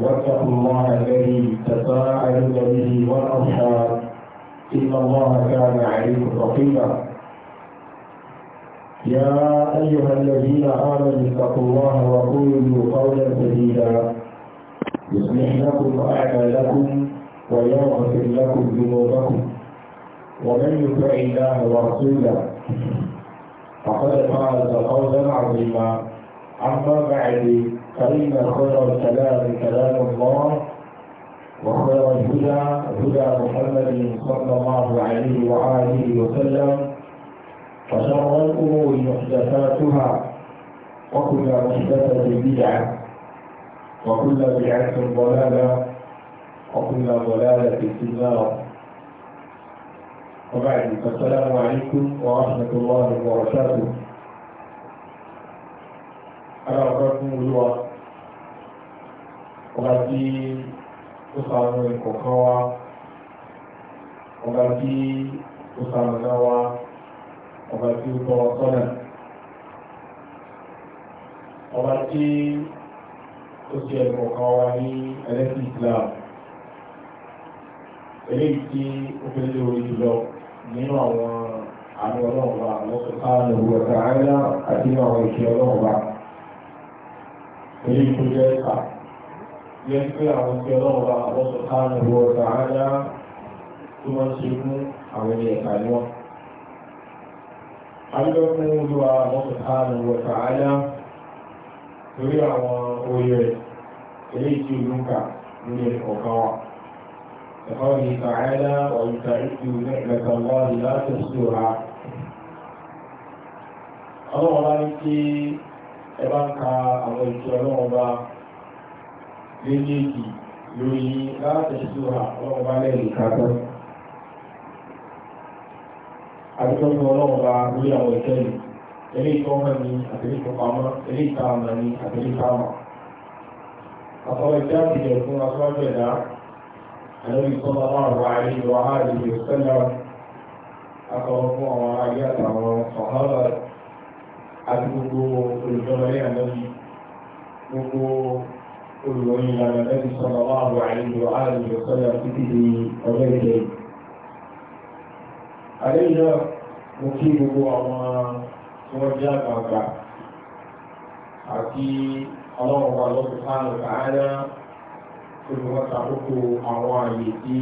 واتقوا الله الذي تساءلون به والارحام ان الله كان عليكم رقيبا يا ايها الذين امنوا اتقوا الله وقولوا قولا سديدا يصلح لكم اعمالكم ويغفر لكم ذنوبكم ومن يطع الله ورسوله فقد فاز قولا عظيما اما بعد فإن خير الكلام كلام الله وخير الهدى هدى محمد صلى الله عليه وآله وسلم وشر الأمور محدثاتها وكل محدثة بدعة وكل بدعة ضلالة وكل ضلالة في النار وبعد فالسلام عليكم ورحمة الله وبركاته ara ọ̀pẹ́ fún olúwa ọba tí ó sàánú ìkọ̀kan wa ọba tí ó sàánú náà wa ọba tí ó tọ́ sọ́nà ọba tí ó ṣe ìkọ̀kan wa ní ẹlẹ́sìn Islam eléyìí tí ó fẹ́ lé orí jùlọ nínú àwọn àmì ọlọ́run wa àwọn sọ̀tàn òwúrọ̀ tààrà àti àwọn ìṣe ọlọ́run èyí tó jẹ́ ẹ̀ka yẹn pé àwọn tí ọlọ́run bá wọ́n sọ káàmù wọ ọ̀tà ájá tó máa ń ṣe fún àwọn ilé ẹ̀ka ni wọ́n. Adúgbò fún olúwa wọ́n sọ káàmù wọ ọ̀tà torí àwọn oyè èyí tí ó lùkà lórí ọ̀kan wa. Ẹ̀kọ́ni ìtààdá ọ̀yìnkà ẹ bá ń ka àwọn ìtì ọlọ́run bá méjèèjì lórí látẹ̀síwà ọlọ́run bá lẹ́yìn ìkàtọ́ àdúgbò ọlọ́run bá lórí àwọn ìtẹ́lì ilé ìtọ́mọ ni àtẹ̀lé ìfọpamọ́ ilé ìtààmà ni àtẹ̀lé ìtààmà àtọ́wọ́ ìtẹ́ àtìlẹ̀ fún aṣáájú ẹ̀dá àlórí ìtọ́lọ́ àwọn àárín ìwà àárín ìwà sẹ́lẹ̀ àtọ́wọ́ fún àwọn ayé àtàwọn ọ̀hánà rẹ̀ àti gbogbo olùjọba ilé àlọ́bí gbogbo olùròyìn ìlànà ẹni sọ̀rọ̀ wà wà àìlò àìlò sọ́yà títí di ọjọ́ ìjẹ́ àlẹ́ náà mo kí gbogbo àwọn tí wọ́n jẹ́ àgbààgbà àti ọlọ́run wa lọ́sùn sáàlù káàdá olùwọ́ta àkókò àwọn àyè tí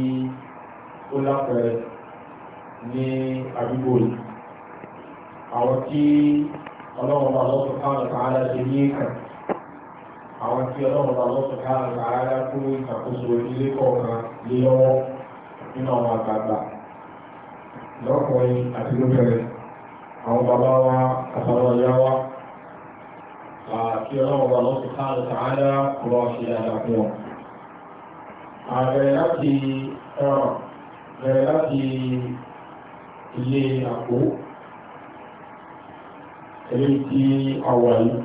ó lápẹ̀rẹ̀ ní àdúgbò àwọn tí ọlọ́run bá lọ́sùn káàlù káàlà ṣe ní ìkàn àwọn tí ọlọ́run bá lọ́sùn káàlù káàlà kó ìṣàkóso ilé kọ̀ọ̀kan lé lọ́wọ́ nínú àwọn àgbààgbà lọ́kùnrin àti lóbìnrin àwọn bàbá wa àtàwọn ìyá wa kí ọlọ́run bá lọ́sùn káàlù káàlà kó lọ́ ṣe àdàkùn wọn. ààrẹ láti ẹran bẹ̀rẹ̀ láti ilé àpò eléyìí tí a wà yìí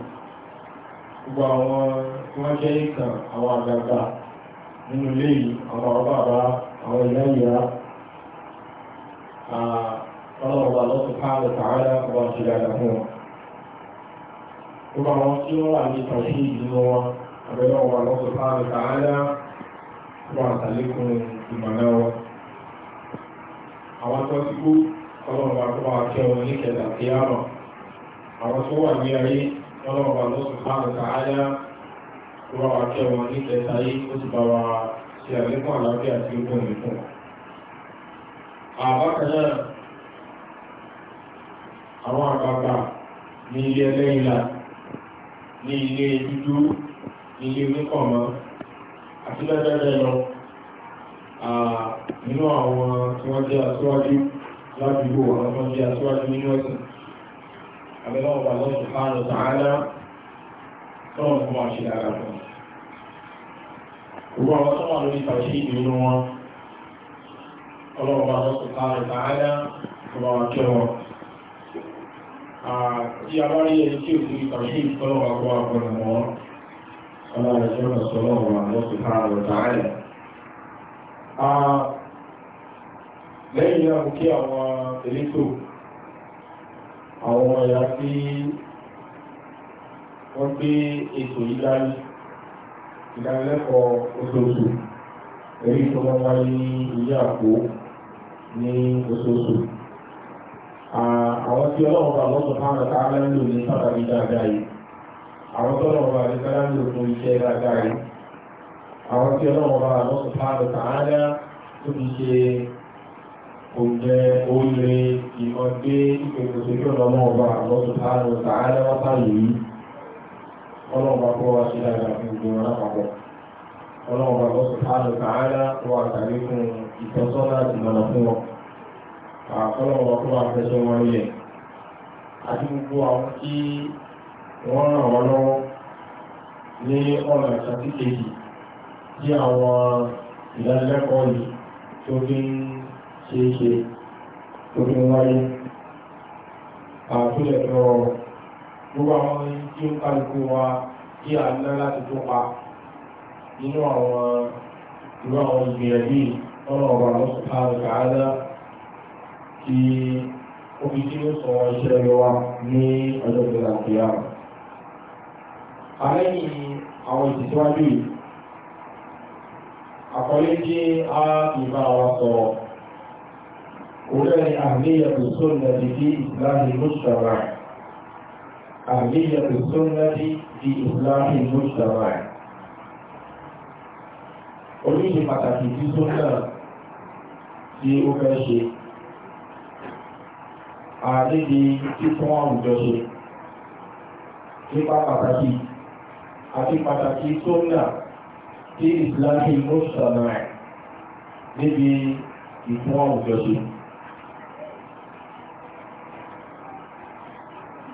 gbogbo àwọn tí wọ́n jẹ́ ìkàn àwọn àgbàgbà nínú ilé yìí àwọn bàbá àwọn ìyá ìyá ọlọ́ọ̀bà lọ́sùn káàlù tààrà ọba ìṣẹ̀lẹ̀ àdàmú wọn gbogbo àwọn tí wọ́n wà ní ìtàn sí ìdílé wọn àbẹ̀lẹ̀ ọba lọ́sùn káàlù tààrà ọba àtàlékún ìmọ̀lá wọn àwọn àwọn tó wà ní ayé ọlọ́ọ̀bà ló sì bá ọ̀tà áyá tó bá wa kẹ́ wọn ní kẹta ayé ó sì bá wa ṣe àlékún àlàáfíà tí ó gbọ́n mi fún àwọn àgbààgbà ní ilé ẹlẹ́yìnlá ní ilé dúdú ní ilé oníkọ̀ọ̀mọ́ àti lẹ́gbẹ̀rẹ̀ lọ nínú àwọn tí wọ́n jẹ́ aṣíwájú ládùúgbò àwọn tí wọ́n jẹ́ aṣíwájú nínú ẹ̀sìn àbẹ̀lọ́ ọba lọ́wọ́ subhanahu wa ta'ala tọ́wọ́n fún wọn ṣe dára fún wọn. Òwúrọ̀ wọn tọ́wọ́n lórí ìtàwọ́sí ìdúró wọn. Ọlọ́wọ́ ọba lọ́wọ́ subhanahu wa ta'ala ọba wa kẹ́ wọn. Tí a bá rí ẹni tí òkú ìtàwọ́sí ìtọ́lọ́wọ́ àgbọ̀ àgbọ̀ nà wọ́n. Ọlọ́wọ́ ìjọba sọ́lọ́wọ́ lọ́wọ́ subhanahu wa ta'ala. Lẹ́yìn náà mo kí àwọn elétò àwọn ọmọ ìyá tí wọ́n gbé ètò ìdárí ìdánilẹ́kọ̀ọ́ oṣooṣù èyí tó wọ́n wáyé ní ilé àpò ní oṣooṣù àwọn tí ọlọ́run bá lọ́sọ̀ máa ń ta lẹ́lò ní pàtàkì dáadáa yìí àwọn tó lọ́run bá lè fẹ́ràn lò fún iṣẹ́ dáadáa yìí àwọn tí ọlọ́run bá lọ́sọ̀ máa ń ta lẹ́lò tó fi ṣe oúnjẹ oúnjẹ ìmọ̀dé ìpèsèsèkè ọlọ́mọba lọ́sùtánù tààrẹ wátà yìí ọlọ́mọba kọ́ wá sí dáadáa fún ìgbìmọ̀ lápapọ̀ ọlọ́mọba lọ́sùtánù tààrẹ wà tàbí fún ìtọ́sọ́nà ìmọ̀nà fún wọn àkọlọ́mọba kọ́ wá fẹsẹ̀ wọn yẹ àti gbogbo àwọn tí wọ́n ràn wọ́n lọ́wọ́ ní ọ̀nà ìṣàtìkejì tí àwọn ìdánilẹ́kọ̀ọ́ yìí tó fi ń ṣe é ṣe tó fi wáyé àtúnlẹ̀ tó rọrùn gbogbo àwọn tí ó kálukú wa kí a ná láti tó pa nínú àwọn ìlú àwọn ìgbìyànjú lọ́nà ọ̀rọ̀ àwọn sọ̀tàrù kàádá kí ó fi tí ó sọ iṣẹ́ rẹ̀ wa ní ọjọ́ ìgbìyànjú àkíyàmù. Àlẹ́yìn àwọn ìtìsíwájú yìí, àkọlé jẹ́ á ìbára wa sọ̀rọ̀ هناك أهمية السنة في إصلاح المجتمع أهمية السنة في إصلاح المجتمع oríṣi pàtàkì tí sókè tí ó fẹ́ ṣe àdédé títún àwùjọ ṣe nípa pàtàkì àti pàtàkì sókè tí ìsìláhì mọ́ṣàmà níbi ìtún àwùjọ ṣe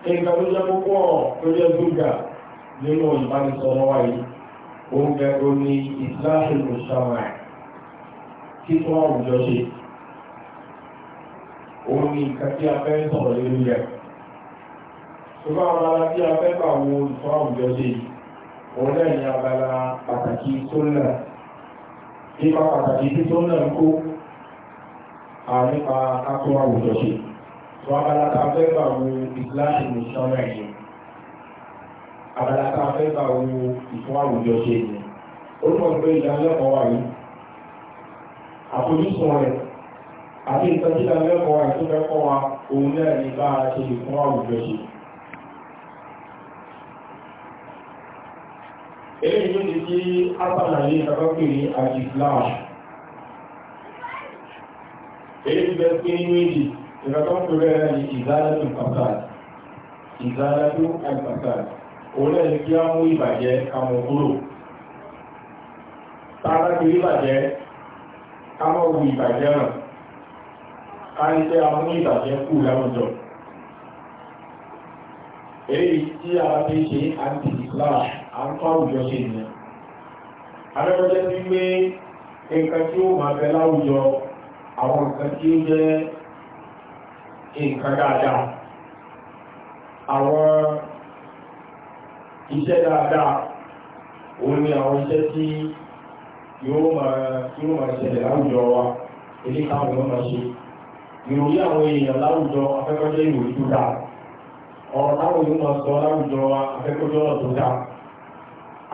nǹkan tó jẹ́ púpọ̀ tó jẹ́ gbígbà nínú ìbánisọ̀rọ̀ wa yìí òun gẹ̀rọ ni ìsìláṣì mùsàmà kí tó àwùjọ ṣe òun ni nǹkan tí a fẹ́ sọ̀rọ̀ lórí rẹ̀ ṣùgbọ́n abala tí a fẹ́ bá wo ìtọ́ àwùjọ ṣe òun náà ni abala pàtàkì tó náà nípa pàtàkì tí tó náà kó nípa kákó àwùjọ ṣe tó abala ta fẹ́ gbà wo ìsìláàmù ní sọ́nà yìí abala ta fẹ́ gbà wo ìfún àwùjọ ṣe yìí ó mọ̀ pé ìdánilẹ́kọ̀ọ́ wà yìí àfojúsùn rẹ̀ àti ìtọ́jú ìdánilẹ́kọ̀ọ́ rẹ̀ tó fẹ́ kọ́ wa òun náà ní bá a ṣe ìfún àwùjọ ṣe yìí èyí ló ti kí átàlà ní ìtàkọ́kì ní àti flash èyí ti bẹ́ pé ní méjì ìrọ̀tọ́ tó rẹ̀ ní ìzálẹ́tù fasad ìzálẹ́tù fasad orí ẹni kí á mú ìbàjẹ́ kàmọ̀ kúrò tààrà kí ìbàjẹ́ kàmọ̀ wù ìbàjẹ́ rẹ̀ ká ní pé a mú ìbàjẹ́ kù láwùjọ èyí tí a fi ṣe anti-islam àǹtọ́ àwùjọ ṣe nìyẹn adẹ́gbẹ́jẹ́ sí pé nǹkan tí ó máa fẹ́ láwùjọ àwọn nǹkan tí ó nǹkan dáadáa àwọn iṣẹ́ dáadáa òun ni àwọn iṣẹ́ tí yóò máa ṣẹlẹ̀ láwùjọ wa ilé káwọn ọmọ ṣe ìròyìn àwọn èèyàn láwùjọ afẹ́kọ́jẹ́ ìròyìn tó dáa ọ̀rọ̀ táwọn yóò máa sọ láwùjọ wa afẹ́kọ́jẹ́ ọ̀rọ̀ tó dáa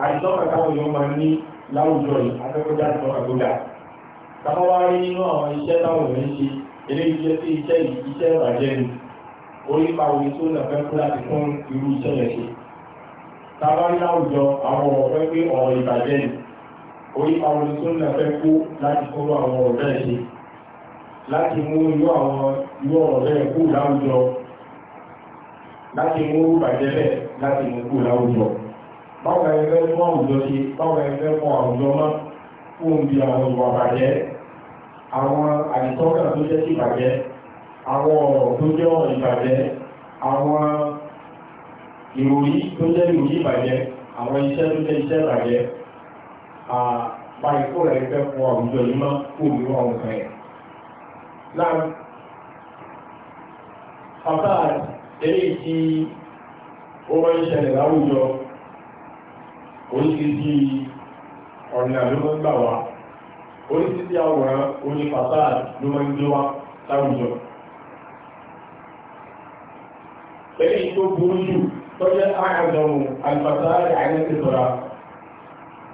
àìsọ́kà táwọn yóò máa ní láwùjọ yìí afẹ́kọ́jẹ́ àìsọ́kà tó dáa táwọn wá rí nínú àwọn iṣẹ́ táwọn èèyàn ṣe ilé iṣẹ́ sí iṣẹ́ iṣẹ́ ìbàjẹ́ ni orípa omi tó nà fẹ́ kú láti fún irú iṣẹ́ yẹn ṣe tábà ní àwùjọ àwọn ọ̀fẹ́ pé ọ̀rọ̀ ìbàjẹ́ ni orípa omi tó nà fẹ́ kú láti fún àwọn ọ̀rọ̀ bẹ́ẹ̀ ṣe láti mú irú àwọn irú ọ̀rọ̀ bẹ́ẹ̀ kú láwùjọ láti mú ìbàjẹ́ bẹ́ẹ̀ láti mú kú láwùjọ báwo la ẹgbẹ́ fún àwùjọ ṣe báwo la ẹgbẹ́ fún àwùjọ mọ́ fún bí àwọn ìwà bàjẹ́ àwọn àdìtọ́kà tó jẹ́ sí ìbàjẹ́ àwọn ọ̀rọ̀ tó jẹ́ ìbàjẹ́ àwọn ìròyìn tó jẹ́ ìròyìn ìbàjẹ́ àwọn iṣẹ́ tó jẹ́ iṣẹ́ ìbàjẹ́ àpá ikú rẹ̀ fẹ́ fún àwùjọ yìí máa kú ní ọ̀hún kan ẹ̀. láàrín ọ̀tá eléyìí tí ó máa ń ṣẹlẹ̀ láwùjọ oríṣiríṣi ọ̀nà ló ń gbà wá oníṣíṣí àwòrán oní fasáà ló máa ń gbé wá láwùjọ lẹ́yìn tó burú jù tọ́jẹ́ àádọ́mù alfasáà àyẹ́sì sọ́ra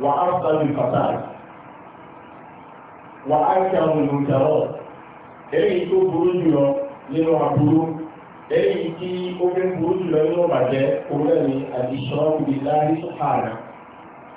wà á sáàbì fasáà wà á kí àwọn olùdarọ́ lẹ́yìn tó burú jù lọ nínú àbúrú lẹ́yìn tí ó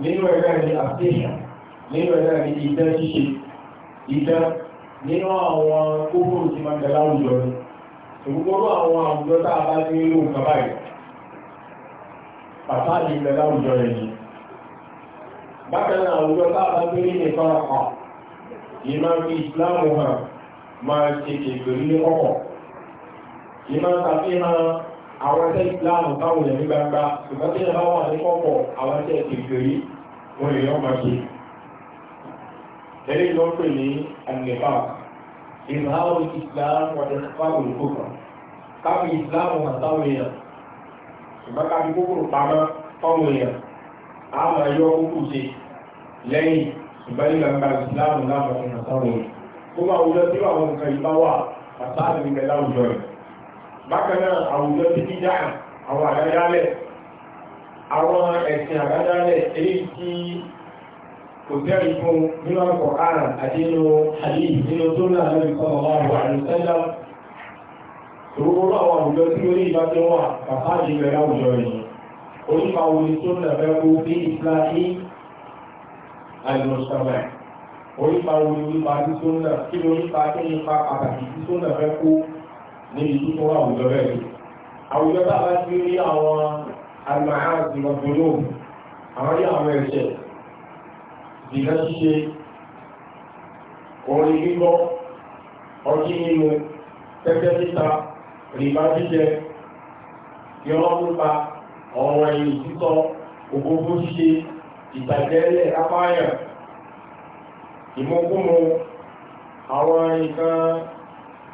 nínú ẹ̀ náà ni àfihàn nínú ẹ̀ náà ni idán ṣíṣe idán nínú àwọn kókó tí máa ń dẹ láwùjọ ni ìgbogbo àwọn àwùjọ tá a bá ti ń lò nǹkan báyìí bàbá àti ìgbẹ̀ láwùjọ rẹ̀ ni bákan náà àwùjọ tá a bá ti rí nìkan hàn ìmá fi ìsìláàmù hàn máa ṣe kèkèrè ní ọkọ̀ ìmá ṣàfihàn àwọn ẹgbẹ́ ìsìláàmù táwọn èèyàn gbangba ṣùgbọ́n tí ìyàwó wà ní kọ́kọ̀ àwọn ẹgbẹ́ ìgbèrí wọn èèyàn máa ṣe ẹ̀rí ló ń pè ní àgbẹ̀fà ìmáwó ìsìláàmù ọ̀dẹ̀ fáwọn olùkókò káfí ìsìláàmù àtàwọn èèyàn ṣùgbọ́n káfí kókòrò pamọ́ fáwọn èèyàn á máa yọ kókò ṣe lẹ́yìn ṣùgbọ́n ní gbangba ìsìláàmù láwọn ọ̀dẹ̀ àtàwọn èèyàn bákan náà àwùjọ ti bí dáa àwọn àdádálẹ̀ àwọn ẹ̀sìn àdádálẹ̀ èyí tí kò tẹ́rì fún nínú ọkọ̀ àrùn àti inú àdí inú tó náà lórí kọ́ ọmọ àrùsẹ́lá rúgbọ́n àwọn àwùjọ tí ó rí ìbá tí wọ́n bàbá ìbẹ̀rẹ̀ àwùjọ yìí onípa wo ni tó nà fẹ́ kó ni nípa tí tó nà kí pàtàkì tí tó nà fẹ́ kó ní ìlú tó wà àwùjọ bẹ́ẹ̀ àwùjọ bá bá ti rí àwọn alìmọ̀háàtì lọ́gbọ̀lọ́ àwọn rí àwọn ẹ̀ṣẹ̀ ìdíkà ṣíṣe orin gbígbọ́ ọjí nínú tẹ́tẹ́ títa rìbá jíjẹ yọ́rọ́ pípa ọ̀rọ̀ ẹ̀yìn títọ́ ògbógbó ṣíṣe ìtàjẹ́lẹ̀ apáyà ìmọ̀kúnmọ̀ àwọn nǹkan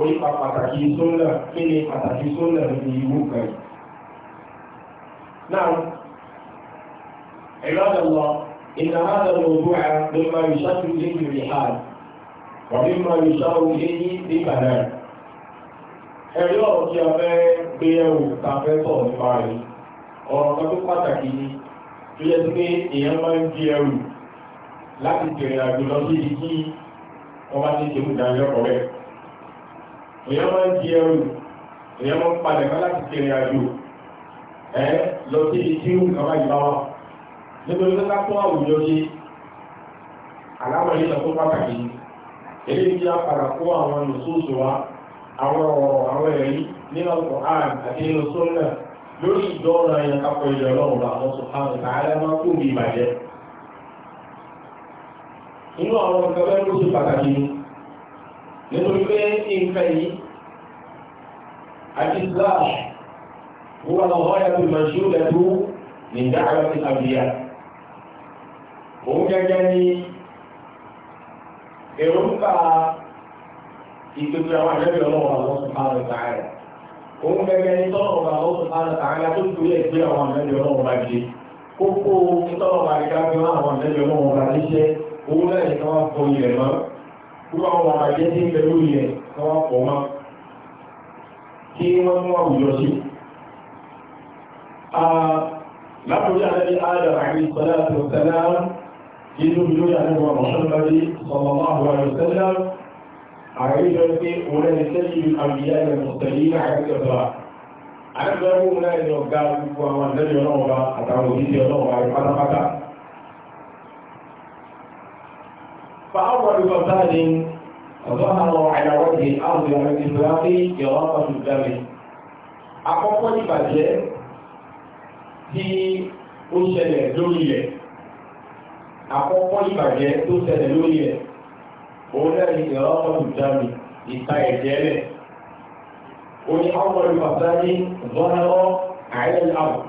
orípa pàtàkì sọ́nà kí ni pàtàkì sọ́nà ní ìlú kan náà ìrọ́lọ́lọ́ إن هذا الموضوع مما يشار إليه الرحال ومما يشار إليه البنات ẹ̀rí ọ̀rọ̀ tí a fẹ́ gbé ẹwù tàfẹ́ sọ nípa rẹ̀ ọ̀rọ̀ kan tó pàtàkì ni tó yẹ sí pé èèyàn máa ń gbé ẹwù láti tẹ̀rẹ̀ àjò lọ sí wọ́n bá ti ṣe mú ìdájọ́ ọ̀rẹ́ èyàn máa ń di ẹrù èyàn máa ń padà kan láti kiri àjò ẹ lọ sí ìkírù kàmá ìbáwá nítorí tó kápọ́ àwùjọ ṣe aláwọ̀ ilẹ̀ tó pàtàkì èyí tí a padà kó àwọn nùsóòsò wa àwọn ọ̀rọ̀ àwọn ẹ̀rí nínú ọkọ̀ àrùn àti nínú sọ́nà lórí ìdọ́ọ̀rọ̀ ẹ̀yàn kápọ̀ ilẹ̀ ọlọ́run bá àwọn sọ̀hánù tààlẹ́ máa kó bí ìbàjẹ́ inú àwọn ọ̀gá bẹ́ẹ̀ ló ṣe pàtàkì ni nínú pé nǹkan yìí àti islam wọ́n lọ́wọ́ yàtọ̀ mọ̀ṣú lẹ́tọ́ ní dáhàrá ti àbíyá òun gẹ́gẹ́ ní èròǹgbà ìpèpè àwọn àjẹ́bí ọlọ́wọ́ àwọn sùpáàlù tààrà òun gẹ́gẹ́ ní tọ́lọ̀ bá àwọn sùpáàlù tààrà tó kú lè gbé àwọn àjẹ́bí ọlọ́wọ́ bá jẹ kókó tọ́lọ̀ bá rí ká gbé àwọn àjẹ́bí ọlọ́wọ́ bá níṣẹ́ òun lẹ́yìn tó wá fún ilẹ̀ náà irú àwọn àbàjẹ́ tí ń bẹ lórí ẹ̀ káwà pọ̀ mọ́ kí wọ́n mú àwùjọ sí lápòjá lẹ́bí adam àrí sọ́lá tó sẹ́lá inú bí lórí àníwà mọ̀ṣọ́lọ́rí sọmọmọ́ àwọn ìṣẹ́lá àríjọ pé òun ẹni sẹ́yìn àbíyá ẹ̀ mọ̀tẹ̀lí àríkẹ̀bà àríjọ pé òun ẹni ọ̀gá gbogbo àwọn àdẹ́bí ọlọ́wọ́ àtàwọn òjíṣẹ́ ọlọ́wọ́ àrí pátápátá فأول فساد ظهر على وجه الأرض من الإطلاق إراقة الدم àkọ́kọ́ ìbàjẹ́ tí ó ṣẹlẹ̀ lórí rẹ̀ àkọ́kọ́ ìbàjẹ́ tó ṣẹlẹ̀ lórí rẹ̀ òun lẹ́yìn ìrọ́pọ̀ ìdámi ìta ẹ̀jẹ̀ rẹ̀ ó ní awọ́lu bàtàrí zọ́nàrọ́ àìlẹ́lẹ́ àwọ̀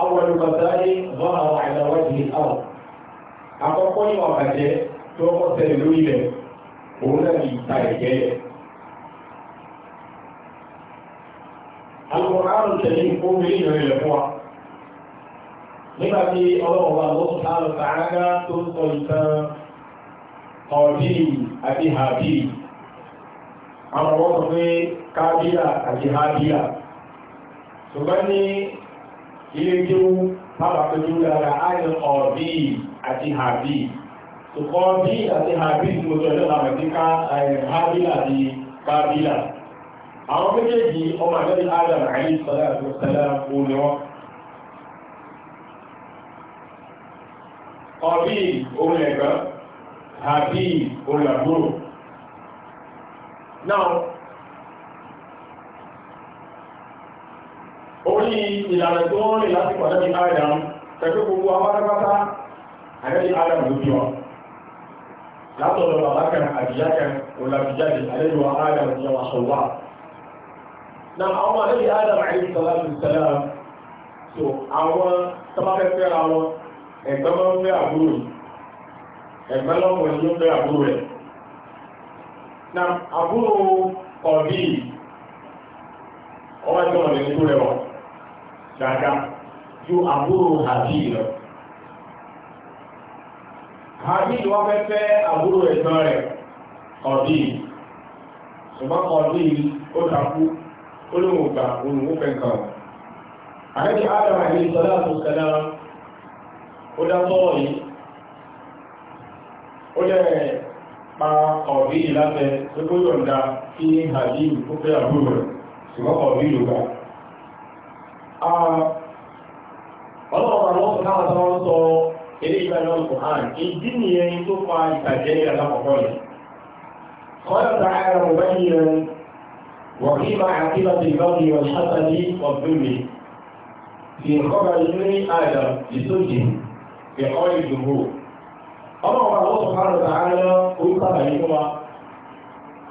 awọ́lu bàtàrí zọ́nàrọ́ àìlẹ́wájì àwọ̀ àkọ́kọ́ ní ọ̀bàjẹ́ tó ọkọ̀ tẹ̀lé lórí rẹ̀ òun náà ní ìta ẹ̀jẹ̀ rẹ̀. alùpùpù tẹ̀lé omi ìrìn rẹ̀ fún wa nígbà tí ọlọ́run wa lọ́sùn sáàlù sàárá tó ń sọ ìtàn ọ̀díì àti hàbíì àwọn ọmọ sọ pé kábíyà àti hábíyà ṣùgbọ́n ní ilé tí ó bábà tó jú lára àìyàn ọ̀bí àti hàbí ṣùkọ́ bí àti hàbí tí mo tọ́jọ́ lára sí ká hábílà eh, di bábílà àwọn méjèèjì ọmọ àjọ́dí adam àìyí sọ́lá àti sọ́lá òní wọn ọ̀bí òun hàbí òun làbúrò orí ìlànà tó rìn láti pàdé ní adam tẹ́kẹ́ gbogbo amárápátá àrẹ́lì adam ló bí wọn látọ̀dọ̀ bàbákan àbíyákan olàbíjáde àrẹ́lùwà adam ní ọwà sọ̀wà na àwọn àrẹ́lì adam àrẹ́lì sàlámù sàlámù so àwọn tọ́bákẹ́fẹ́ra wọn ẹ̀gbẹ́ máa ń fẹ́ àbúrò ẹ̀gbẹ́ lọ́pọ̀ ní ó fẹ́ àbúrò rẹ̀ na àbúrò ọ̀bí ọwọ́ ẹgbẹ́ ọ̀lẹ́ni tó rẹwà dáadáa ju àbúrò àbí lọ àbí wọ́n fẹ́ fẹ́ àbúrò ẹ̀gbọ́n rẹ̀ ọ̀dí ṣùgbọ́n ọ̀dí ó takú ó lóun gbà òun ó fẹ́ kàn àrẹ́bí adam àti ìsọ́lá àtúnṣẹ́lá ó dá sọ́rọ̀ yìí ó dẹ̀ pa ọ̀dí láfẹ́ tó kó yọ̀ǹda kí àbí ó fẹ́ àbúrò rẹ̀ ṣùgbọ́n ọ̀dí ló ọlọ́pàá lọ́pọ̀ náà tó ń sọ eré ìgbàlọ́ ọ̀hán ìdí nìyẹn tó fa ìtàjẹ́ alákọ̀ọ́kọ́ rẹ̀ قال تعالى مبينا وقيم عاقبة البغي والحسد والظلم في خبر ابن آدم لسجن في قول الجمهور ọlọ́pàá lọ́pọ̀ náà tààrà orúkọ àbàyí fún wa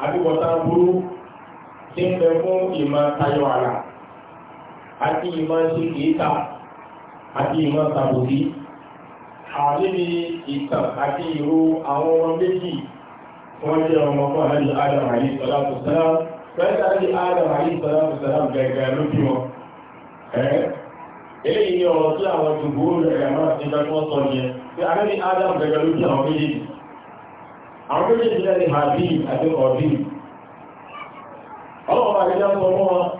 àbíwọ̀ta burú tí ń bẹ fún ìmọ̀ tayọ̀ àlà àti ìmọ̀ ṣe kìíta àti ìmọ̀ tàbùsí àríbi ìtàn àti ìró àwọn ọmọ méjì wọ́n jẹ́ ọmọ fún adam àrí sọ́lápù sọ́lápù adam àrí sọ́lápù gẹ̀gẹ̀ lójú wọn ilé ìyẹn ọ̀rọ̀ tí àwọn jùgbó rẹ̀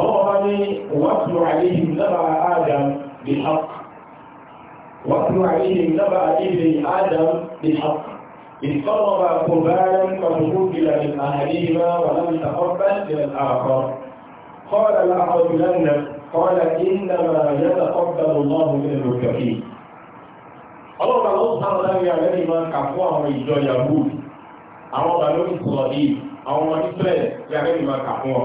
ọlọ́ọ̀bá ní wàtú àléhìn lábà Adam bí hap wàtú àléhìn lábà àdébẹ̀ Adam bí hap ìtọ́lọ́bà kòbáyán kọ̀tùkú ìlà ìtàhàríwá wà láti tàkọ́bá ìlà àkọ́ قال لا أقبلن قال إنما يتقبل الله من ní máa kà àwọn ìjọ yahoo àwọn yàrá ní máa ọ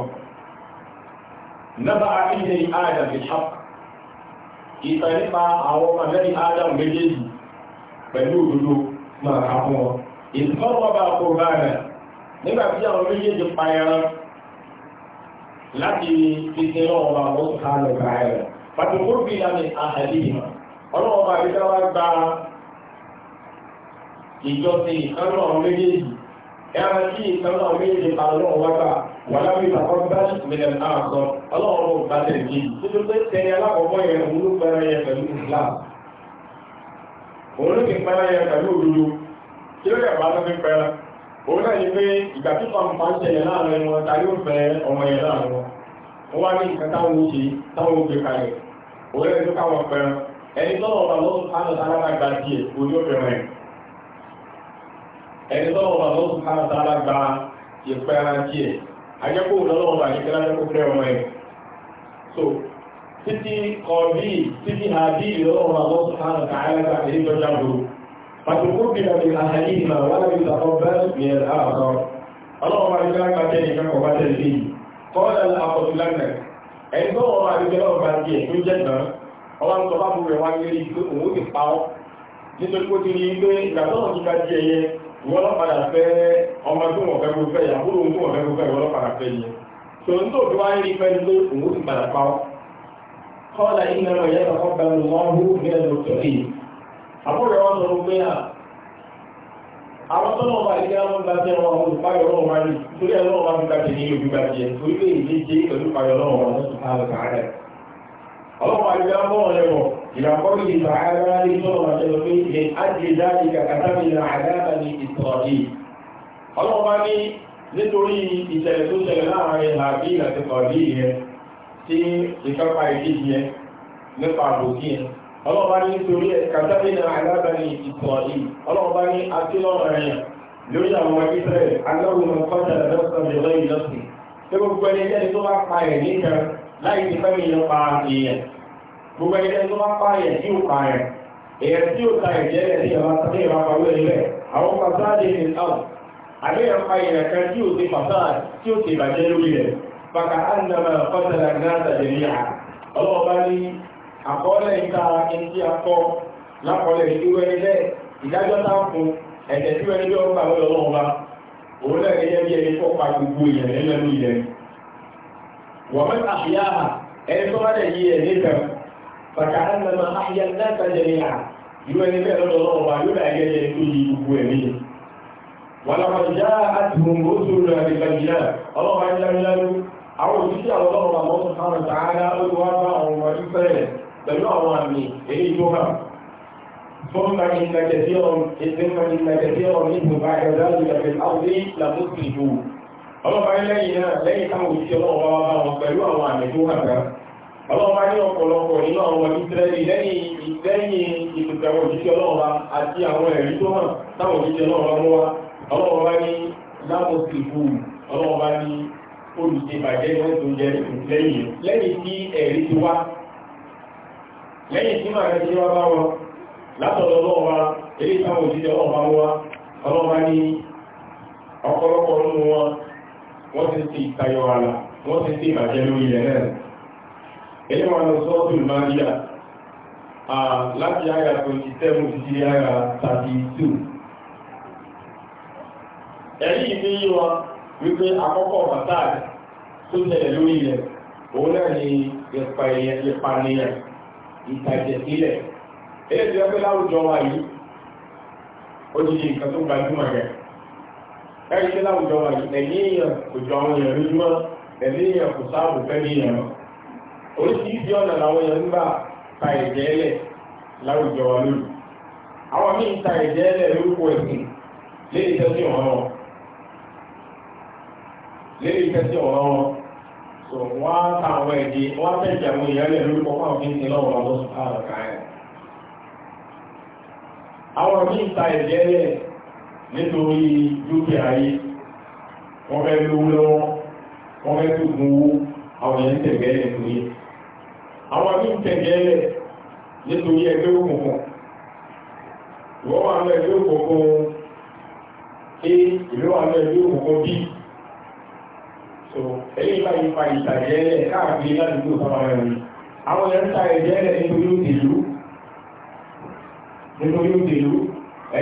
نبع ابني آدم بالحق ìtàn nípa àwọn ọmọ lẹ́yìn Adam méjèèjì pẹ̀lú òdodo máa kà fún wọn ìtọ́wọ́ bá kó bá rẹ̀ nígbà tí àwọn méjèèjì pa ẹran láti fi sin náà wà ó ká lọ bá rẹ̀ pàtàkó bí lámì àhàlì ìmọ̀ ọlọ́wọ́ bá rí dáwà gba ìjọsìn ìkan náà méjèèjì ẹran tí ìkan náà méjèèjì pa lọ́wọ́ wá gbà wàlábí àkọ́gbá mílíọ̀n àkọ́ ọlọ́run ìbálẹ̀ yìí títí pé tẹni alákọ̀ọ́bọ̀ yẹn òun ló pẹ́ra yẹn pẹ̀lú Islam òun ló fi pẹ́ra yẹn pẹ̀lú òdodo kí ló yẹ̀bá ló fi pẹ́ra òun náà ni pé ìgbà títọ́ nǹkan ṣẹlẹ̀ láàrin wọn ta yóò fẹ́ ọmọ yẹn láàrin wọn ó wá ní nǹkan táwọn ó ṣe táwọn ó gbé kalẹ̀ òun lẹ́nu káwọn pẹ́ra ẹni tọ́wọ́ ọba lọ́sùn kánò sálábà gba tiẹ̀ ojú òfin rẹ̀ ẹni tọ́wọ́ lọ́sùn kánò sálábà gba ìpẹ́ra àjẹ́kò lọ́lọ́wọ́ bá nígbà lẹ́kọ́ fẹ́ ọmọ ẹ̀ so títí kọ̀ọ̀bí títí àbí lọ́wọ́ àwọn sùhánà tààrẹ́ta èyí tó jágbòrò pàtàkó bí i àhàní ìmà wà ní ìtàkọ́ bẹ́ẹ̀ ní ẹ̀rẹ́ àbọ̀ ọlọ́wọ́ bá nígbà kàtẹ́ ní kẹ́kọ̀ọ́ bá tẹ̀lé yìí kọ́ọ̀lẹ̀ àkọ̀tùlánà ẹni tó wọ́n máa nígbà lọ́wọ́ bá ti ẹ̀ tó jẹ́ náà ọlọ́wọ́ ń òun ó ti pa ọ́ nítorí pé ó ti ẹyẹ wọ́n lọ́padà fẹ́ ọmọ tó wọ̀n fẹ́ kó fẹ́ ìyàwó tó wọ̀n fẹ́ kó fẹ́ wọ́n lọ́padà fẹ́ yẹn tó ń tó tó wá ń rí fẹ́ ló òun ti padà pa ọ́ kọ́lá iná lọ yẹ kọ́kọ́ bẹ wọ́n hú ní ẹnu tẹ̀lé àbúrò wọn sọ pé à àwọn tó náà wà nígbà wọn bá jẹ́ wọn àwọn olùpáyọ̀ náà wá ní torí ẹ̀ náà wá nígbà tẹ̀lé ìlú gbígbà jẹ torí pé ìdíje pẹ̀lú payọ̀ náà wọn lọ́sùn ọlọ́run àríwá mọ́ràn lẹ́wọ̀ ìrànkọ́ yìí bá ara rí sọ́rọ̀ àjẹ́lọ pé ní ájì láti kàkàtà mi ra àdáàbà ní ìtọ̀rí ọlọ́run bá ní nítorí ìṣẹ̀lẹ̀ tó ṣẹlẹ̀ láàárín àbí àti kọ̀rí yẹn tí ìkápá ìdíjì yẹn nípa àbòkí yẹn ọlọ́run bá ní nítorí ẹ̀ kàkàtà mi ra ní ìtọ̀rí ọlọ́run bá ní àti lórí àwọn láì ti fẹ́mi lọ pa èèyàn gbogbo ẹgbẹ́ tó bá pa ẹ̀ tí ó pa ẹ̀ èèyàn tí ó ta ẹ̀jẹ̀ rẹ̀ sí ẹ̀rọ àti ẹ̀rọ àpawọ́ ẹ̀rẹ́ àwọn fasáàdì ní àwọn àbẹ́yàn pa èèyàn kan tí ó ti fasáàdì tí ó ti bàjẹ́ lórí rẹ̀ bàkà ánàmà fọ́sẹ̀lá náà tàbí ọlọ́ọ̀bá ní àkọọ́lẹ̀ ìta ẹni akọ lápọ̀lẹ̀ ìdúró ومن أحياها أي سؤال هي نيكا فكأنما أحيا الناس جميعا يوني بأن الله ما يلا يجري كل يبوه ولقد جاءتهم رسلنا بالبينات الله عز وجل àwọn òṣìṣẹ́ àwọn ọlọ́run àwọn ọ̀sán àtàrà olúwa bá àwọn ọmọ ìfẹ́rẹ̀ pẹ̀lú àwọn àmì èyí tó hàn fọ́nà ìlẹ̀kẹ̀sí ọ̀rọ̀ ìsinmi ìlẹ̀kẹ̀sí ọ̀rọ̀ ní ìgbòbá ẹ̀dá ìlẹ̀kẹ̀sí àwọn ilẹ̀ mọ́sílì ọlọpàá lẹ́yìn náà lẹ́yìn táwọn pẹ̀lú àwọn tó hàn kan ní nínú àwọn lẹ́yìn ìtùtù àti àwọn ẹ̀rí tó hàn wa lẹ́yìn tí tí wọ́n ti ti tayọ ara wọ́n ti ti ìbàjẹ́ lórí ilẹ̀ náà ẹni wọn lọ sọ́ọ̀tù maria láti ara 27 sí ara 32 ẹ̀rí ìdí yíwa wípé àkọ́kọ́ bàtàlì tó tẹ̀lẹ̀ lórí ilẹ̀ òun náà ni ìpànìyàn ìtàjẹ̀sílẹ̀ ẹ̀rẹ́ ti rẹ́pẹ́ láwùjọ wa yìí ó ti di nǹkan tó gbajúmọ̀ rẹ̀ ẹ̀rí pé láwùjọ wà ní ẹ̀mí èèyàn kò jọ àwọn èèyàn rí mọ́ ẹ̀mí èèyàn kò sáàbù fẹ́rí èèyàn oríṣiríṣi ọ̀nà làwọn èèyàn ń gbà ta ẹ̀jẹ̀ ẹlẹ̀ láwùjọ wà lónìí àwọn míì ta ẹ̀jẹ̀ ẹlẹ̀ lórúkọ ẹ̀sìn léyìí tẹ́sí ọ̀rọ̀ wọn léyìí tẹ́sí ọ̀rọ̀ wọn sọ wọ́n á ta àwọn ẹ̀jẹ̀ wọ́n á tẹ̀jẹ̀ àwọn èèyàn lẹ̀ lórúkọ fáwọn fi ń sin lọ́wọ́ lọ́sùn nítorí dúkìá yìí wọ́n fẹ́ lówó lọ́wọ́ wọ́n fẹ́ tó gun owó àwọn èèyàn tẹ̀gẹ́ nítorí àwọn àmì tẹ̀gẹ́ lẹ̀ nítorí ẹgbẹ́ òkùnkùn ìwọ́n wà lọ ẹgbẹ́ òkùnkùn a ìlú wà lọ ẹgbẹ́ òkùnkùn b so ẹ̀yìn báyìí fa ìtàjẹ́ lẹ̀ káàkiri láti tó sábà rẹ̀ àwọn èèyàn ta ẹ̀jẹ́ lẹ̀ nítorí òdèlú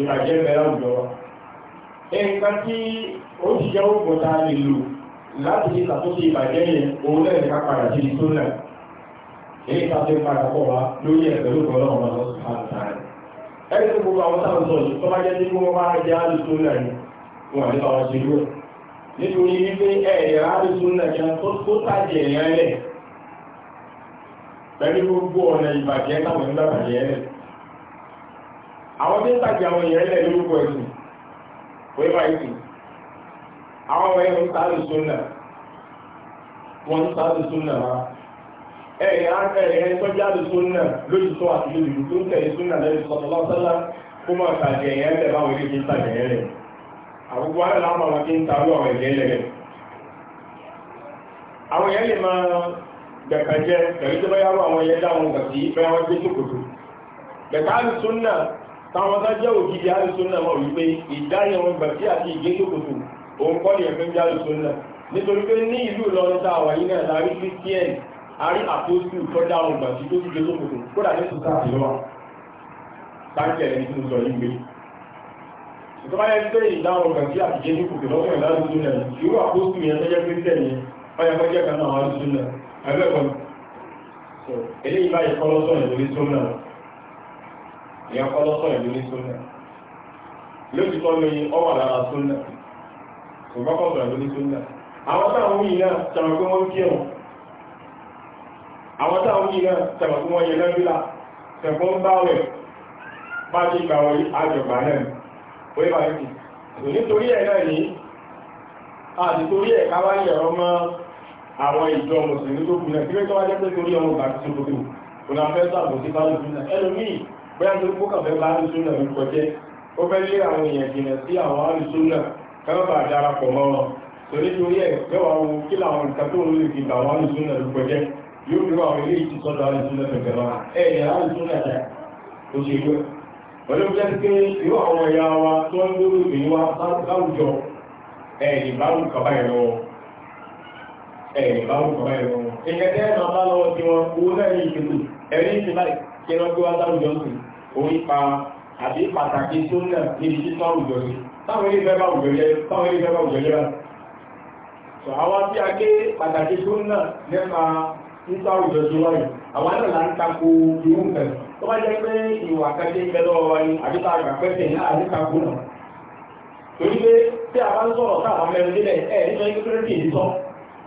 ìbàjẹ́ mẹ́rà òjò wa nǹkan tí ó ti jẹ́ òògùn tá a lè lò láti fi ṣàtúnṣe ìbàjẹ́ yẹn òun lẹ́yìn ká padà sí tó nà èyí ká fi padà pọ̀ wá lórí ẹ̀ pẹ̀lú ọ̀rọ̀ ọ̀rọ̀ ọ̀sán ẹni tó gbogbo àwọn táwọn sọ yìí tó bá jẹ́ sí kí wọ́n bá jẹ́ àlùsùn náà ni wọ́n àti báwọn ṣe rú ẹ̀ nítorí wípé ẹ̀yà àlùsùn náà kan tó tàjẹ̀ ẹ̀yà ẹlẹ̀ pẹ̀lú gbogbo ọ̀nà ìbàjẹ́ táwọn ìgbàbàjẹ́ ẹlẹ̀ àwọn tí ń tàbí àwọn èèyàn ilẹ̀ lórúkọ ẹ̀sìn pé wà ìsì àwọn ọmọ ẹ̀yìn ń tàbí súnà wọ́n ń tàbí súnà wá ẹ̀yìn ẹ̀yìn tó jáde súnà lójú tó àti lójú tó ń tẹ̀lé súnà lẹ́yìn sọ̀tọ̀lọ́sọ́lá kó máa tàbí ẹ̀yìn ẹ̀lẹ̀ báwọn ilé ti ń tàbí ẹ̀yìn rẹ̀ àgbogbo ara láwọn àwọn tí ń tàbí àwọn ẹ̀yìn ẹ̀lẹ̀ rẹ̀ àwọn èèyàn lè máa gbẹ̀kẹ̀jẹ́ pẹ̀lú tó bá yàrá táwọn tájẹ́ ògidì alùsùn náà wọ́n wípé ìdáyẹ̀ wọn gbàtí àti ìgésòkòtò òun kọ́ ni ẹ̀fẹ́ jẹ́ alùsùn náà nítorí pé ní ìlú Ìlọrin tá a wà yìí náà láàrí Christian àrí àpòsù tọ́jà wọn gbàtí tó ti gésòkòtò kódà ní sùkàtì lọ́wọ́ táǹkì ẹ̀rẹ́ tí mo sọ yìí gbé ìtọ́ba yẹn pé ìdáwọn gbàtí àti gésòkòtò lọ́wọ́ ìlàlùsùn náà irú àpòsù yẹn tọ́jẹ́ Christian yẹn ọyà kọjá kan náà alùsùn náà ẹgbẹ́ kan eléyìí báyìí kọ́ lọ́sọ̀rọ̀ ìwé sọ́nà ìyẹn kọ́ lọ́sọ̀ ìlú ní súnà lójútọ́ ni ọ wà lára súnà ṣùgbọ́n kọ́ sọ̀rọ̀ ní súnà àwọn táwọn yìí náà sọ̀rọ̀ pé wọ́n kírun àwọn táwọn yìí náà sọ̀rọ̀ pé wọ́n yẹ lẹ́bílà sẹ̀kọ́ ń bá rẹ̀ bá ti gbà wọ́n àjọ̀gbà náà ó yẹ bá yẹ kì nítorí ẹ̀ náà ní àti torí ẹ̀ ká wáyé ẹ̀rọ mọ́ àwọn ìjọ mùsùlùmí tó kù náà kí ló tó wájẹ́ pé torí ọmọ ìgbà tó tó tó kù kò náà fẹ́ sàbòsí bá lóbi náà ẹlòmíì bóyá tó kó kàfẹ́ bá alùsùn náà ń kọjẹ́ ó fẹ́ lé àwọn èèyàn jìnà sí àwọn alùsùn náà kẹ́wọ́n bá darapọ̀ mọ́ wọn torí torí ẹ̀ yọ́wọ́ wo kí làwọn nǹkan tó lè fi bà àwọn alùsùn náà ń kọjẹ́ yóò fi àwọn ilé ìtì sọ́dọ̀ alùsùn náà fẹ̀fẹ̀ lọ́wọ́ ẹ̀ yẹ alùsùn náà jà ó ṣe gbé pẹ̀lú jẹ́ pé irú àwọn ẹ̀yà ìyẹn tẹ́ ẹ̀ bá lọ́wọ́ tí wọn owó náà yìí ẹ̀rí ìtìláì kí wọ́n gbé wá láwùjọ sí orí pa àbí pàtàkì tó nà níbi títọ́ òjò sí táwọn ilé ìfẹ́ bá òjò yẹ táwọn ilé ìfẹ́ bá òjò yẹ sọ àwọn tí a gé pàtàkì tó nà nípa títọ́ òjò sí wáyé àwọn náà là ń tako irú nǹkan tó bá jẹ́ pé ìwà kẹ́kẹ́ ń bẹ lọ́wọ́ wa ni àbí tá a gbà pẹ́sẹ̀ ní àdíkàkú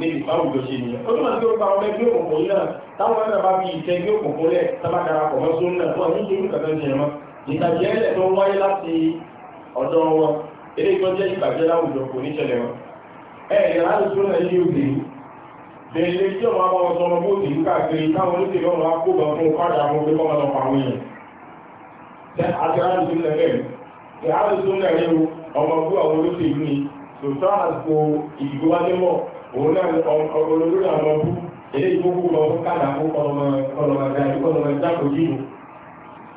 níbi báwùjọ ṣe nìyẹn ó túnmọ̀ sí orúkọ àwọn ẹgbẹ́ òkùnkùn náà táwọn ẹgbẹ́ bá fi ìtẹ́ ẹgbẹ́ òkùnkùn lẹ̀ tábàkàrà pọ̀ mọ́ sóun náà wọn ní ìṣòro kàtà ṣe mọ́ ìtàjẹ́ ẹlẹ̀ tó ń wáyé láti ọ̀dọ̀ wọn eré tó jẹ́ ìbàjẹ́ láwùjọ kò ní ṣẹlẹ̀ wọn ẹ ẹ̀ láti sóun náà yí òde bẹ̀rẹ̀ tí ọmọ àwọn ọmọ ọmọ òde yìí káàkiri táwọn bẹ̀rẹ̀ òun náà olórí àwọn ọdún ilé ìgbókú lọ fún kádà fún kọlọmọ jákòjì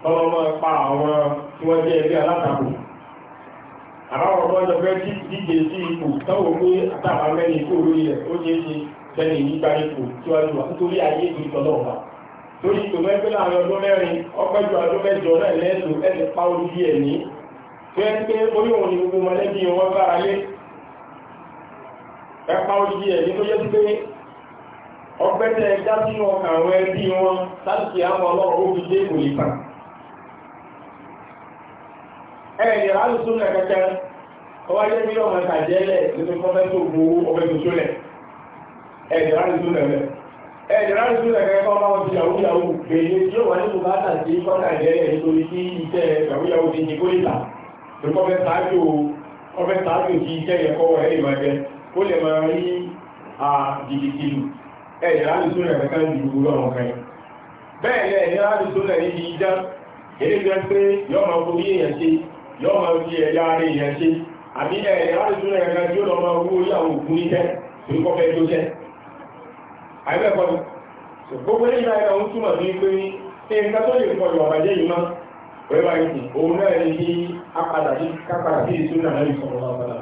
kọlọmọ pa àwọn tí wọ́n jẹ́ ilé alátakò àwọn ọmọ ọjọ́ fẹ́ díje sí ipò táwọn pé àtàwà mẹ́rin ikú olórí rẹ̀ ó ṣe é ṣe bẹ́ẹ̀ ní gbígbá ipò tí wọ́n lù wá nítorí ayé ìtọ́lọ́ọ̀bà torí tó mẹ́fẹ́ láàrin ọdún mẹ́rin ọgbẹ́jọ ọdún mẹ́jọ náà lẹ́ẹ̀lú ẹ̀sẹ̀ pa orí ẹ̀ ní tó ẹ́ pé orí òun ni gbogbo mọ̀lẹ́bí wọn bára lé ẹpa òjì ẹ̀yìn tó yẹ sí pé ọgbẹ́ tẹ ẹja sínú ọkàn àwọn ẹbí wọn láti àwọn ọlọ́run ó fi dé kò lè fà ẹ̀yìn alùsùn náà kẹkẹ ọwọ́ ayé bí ọmọ ìtàjẹ́lẹ̀ nínú fọ́fẹ́ tó gbowó ọgbẹ́ tó sólẹ̀ ẹ̀yìn alùsùn náà lẹ̀ ẹ̀dẹ̀rá ìlú ẹ̀rẹ́ kọ́ máa ti yàwó yàwó gbèrè tí ó wà ní bùkátà sí kọ́nà ìrẹ́ nítorí tí iṣẹ́ yàwó yàwó ti ní kó ìlà tó kọ́ fẹ́ sáájú ti iṣẹ́ ẹ̀kọ́ ẹ̀rẹ́ ìwàjẹ́ kó lè máa rí àdìdìkìlù ẹ̀yẹ̀ láàrín ẹ̀kẹ́kẹ́ kan èyí jẹ́ pé yọ́ máa ṣe yọ́ máa fi ẹ̀yà ara èèyàn ṣe àbí ẹ̀yẹ̀ láàrín tó tí ó lọ máa ní tẹ́ jẹ́ yìí ní sí náà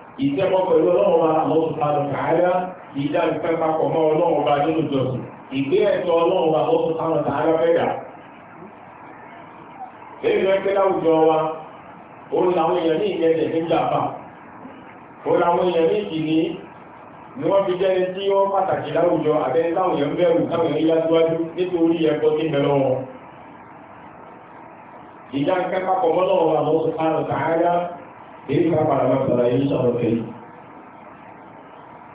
ìjẹ́mọ́ pẹ̀lú ọlọ́run wa àwọn sùpàdù tààrà ìjà ìfẹ́ papọ̀ mọ́ ọlọ́run wa nínú ìjọsìn ìgbé ẹ̀tọ́ ọlọ́run wa àwọn sùpàdù tààrà fẹ́yà lẹ́yìn rẹ̀ pé láwùjọ wa ó làwọn èèyàn ní ìyẹn ẹ̀jẹ̀ nígbà bá ó làwọn èèyàn ní ìdìní ni wọ́n fi jẹ́ni tí ó pàtàkì láwùjọ àbẹ́ni táwọn èèyàn bẹ̀rù táwọn èèyàn yá síwájú nítorí ẹ̀kọ́ tí ń bẹ lọ́wọ́ ìjà èyí ká padà máa sọ̀rọ̀ yìí sọ̀rọ̀ fẹ́ yìí.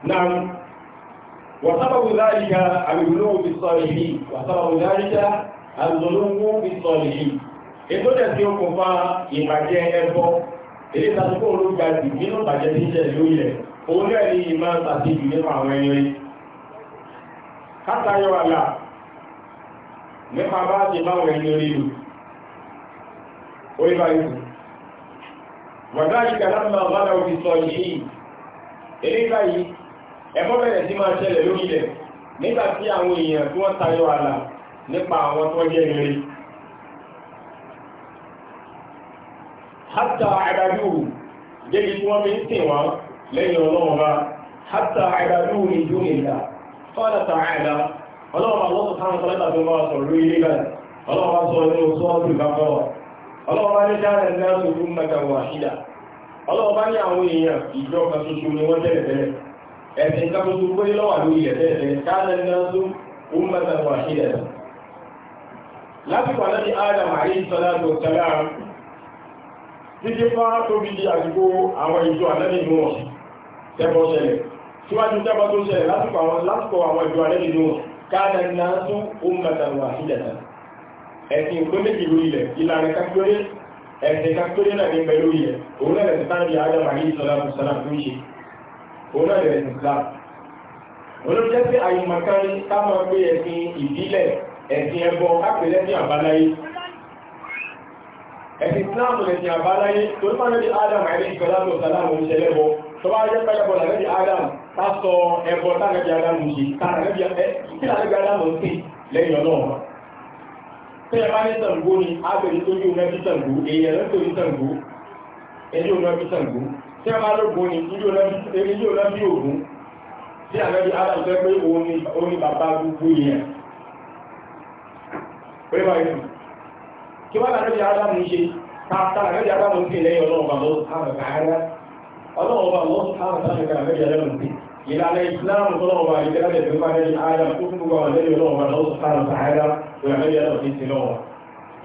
Nam, wàsábàbù dáríka àgbègbè fi sọ ìlú, wàsábàbù dáríka àgbègbè fi sọ ìlú. Ètò jẹ́ sí okùnfà ìbàjẹ́ ẹbọ, èyí tàbíkò ló ga jù nínú ìbàjẹ́ tí jẹ́ ló yẹ, òun náà ní ìmá tàbí jù nínú àwọn ẹni rí. Kátayọ àlà, nípa bá ti báwọn ẹni rí lù, ó yẹ báyìí وذلك لما غلوا في الصالحين eléyìí báyìí ẹ̀kọ́ bẹ̀rẹ̀ sí máa ṣẹlẹ̀ lórí ilẹ̀ nígbà tí àwọn èèyàn tí wọ́n tayọ àlà nípa àwọn tó jẹ́ rere hátà àdàdúrù débi tí wọ́n fi ń sìn wọ́n lẹ́yìn ọlọ́run bá hátà àdàdúrù ní ìjú ìlà fọ́nà ọlọ́ọ̀bá ní àwọn èèyàn ìjọ kan ṣoṣo ni wọ́n tẹ́lẹ̀tẹ́lẹ̀ ẹ̀sìn kan ṣoṣo pé lọ́wà lórí ilẹ̀ tẹ́lẹ̀tẹ́lẹ̀ káàlẹ̀ náà tó ó ń mẹ́ta wà sí ẹ̀ láti wà láti adam àyè sọ́lájọ sẹ́lá títí fá tóbi di àdúgbò àwọn ìjọ àlẹ́bí mú wọn tẹ́bọ̀ ṣẹlẹ̀ síwájú tẹ́bọ̀ tó ṣẹlẹ̀ lásìkò àwọn ìjọ àlẹ́bí mú wọn káàlẹ̀ náà ẹ̀sìn ìpínlẹ̀ ìlú ilẹ̀ ìlànà kan ẹ̀ẹ̀kan tó dínà ní pẹ̀lú yẹ òun náà lẹ̀sìn tánàbí adam àrí ìsọ́lámù sọ́lám tó ń ṣe òun náà lẹ̀sìn islam olóòjẹ́ sí àyùmọ̀kan táwọn ọgbẹ́ ẹ̀sìn ìbílẹ̀ ẹ̀sìn ẹbọ kápẹ̀lẹ́ ní àbáláyé ẹ̀sìn islam lẹ̀sìn àbáláyé tó ní pàdé adam àrí ìsọ́lámù sọ́lámù ń ṣẹlẹ́bọ tó bá jẹ́ pẹ́lẹ́bọ làbẹ́bí adam tásọ ẹbọ tánàbí adam ń ṣe tánàbí adam ń ṣe lẹ́yìn ọlọ́run tí ẹ bá ní Ṣàngó ni ábẹ̀rẹ̀ tó yóò lẹ́bí Ṣàngó èyẹ lẹ́tòrí Ṣàngó ẹni yóò lẹ́bí Ṣàngó tí ẹ bá lóògùn ni èyí yóò lẹ́bí Ògún tí àlẹ́bí Adam fẹ́ pé òun ni bàbá gbogbo yẹn pé báyìí kí wọ́n làlẹ́bí Adam ń ṣe káàkiri àlẹ́bí Adam ń pè lẹ́yìn ọlọ́run bàbá ọlọ́run bàbá ọlọ́run bàbá ọlọ́run ìlànà ìsìláàmù tọ́lọ́wọ́ àìjẹ́ lábẹ̀ tó bá rẹ̀ ààrẹ fún gbogbo àwọn ẹlẹ́yìn وعلى في سنوة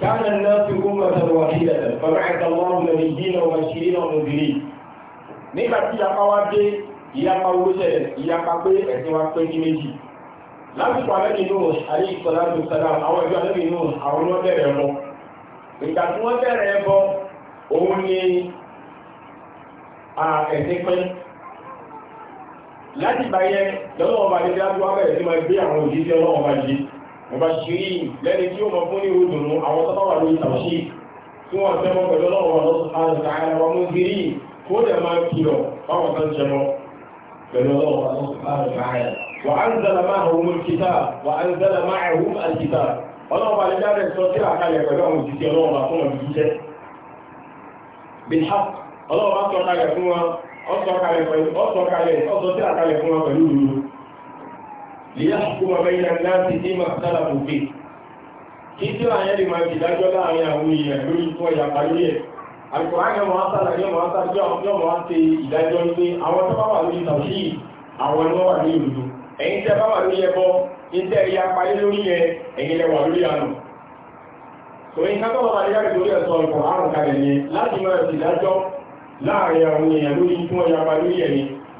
كان الناس أمة واحدة فبعث الله نبيين ومشيرين ومنذرين nígbà tí ìyapa wá dé ìyapa wúṣẹ̀ ìyapa pé ẹ̀sìn wa pé ní méjì lásìkò alẹ́bí inú ayé ìsọ̀lá ní sọ́dá àwọn ìjọ alẹ́bí inú àwọn ọmọ bẹ̀rẹ̀ ẹbọ ìgbà tí wọ́n bẹ̀rẹ̀ ẹbọ òun ni ẹ̀sìn pín láti gbà yẹn lọ́wọ́ ọba àdébíyá tó wá bẹ̀rẹ̀ sí máa gbé àwọn òjíṣẹ́ ọlọ́wọ́ ọba yìí mubashirin lẹ́ni tí ó mọ̀ fún ní ìrùdùnú àwọn tọ́tọ́ wà lórí tàbí tí wọ́n tẹ́ mọ́ pẹ̀lú ọlọ́run wọn lọ́sùn àrùn ààrẹ wọn mú gírí kó dẹ̀ máa kìlọ̀ báwọn kan jẹ mọ́ pẹ̀lú ọlọ́run wọn lọ́sùn àrùn ààrẹ wà á ń zala máa hùn mú kìtà wà á ń zala máa hùn àkìtà ọlọ́run bá àkàlẹ̀ fún wọn pẹ̀lú ọ liyahkuma bayna an-nasi fima ikhtalafu fihi kí tí àyẹ́ lè máa ìdájọ́ láàrin àwọn èèyàn lórí fún ọjà parí ẹ̀ Al-Qur'an yọ máa sára yọ máa sára yọ máa ṣe ìdájọ́ pé àwọn tó bá wà lórí tàbí àwọn ẹni wà ní ìlú ẹ̀yin tẹ́ bá wà lórí ẹbọ ìtẹ́ ẹ̀yà parí lórí ẹ ẹ̀yin lẹ́wà lórí àná so ìka tó wà láyé lórí ẹ̀sọ́ Al-Qur'an kalẹ̀ yẹn láti máa ìdájọ́ láàrin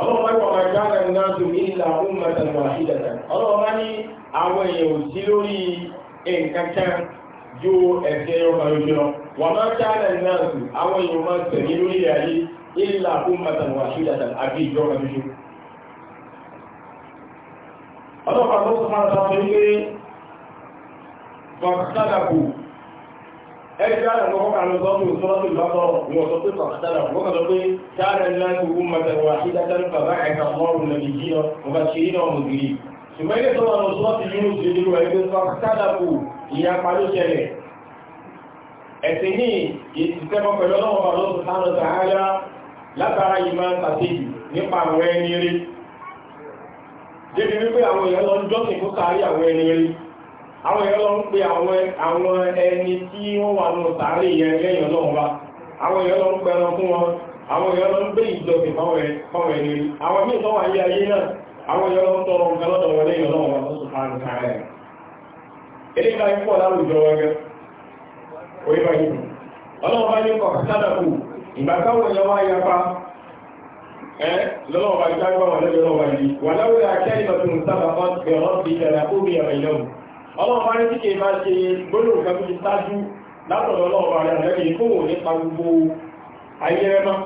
ọlọ́wọ́ ẹ̀kọ́ máa jáde náà tó ní ìlà ọdún mẹ́ta wà ìdẹ̀tẹ̀ ọlọ́wọ́ bá ní àwọn èèyàn ò sí lórí nǹkan kan ju ẹ̀sẹ̀ ọmọ ojú lọ wà máa jáde náà tó àwọn èèyàn máa tẹ̀lé lórí ayé ìlà ọdún mẹ́ta wà ìdẹ̀tẹ̀ àbí ìjọba ojú ọlọ́wọ́ bá tó sọ ẹgbẹ́ àwọn ọmọ kan lọ sọ́dún sọ́dún lọ́tọ̀ ní ọ̀sọ̀ pé pàtàkì wọ́n kan sọ pé sáré láti wú mẹ́tẹ̀wà sí dákẹ́rù bàbá ẹ̀ka mọ́rùn lẹ́bí jí lọ ọba ṣe iná ọmọ gírí ṣùgbọ́n ilé sọ́dún lọ sọ́dún yìí ló ṣe nínú ẹgbẹ́ pàtàkì ìyá paló ṣẹlẹ̀ ẹ̀sìn ní ìsìnkẹ́mọ́ pẹ̀lú ọlọ́wọ́ lọ́sùn sáré sàárá látara ìmọ̀ tàtẹ́jù nípa àwọn ẹni rí débi wípé àwọn èèyàn lọ ń jọ́sìn fún sáré àwọn ẹni rí àwọn èèyàn lọ ń pe àwọn ẹni tí wọ́n wà ní sàárè yẹn lẹ́yìn àwọn èèyàn lọ ń pe fún wọn àwọn èèyàn lọ ń gbé ìjọsìn fáwọn ẹni rí àwọn míì tọ́wà ayé ayé náà àwọn èèyàn lọ ń tọrọ nǹkan lọ́dọ̀ wọn lẹ́yìn ọlọ́run wa ọlọ́run bá ní tí kìí bá ṣe gbóòrò kẹfù ti sáájú látọ̀dọ̀ ọlọ́run bá rẹ̀ lẹ́gbẹ̀ẹ́ kó wò nípa gbogbo ayẹ́rẹ́mọ́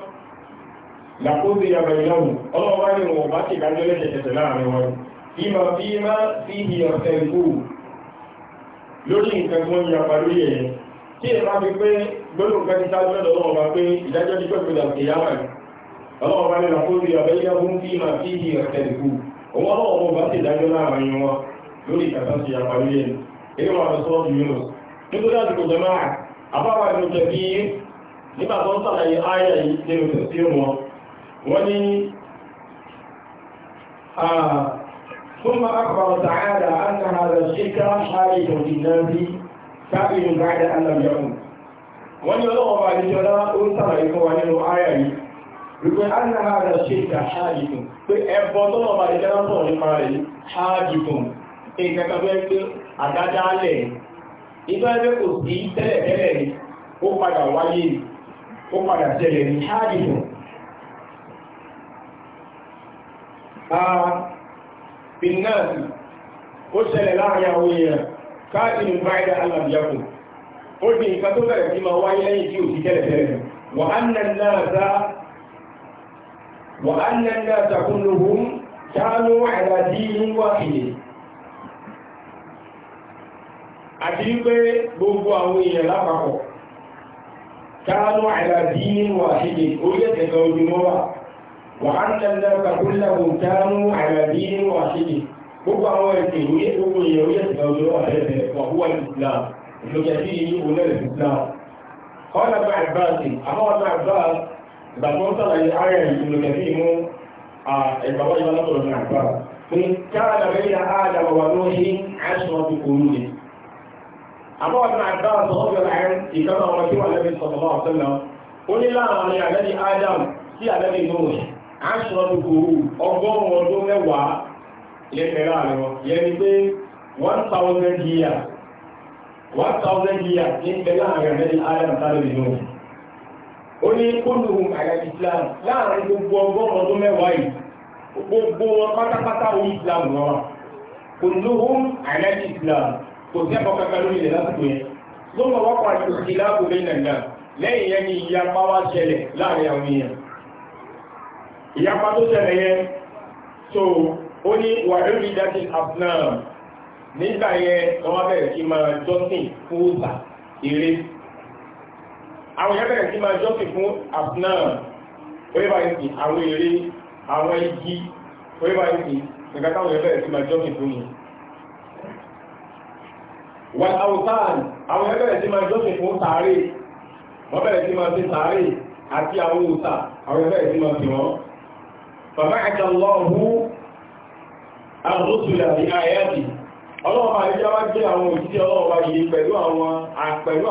làkóso yàgbà ìlànà ọlọ́run bá ní wọn bá ṣe ìdájọ́ lẹ́sẹ̀kẹsẹ̀ láàrin wọn ìmọ̀ bí má sí ìhì ọ̀sẹ̀ ìgbò lórí nǹkan tí wọ́n yàgbà lórí ẹ̀ tí ìbá fi pé gbóòrò kẹfù ti sáájú lọ́dọ̀ ọlọ́run bá pé ìdájọ́ ti pẹ̀lú ìdàkẹ̀yàwó ọlọ́run bá ní làkóso yàgbà ìlànà bí má sí ìhì ọ̀sẹ̀ ìgbò òun ọlọ́run bá ṣe ìdájọ́ lórí ìkàtàkì àpàrí ẹni eré wọn lọ sọ́ọ̀dù yunus nítorí àdìkò jama'a àbáwà ìlú kẹfí nígbà tó ń sàlàyé ayà yìí nínú tẹ̀sí wọn wọ́n ní ثم أخبر تعالى أن هذا الشرك حادث في الناس أن لم يكن wọ́n ní ọlọ́wọ́ bá ní jọlá ó ń tàbí fún wa nínú ayà yìí wípé annáhàrá ṣe ìkà ṣáàjìkùn pé ẹbọ tọ́lọ̀ bá ní jọlá nípa rẹ̀ ṣáàjìkùn ìgbẹ̀kọ̀bẹ́ pé àdádá alẹ̀ ìgbà ẹgbẹ́ kò sí tẹ́lẹ̀tẹ́lẹ̀ ni ó padà wáyé ó padà tẹ́lẹ̀ ní ṣáàdìmọ̀ bínáàtì ó ṣẹlẹ̀ láàrin àwọn èèyàn káàkiri báyìí alàbíyàkùn ó di àti wípé gbogbo àwọn èèyàn lápapọ̀ káánú àìlàdí nínú àṣíjì orílẹ̀-èdè kan ojúmọ́ wà wà á ń tẹ́lẹ̀ kàkúnlẹ̀kù káánú àìlàdí nínú àṣíjì gbogbo àwọn ẹ̀sìn orílẹ̀-èdè gbogbo èèyàn orílẹ̀-èdè kan ojúmọ́ wà tẹ́lẹ̀ wà wúwà Islam ìlúkẹ̀ sí ìlú orílẹ̀ Islam ọ̀nà bá ìbáàsì àwọn ọ̀nà ìbáàsì ìgbàgbọ́n sàlàyé ara àbọ̀wọ̀n àgbà ọ̀sọ̀rọ̀ láàrin ìkọ́nà ọmọ tí wà lẹ́bí sọ̀tọ̀lọ́ ọ̀sọ́lọ́ ó ní láàrin àlẹ́bí Adam sí àlẹ́bí Nuhu aṣọ dùkúrú ọgọ́rùn ọdún mẹ́wàá lẹ́fẹ̀ẹ́ àlọ́ yẹni pé 1000 years 1000 years ní bẹ̀rẹ̀ àrẹ̀ àlẹ́bí Adam sálẹ́bí Nuhu ó ní kúndùn àrẹ̀ Islam láàrin gbogbo ọgọ́rùn ọdún mẹ́wàá yìí gbogbo wọn pátápátá orí Islam wọn kùndùn àrẹ̀ Islam kò sí ẹ̀kọ́ kankan lórí ilẹ̀ lásìkò yẹn ló mọ̀ wọ́pọ̀ àti òsì láàbò lẹ́yìn nàìjíríà lẹ́yìn yẹn ni ìyapa wá ṣẹlẹ̀ láàrin àwọn èèyàn ìyapa tó ṣẹlẹ̀ yẹn so ó ní wà lórí dájú abdulham nígbà yẹn wọ́n bẹ̀rẹ̀ sí máa jọ́sìn fún òòsà eré àwọn yẹn bẹ̀rẹ̀ sí máa jọ́sìn fún abdulham oríba ìsìn àwọn eré àwọn igi oríba ìsìn nǹkan táwọn yẹn bẹ̀rẹ̀ sí máa jọ́sìn fún yìí wà àwòtáàn àwọn a tí máa jọ́sìn fún sàárè wọ́n bẹ̀rẹ̀ tí máa ti sàárè àti àwọn òòṣà àwọn ẹgbẹ̀rẹ̀ tí máa fi wọ́n bàbá àjàlọ́hù àrùsùlà ní tó wá àti àwọn ẹ̀rí tí ó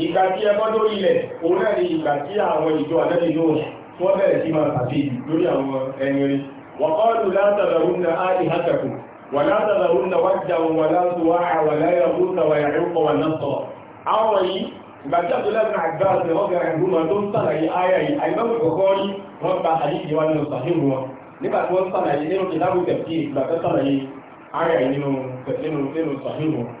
ìgbà tí ẹbọ́ tó ilẹ̀ òun náà ni ìgbà tí àwọn ìjọ àlẹ́lẹ́ yóò wọ́n bẹ̀rẹ̀ sí máa tàbí lórí àwọn ẹni rí wọ́kọ́lù látàràrún na áàrí hátàkù wà látàràrún na wájà wà látùwà àwà láyà gúnta wà yàrúkọ wà lọ́tọ̀ àwọn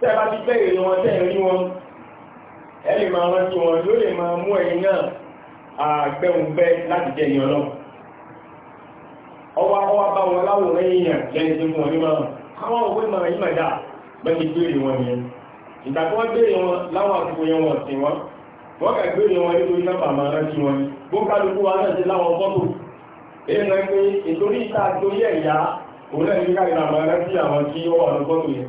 tẹ́ bá ti bẹ́ẹ̀rẹ̀ wọn tẹ́ rí wọn ẹ lè máa rántí wọn ló lè máa mú ẹ̀yìn náà àgbẹ̀hùnbẹ́ láti jẹ́ ìyàn náà ọwọ́ ọwọ́ bá wọn láwòrán èèyàn lẹ́yìn tí wọ́n ní máa káwọn òwe máa yí màdá bẹ́ẹ̀ bèèrè wọn yẹn ìgbà tí wọ́n bèèrè wọn láwọn àkókò yẹn wọ̀n sí wọn wọ́n kà gbèrè wọn nítorí nọ́mbà máa rántí wọn bó kálukú wa náà ti láwọn fọ́tò èèyàn pé ìtorí ìta àtòrí ẹ̀yà òun náà ní káàkiri àmọ́ rántí àwọn tí ó wà lọ́gbọ́tò yẹn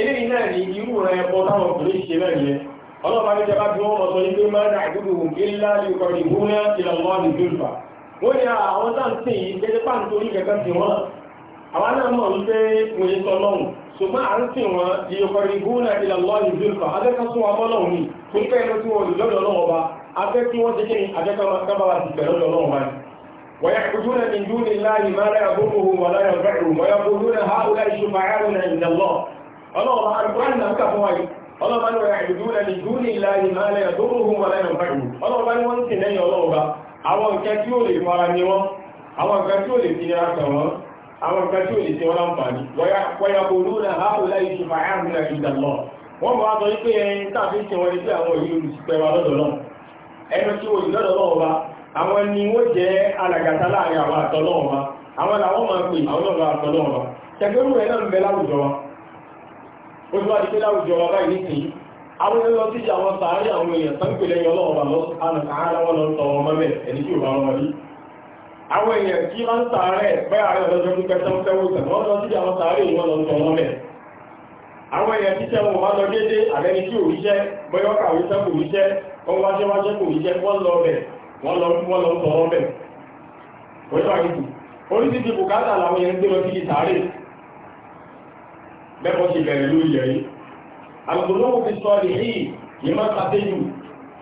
eléyìí náà ni irú rẹ̀ ẹbọ táwọn obìnrin ṣe náà yẹn ọlọ́pàá ní jẹba bí wọ́n mọ̀ sọ nígbé máa dà gbogbo ìlà ní ìkọ̀rọ̀ ìgbóná ìlànà ní jùlọ wọ́n ni àwọn sáǹtì yìí gẹ́gẹ́ pà nítorí kẹ́kẹ́ sí wọn àwọn náà mọ̀ ń pé wọ́n yẹ sọ lọ́hùn ṣùgbọ́n à ń من دون الله ما لا يضرهم ولا ينفعهم ويقولون هؤلاء شفعاؤنا عند الله ọlọ́ọ̀bá alùkùránì náà kà fún wa yìí ọlọ́ọ̀bá ni wọ́n yà ìlú náà ní dúnì láàrin máa lẹ́yà tó rú wọn lẹ́yà bá yìí ọlọ́ọ̀bá ni wọ́n ń sìn lẹ́yìn ọlọ́ọ̀bá àwọn nǹkan tí ó lè fara ni wọ́n àwọn nǹkan tí ó lè fi nira kàn wọ́n àwọn ń bẹ láwùjọ wa ó ti wá di pé láwùjọ wa báyìí nìsín àwọn ẹlọ tí àwọn sàárì àwọn èèyàn tán pè lẹ́yìn ọlọ́ọ̀bà lọ́sàáràwọ́ lọ tọ ọmọ mẹ́ ẹni tí ò bá wọn rí àwọn èèyàn kí wọ́n sàárẹ̀ pẹ́ ààrẹ ọlọ́jọ́ ní pẹ́sán fẹ́wọ́sàn wọ́n lọ sí àwọn sàárì wọn lọ tọ ọmọ mẹ́ àwọn èèyàn tí tẹ́ wọn wá lọ déédé àbẹ́ni tí òríṣẹ́ bọ́yọ́ kàwé tẹ́ kò ríṣẹ́ wọ́n wáṣẹ́ wáṣẹ́ kò ríṣẹ́ wọ́n lọ bẹ̀ wọ́n lọ wọ́n lọ tọ̀ wọ́n bẹ̀ oríṣiríṣi bùkátà làwọn èèyàn ń gbé lọ sí ìtàrí mẹ́kọ́ ti bẹ̀rẹ̀ lórí ẹ̀rí àgbòlówó fi sọ rí rí ìmá kàtẹ́jù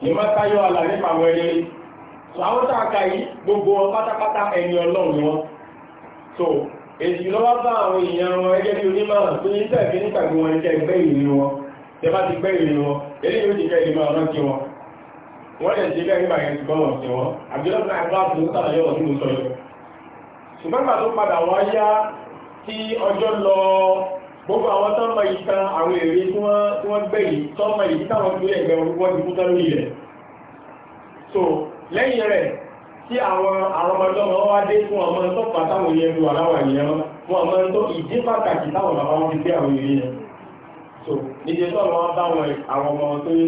ìmá káyọ́ àlà nípa àwọn ẹni rí so àwọn tààkà yìí gbogbo wọn pátápátá ẹni ọlọ́run wọn so èsì lọ́wọ́ bá àwọn èèyàn wọn ẹgẹ́ bí onímọ̀ràn tó ní tẹ̀fí nípa gbogbo wọn jẹ́ gbẹ́ ìrìn wọn tẹ bá ti gbẹ́ ìrìn wọn èyí yóò ti jẹ́ ìmọ̀ ọ̀rán kí wọn wọ́n lè ṣe bẹ́ẹ̀ nígbà yẹn ti gbọ́nà sí wọn àbílọ́pù náà gbá fún sàlàyé wọn nínú sọ́yọ́ ṣùgbọ́n gbà tó padà wọ́n yá tí ọjọ́ lọ gbogbo àwọn tọ́mọ ìta àwọn èrè tí wọ́n gbẹ̀ yìí tọ́mọ ìdí táwọn tó lè gbẹ̀ wọ́n ti kúta lórí rẹ̀ so lẹ́yìn rẹ̀ tí àwọn àrọmọdọ́mọ wá dé fún so níjẹ tó àwọn bá wọn àwọn ọmọ tó yé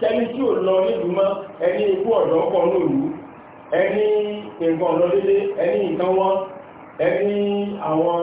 kẹ́ni tí ò lọ nílùú mọ́ ẹni ikú ọ̀dọ́ pọ̀ ẹni nǹkan ẹni àwọn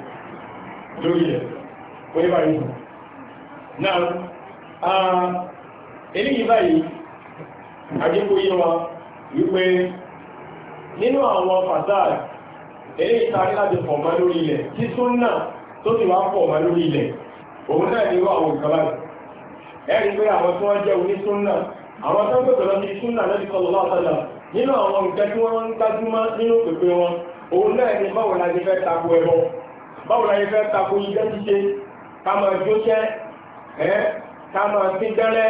lórí ẹ̀ wọ́n yíba yìí náà a eléyìí báyìí àjẹ́kò yé wa wípé nínú àwọn fàtàlì eléyìí tàrí láti pọ̀ ma lórí ilẹ̀ tí súnnà tó sì wá pọ̀ ma lórí ilẹ̀ òun náà ní wà àwọn ìkàlá ẹ̀rí pé àwọn tí wọ́n jẹ́ oní súnnà àwọn tó ń pẹ̀tọ̀ lọ sí súnnà lọ́dí sallallahu alaihi wasallam nínú àwọn nǹkan tí wọ́n ń gbájúmọ́ nínú pẹ̀pẹ̀ wọn òun náà ní báwọn láti fẹ́ tako ẹbọ báwo la yẹ fẹ́ tako iṣẹ́ ṣíṣe ká máa jóṣẹ́ ẹ́ ká máa sí gbẹ́rẹ́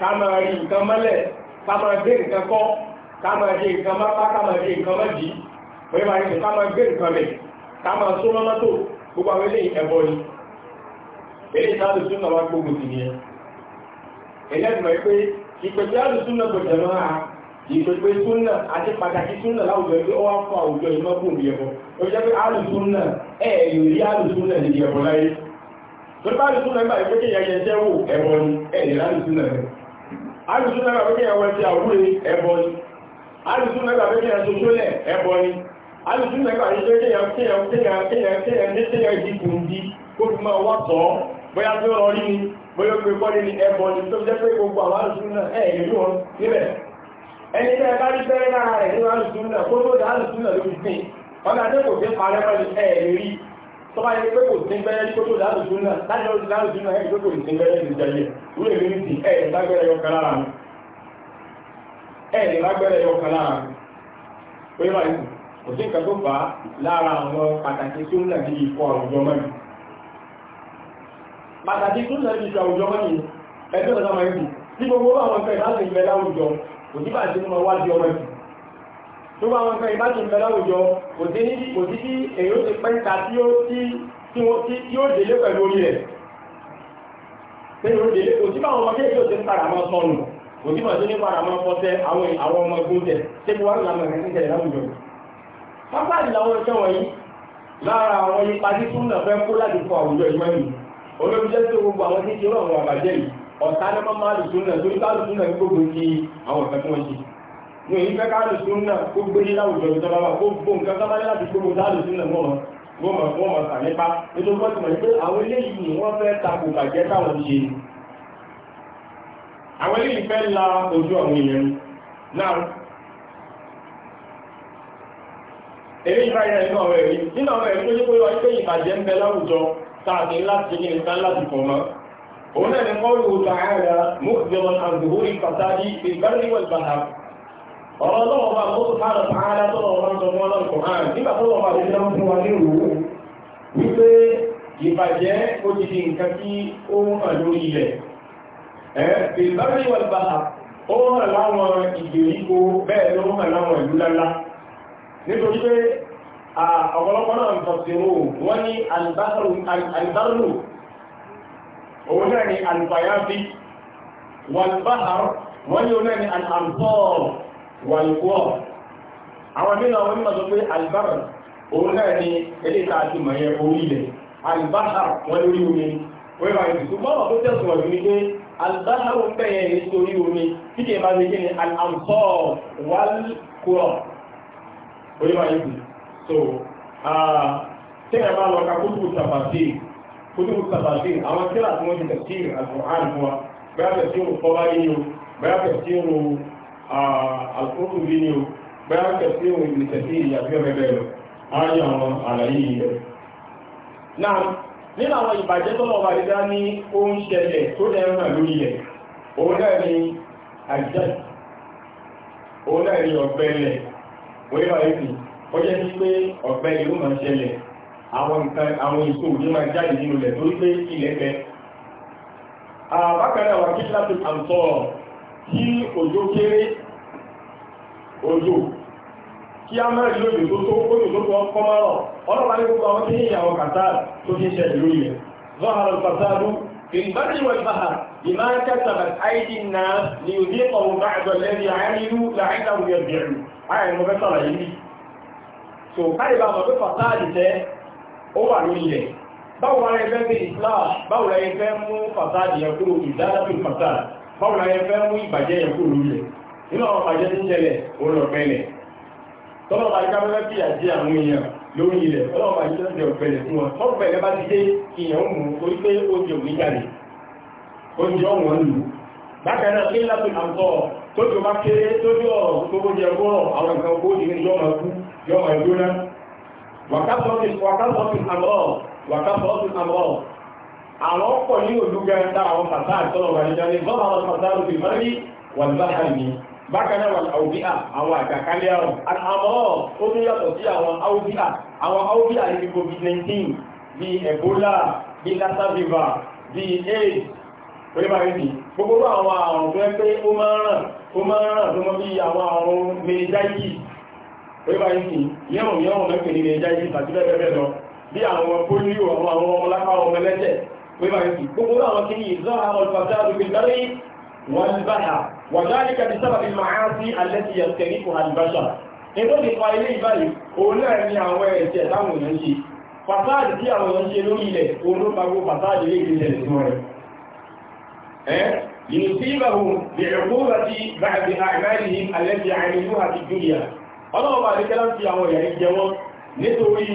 ká máa rí nǹkan mọ́lẹ̀ ká máa gbé nǹkan kọ́ ká máa dé nǹkan mápá ká máa dé nǹkan mọ́jì wọ́n yẹ máa yẹ ká máa gbé nǹkan mẹ̀ ká máa só mọ́mọ́tò gbogbo àwọn eléyìí ẹ̀bọ ni eléyìí náà lè tún náà gbogbo sí ni ẹ ẹlẹ́gbẹ̀ẹ́ pé ìpèsè àlùsùn náà gbọ̀dọ̀ náà ìpèpè súnà àti pàtàkì súnà láwùjọ ẹgbẹ́ ọwọ́ fún àwùjọ ìmọ̀bùn yẹ̀bọ̀ ó jẹ́ pé àlùsùn náà ẹ̀ẹ̀lò rí alùsúnlẹ̀ ní ẹ̀bọ̀ láyé tó bá alùsúnlẹ̀ bá ìpé kí jẹ́ wò ẹ̀bọ̀ ni ẹ̀ẹ̀lò alùsúnlẹ̀ rẹ̀ alùsúnlẹ̀ bá pé ẹwọ ti àwúrẹ́ ẹ̀bọ̀ ni alùsúnlẹ̀ bá pé kí ẹ̀bọ̀ ni bá ọ̀nà àdẹ́kò fi parẹ́ mọ́ ẹ̀rí rí tó bá yẹ pé kò sí gbẹ́rẹ́ ní kótó láti tún náà láti lọ́dún láti tún náà ẹ̀rí tó kò sí gbẹ́rẹ́ ní jẹyẹ wúlò mi ti ẹ̀rí lágbẹ́rẹ́ yọ kan lára mi ẹ̀rí lágbẹ́rẹ́ yọ kan lára mi pé máa yìí kò sí nǹkan tó fà á lára àwọn pàtàkì tún náà ní ikọ̀ àwùjọ mọ́ni pàtàkì tún náà ní ikọ̀ àwùjọ mọ́ni ẹgbẹ́ ọ̀dọ́ máa ń bì ní gbogbo àwọn ẹgbẹ́ láti ti mú ọwá di ọmọ ẹ̀kú tó bá wọn fẹ́ ìbájú ìfẹ́ láwùjọ kò sí ní kò sí sí èyí ó ti pẹ́ ta tí ó tí tí wọ́n tí tí ó délé pẹ̀lú orí rẹ̀ pé ó délé kò sí báwọn ọmọdé yóò ti ń padà mọ́ sọnù kò sí mọ̀tí ní padà mọ́ fọ́tẹ́ àwọn àwọn ọmọ ogun tẹ̀ ṣé bí wọ́n làmọ̀ ẹ̀kẹ́ tẹ̀lé láwùjọ. pápá ìlàwọ̀ iṣẹ́ wọ̀nyí lára àwọn ipa tí túnà fẹ́ kó láti fọ àwùjọ ìmọ̀ yìí olóbijẹ́ tó gbogbo àwọn tí ti rọ̀ àwọn àbàjẹ́ yìí ọ̀tá ní mọ́ máa lù túnà torí bá lù túnà ní gbogbo ti àwọn ọ̀fẹ́ fún wọn yìí ní èyí fẹ́ káàlù súnà kó gbé ní láwùjọ ìjọba wa kó gbó nǹkan tó bá ní láti gbogbo dáàlù súnà mọ́mọ́ mọ́mọ́ mọ́mọ́ kà nípa nítorí wọ́n ti mọ̀ pé àwọn eléyìí ni wọ́n fẹ́ takò kó yọ pé ìbàjẹ́ ń òun náà ni kọ́ lù tààrà mú ìjọba àgbòhórí pàtàkì ìbáríwọ̀ ìbàdàn ọ̀rọ̀ lọ́wọ́ bá kó sùpárọ̀ sàárà tó lọ́wọ́ bá ń sọ mọ́lọ́ kùnán nígbà tó lọ́wọ́ bá ti dá fún wa ní ìlú wípé ìbàjẹ́ ó ti di nǹkan tí ó ń hàn lórí ilẹ̀ ẹ̀ ìbárí wà gbà ó hàn láwọn ìgbèríko bẹ́ẹ̀ ló hàn láwọn ìlú lálá nítorí pé ọ̀pọ̀lọpọ̀ náà ń tọ̀síwò wọ́n ní alìbárò òun náà ni alìbáyábí wọ́n ní alìbárò wàlùkọ́ àwọn mìíràn wọn mọ̀ sọ pé alibara òun náà ni ilé ìta àti mọ̀ yẹn orí ilẹ̀ alibara wọn lórí omi wọ́n yóò àyè ṣùgbọ́n wọn tó tẹ̀sùn ọ̀dùn ni pé alibara ń bẹ̀ yẹn ní sórí omi tí kìí máa ṣe kí ni alamsọ wàlùkọ́ wọ́n yóò àyè so tí ẹ bá lọ ka kúrú tàbàtì kúrú tàbàtì àwọn kíláàsì wọn ti tẹ̀sí àgbọ̀n àgbọ̀n bẹ́ẹ̀ tẹ̀sí òun fọwọ́ yíyó bẹ́ẹ̀ tẹ̀sí òun àkókò bí ní o bẹ́ẹ̀ kẹsí ohun ìgbìtẹ̀sí ìyàbí ayé àwọn àlàyé ilẹ̀ náà nínú àwọn ìbàjẹ́ tó lọ́wọ́ àrídá ní ohun ṣẹlẹ̀ tó lẹ́rùn lórí ilẹ̀ òun náà ni àjẹ́ òun ó jẹ́ sí pé ọ̀gbẹ́lẹ̀ ló máa ṣẹlẹ̀ àwọn ìṣò ní máa jáde nínú ilẹ̀ pé ilẹ̀ kí òjò kéré òjò kí a máa rí lójò tó tó kójò tó tó kọ́ máa rọ̀ ọlọ́pàá ní gbogbo àwọn tí ní ìyàwó kàtàl tó ti ṣe ìlú ilẹ̀ zọ́hàrọ̀ kàtàlú ìbájú wọn bá ìmá kẹtàlá àìdí na ní òdí ọ̀hún bá àjọ lẹ́ni àárín láìdáwò yẹ bẹ̀rù àìrìn mọ́ fẹ́sàlà yìí so káyì báwo la ẹgbẹ́ sí Islam báwo la ẹgbẹ́ mú fàtàlì yẹ kúrò ìdádàbí báwo la yẹ fẹ́ mú ìbàjẹ́ yẹn kúrò lórí rẹ̀ nínú àwọn ìbàjẹ́ tí ń jẹlẹ̀ òun lọ pẹ́lẹ̀ tọ́lọ̀ bá ká fẹ́ fìyà jẹ àwọn èèyàn lórí ilẹ̀ tọ́lọ̀ bá jẹ́ ọ̀dẹ̀ ọ̀pẹ̀lẹ̀ fún wọn mọ́rù pẹ̀lẹ́ bá ti dé ìyàn mú torí pé ó di òní jáde ó di ọ̀wọ̀n lù bákan náà kí lápẹ̀ àtọ̀ tó ti bá kéré tó ti ọ̀rọ̀ tó bó jẹ gbọ́rọ̀ àwọn nǹkan kó di ní yọmọ kú àwọn pọ̀ ní olúgẹ́ta àwọn fasáà tọ́lọ̀ wà níjọ́ ní bọ́lá àwọn fasáà rúbì mọ́rí wọ̀n láhàrí ni bákan náà wọ̀n àwùbíà àwọn àjàkálẹ̀ àrùn àmọ́ ó tún yàtọ̀ sí àwọn àwùbíà àwọn àwùbíà ní covid-19 bí ebola bí lassa Viva, bí aids oníbàrẹ́sì gbogbo àwọn àrùn tó ẹ pé ó máa ń ràn ó máa ń ràn tó mọ́ bí àwọn àrùn meningitis oníbàrẹ́sì yẹ́wọ̀n yẹ́wọ̀n mẹ́pẹ̀ ní meningitis àti bẹ́ẹ̀ bẹ́ẹ̀ lọ bí àwọn polio àwọn ọmọ lápá ọmọ ẹlẹ́jẹ̀ كبر وكي ظهر الفساد في البر والبحر وذلك بسبب المعاصي التي يرتكبها البشر ètò ìpa ilé ìbáyìí òun náà ní àwọn ẹ̀ṣẹ̀ táwọn èèyàn ṣe fàtàdì tí àwọn èèyàn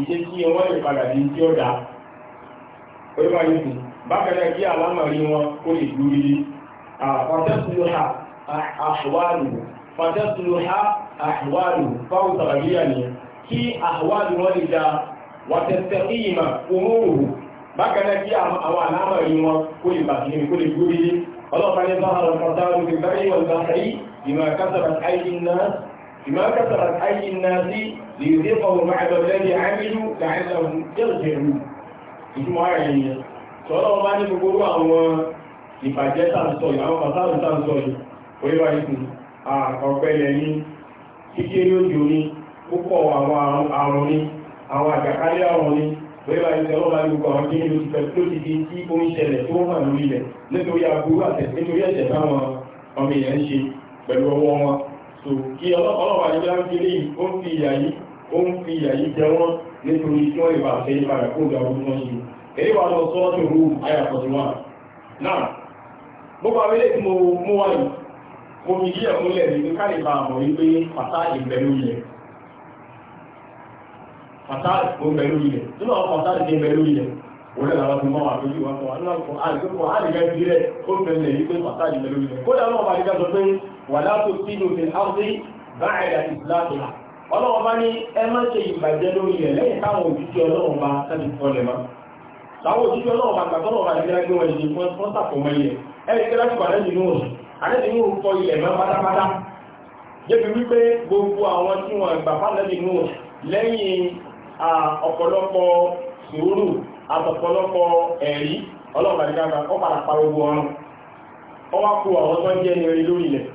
ìṣe kí ọwọ́ lè padà di tí ó dá orípa yìí bákanáà kí alámọ̀rí wọn kó lè lórí fàtẹ́sùlùhá àṣìwárù fáwọn sàrànlíyà ni kí àṣìwárù wọn lè dá wàtẹ̀tẹ̀ ìyìmà òmúrù bákanáà kí àwọn alámọ̀rí wọn kó lè bàtìlẹ̀ kó lè lórí ọlọ́pàá ní bá ما كثرت حي الناس ليذيقهم بعد الذي عملوا لعلهم يرجعون ìtumọ̀ ara ènìyàn sọ́lọ́wọ́ bá ní gbogbo àwọn ìbàjẹ́ tàǹsọ̀ yìí àwọn pàtàkì tàǹsọ̀ yìí oríwá ìsìn àkọ̀pẹ̀lẹ̀ ní kíkéré òjò ní púpọ̀ àwọn àrùn ní àwọn àjàkálẹ̀ àrùn ní oríwá ìsìn ọlọ́wọ́ bá ní gbogbo àwọn kí ní lóṣù pẹ̀lú ti di tí ó ń ṣẹlẹ̀ tó hàn lórí ilẹ̀ nítorí aburú àtẹ̀ nítorí ẹ̀ṣẹ̀ táwọn ọmọ èèyàn ń ṣe pẹ̀lú ọwọ́ wọn so kí ọlọ́pàá ní láńkiri ó ń fi ìyà yìí ó ń fi ìyà yìí jẹ wọ́n nítorí tí wọ́n ìbà fẹ́ ìbára kó ga ọdún wọn yìí èyí wà lọ sọ́ọ́ tó rú ayàkọ̀tún wà náà gbogbo abẹ́lẹ̀ tí mo wà yìí mo fi díẹ̀ múlẹ̀ nínú kálíbà àmọ́ wípé pàtà ìbẹ̀rù ilẹ̀ pàtà ìbẹ̀rù ilẹ̀ nínú àwọn pàtà ìbẹ̀rù ilẹ̀ wọ́n lẹ́la wọ́n ti mọ́ àpéjú wọn kọ́ àdúrà kọ́ àdìgbẹ́ sílẹ̀ ó bẹ̀rẹ̀ yìí pé pàtà ìbẹ̀rù ilẹ̀ kódà náà wà nígbà sọ pé wàlá tó fi lò fi áwùdí bá ẹ̀dà ọlọ́wọ́ bá ní ẹ ṣe ìbàjẹ́ lórí rẹ̀ lẹ́yìn táwọn òjijì ọlọ́wọ́ bá sábì kọlẹ̀ má táwọn òjijì ọlọ́wọ́ bá gbàtọ́lọ́ bá nígbà wọn ìdí fún mọ́ ilẹ̀ ẹ̀rí wà lẹ́yìn ilẹ̀ mọ́ pátápátá wípé gbogbo wọ́n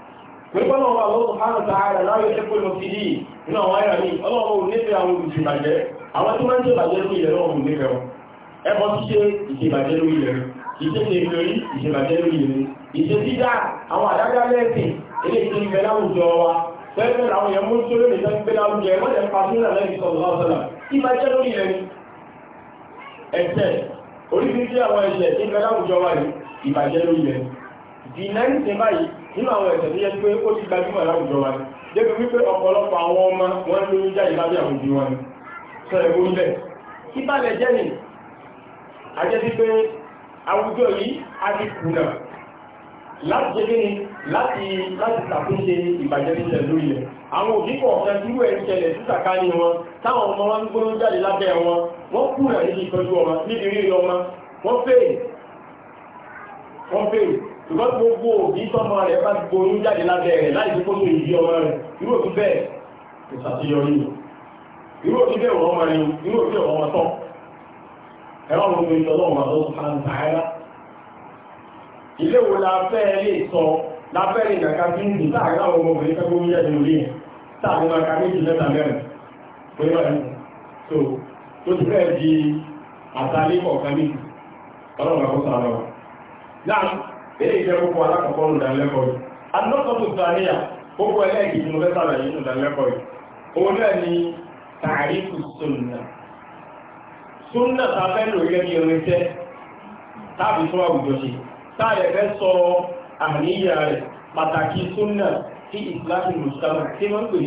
pẹ̀lú ọmọ àwọn ọmọ ààrẹ láyé ṣẹ́kọ̀ lọ sí yìí nínú àwọn ayà ní ọlọ́wọ́ onífẹ́ àwọn olùsìnbàjẹ́ àwọn tí wọ́n ń ṣèbàjẹ́ lórí ilẹ̀ lọ́wọ́ onífẹ́ wọn ẹbọ ṣíṣe ìṣèbàjẹ́ lórí ilẹ̀ iṣẹ́ ṣe ìrìn ìṣèbàjẹ́ lórí ilẹ̀ iṣẹ́ dídá àwọn àdájá lẹ́sìn ilé ìṣẹ́ ìfẹ́ láwùjọ wa pẹ́ẹ́fẹ́ àwọn èèyàn mú sórí ìlẹ̀ sẹ́ńpẹ́ láwùjọ wọ́n lẹ́ pàṣúnà lẹ́yìn sọ̀rọ̀ lọ́sọ̀lá ìbàjẹ́ lórí ilẹ̀ ẹ̀ṣẹ̀ oríṣiríṣi àwọn ẹ̀ṣẹ̀ ìfẹ́ láwùjọ wa yìí ìbàjẹ́ lórí ilẹ̀ dìnnà ń ṣe báyìí nínú àwọn ẹ̀sẹ̀ tó yẹ pé ó ti gbajúmọ̀ láwùjọ wa ni débi wípé ọ̀pọ̀lọpọ̀ àwọn ọmọ wọn ló ń jáde lábẹ́ àwùjọ wa ni sọ ẹ̀wọ́ ilẹ̀ kí bá lẹ jẹ́ nì àjẹ́ sí pé àwùjọ yìí a ti kùnà láti jẹ́ kíni láti láti ṣàtúnṣe ìbàjẹ́ nílẹ̀ lórí ilẹ̀ àwọn òbí kọ̀ọ̀kan tí wọ́n ń ṣẹlẹ̀ sí sàkáàní wọn táwọn ọmọ wọn ń gbóná jáde lábẹ́ wọn wọ́n kùnà níbi ìtọ́jú ọmọ níbi rírí ọmọ wọ́n fèrè wọ́n fèrè ṣùgbọ́n gbogbo òbí tọ́mọ rẹ̀ bá gboyún jáde lábẹ́ rẹ̀ láì tó kóso ìbí ọmọ rẹ̀ irú òbí bẹ́ẹ̀ kò ṣàṣeyọrí irú òbí bẹ́ẹ̀ wọ́n ọmọ rẹ̀ irú òbí ọmọ ọmọ tán ẹ̀rọ àwọn ọmọ ìṣọ́lọ́ ọmọ tó sàn tààrà ilé wo la fẹ́ lè sọ lábẹ́ rẹ̀ kàkà sí ní láàrin àwọn ọmọ obìnrin tó gbóyún jáde lórí ẹ̀ táàrin máa ka méjì mẹ́ta mẹ́rin pé wà ní so tó ti fẹ́ di àtàlé kọ̀ọ̀kan méjì ọlọ́run àkóso àlọ́ ilé ìjẹ́ gbogbo alákọ̀ọ́kọ́ nù dánilẹ́kọ̀ọ́ yìí alọ́sọ̀tò sàníyà gbogbo ẹlẹ́ẹ̀kì tí mo fẹ́ sàlàyé nù dánilẹ́kọ̀ọ́ yìí òun náà ni tàrífù sunna sunna ta fẹ́ lò gẹ́gẹ́ bí irinṣẹ́ táàbí tó àwùjọ ṣe táàyẹ̀ fẹ́ sọ àníyàn rẹ̀ pàtàkì sunna sí ìsìláàmù mùsùlùmá tí wọ́n pè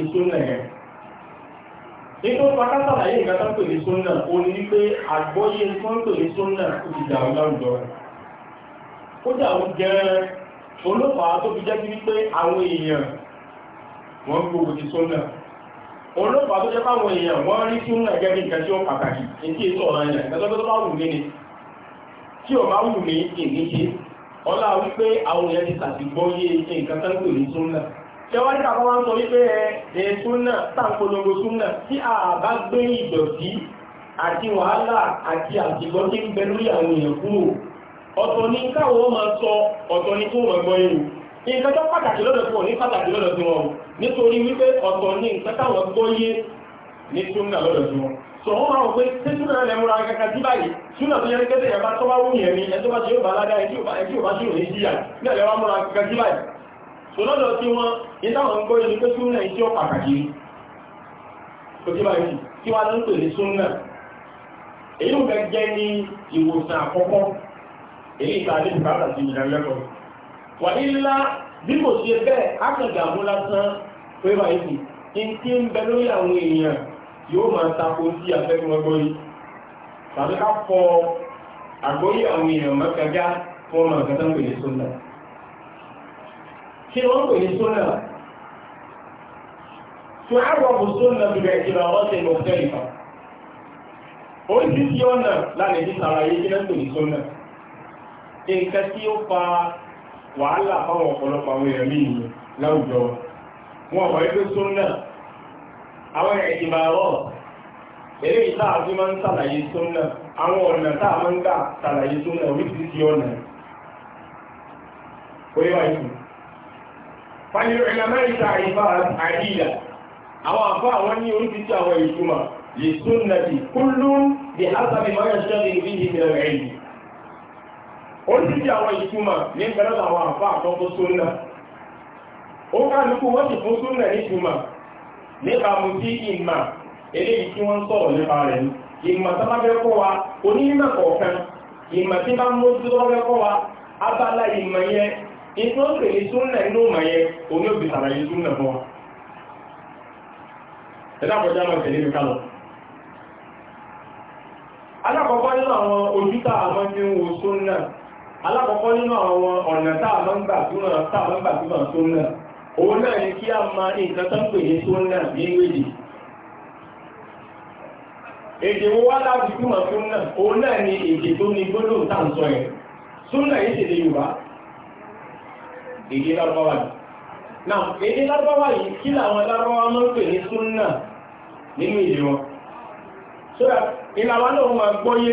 ní sunna ni pé àgbọ́yé tó ń pè ní sunna ó kódà ó jẹ́ olófàá tó fi jẹ́ sí wípé àwọn èèyàn wọ́n gbogbo ti sọ́nà olófàá tó jẹ́ fáwọn èèyàn wọ́n rí sí ń ẹgẹ́ ní nǹkan tí ó pàtàkì ètí ètò ọ̀rọ̀ ẹ̀yàn ẹgbẹ́ tó bá wù mí ni tí ò bá wù mí èmi ṣe ọlá wípé àwọn èèyàn ti tàbí gbọ́ yé nǹkan tó ń pè ní sọ́nà tẹwàá nípa wọn sọ wípé ẹ̀ sọ́nà tàǹpolongo sọ́nà tí a bá gbé ìdọ̀tí àti wàhálà àti àtìgbọ́ tí ń bẹ lórí àwọn èèyàn kúrò ọ̀tọ̀ ní káwọ́ máa sọ ọ̀tọ̀ ní tó mọ̀ gbọ́ inú nǹkan tó pàtàkì lọ́dọ̀ fún òní pàtàkì lọ́dọ̀ sí wọn nítorí wípé ọ̀tọ̀ ní nǹkan táwọn gbọ́ yé ní túnmọ̀ lọ́dọ̀ sí wọn sọ wọ́n máa wọ́n pé tí túnmọ̀ rẹ̀ múra kankan sí báyìí túnmọ̀ tó yẹ ní kẹ́tẹ̀ yàrá tó bá wù yẹn ni ẹ tó bá ṣe yóò bá ládá ẹ tí ò bá ṣe òní jíyà ní ẹ̀rẹ́ wa múra kankan sí báyìí sọ lọ́dọ̀ sí wọn ní táwọn gbọ́ yé ni pé túnmọ̀ yìí tí ó pàtàkì tó ti èyí ò gẹ́gẹ́ ní ìwòsàn àkọ́kọ́ èyí ìta ní bùkátà sí ìdánilẹ́kọ̀ọ́ wà ní ńlá bí kò ṣe bẹ́ẹ̀ ákàgàmú lásán pé báyìí kí n tí ń bẹ lórí àwọn èèyàn yóò máa tako sí afẹ́gun ọgbọ́n yìí tàbí ká fọ àgbóyé àwọn èèyàn mọ́kànjá fún ọmọ ìkàtà pè ní sọ́nà kí wọ́n pè ní sọ́nà tó àwọ̀bù sọ́nà bìbẹ̀ ìjìnà ọ̀tẹ̀ mọ̀tẹ́lifà oríṣiríṣi ọ̀nà láàrin ìsàlàyé kí wọ́n pè ní sọ́nà nǹkan tí ó fa wàhálà fáwọn ọ̀pọ̀lọpọ̀ àwọn èèyàn mí láwùjọ wọn ọ̀pọ̀ ẹgbẹ́ súnnà àwọn ìgbà rọ̀ eré ìta àti máa ń sàlàyé súnnà àwọn ọ̀nà tá a máa ń gbà sàlàyé súnnà oríṣiríṣi ọ̀nà orí wa ìsìn fàyẹ̀rọ ìlànà ìta àìfà àìdíyà àwọn àfá àwọn lè súnnà ti kúlú bí hásábì máa ń ṣẹ́rin bí ìgbẹ̀rẹ̀ oríṣiríṣi àwọn ìtumọ̀ ní pẹ̀lú àwọn àfá àtọ́kọ́ súnnà ó kálukú wọ́n ti fún súnnà ní ìtumọ̀ nípa mú sí ìmà eléyìí tí wọ́n sọ̀rọ̀ nípa rẹ̀ ìmọ̀ tó bá fẹ́ kọ́ wa onímọ̀ kọ̀ọ̀kan ìmọ̀ tí bá mú sí lọ́fẹ́ kọ́ wa abala ìmọ̀ yẹn ìtú ó pè ní súnnà inú ìmọ̀ yẹn oní òbí sàlàyé súnnà fún wa ẹ̀dá kọjá mọ̀ tẹ̀lé mi kálọ̀ alákọ̀ọ́kọ́ nínú àwọn ojútà àwọn alákọ̀ọ́kọ́ nínú àwọn ọ̀nà táà máa ń gbà túnà táà máa ń gbà túnà tó náà òun náà ni kí a máa ní nǹkan tó ń pè ní tó náà ní wèdè èdè wo wá láti túnà tó náà òun náà ni èdè tó ní gbọ́dọ̀ táǹsọ ẹ̀ súnà yìí ṣèdè Yorùbá èdè lárúbáwá yìí náà èdè lárúbáwá yìí kí làwọn lárúbáwá máa pè ní súnà nínú èdè wọn sódà náà máa gbọ́yé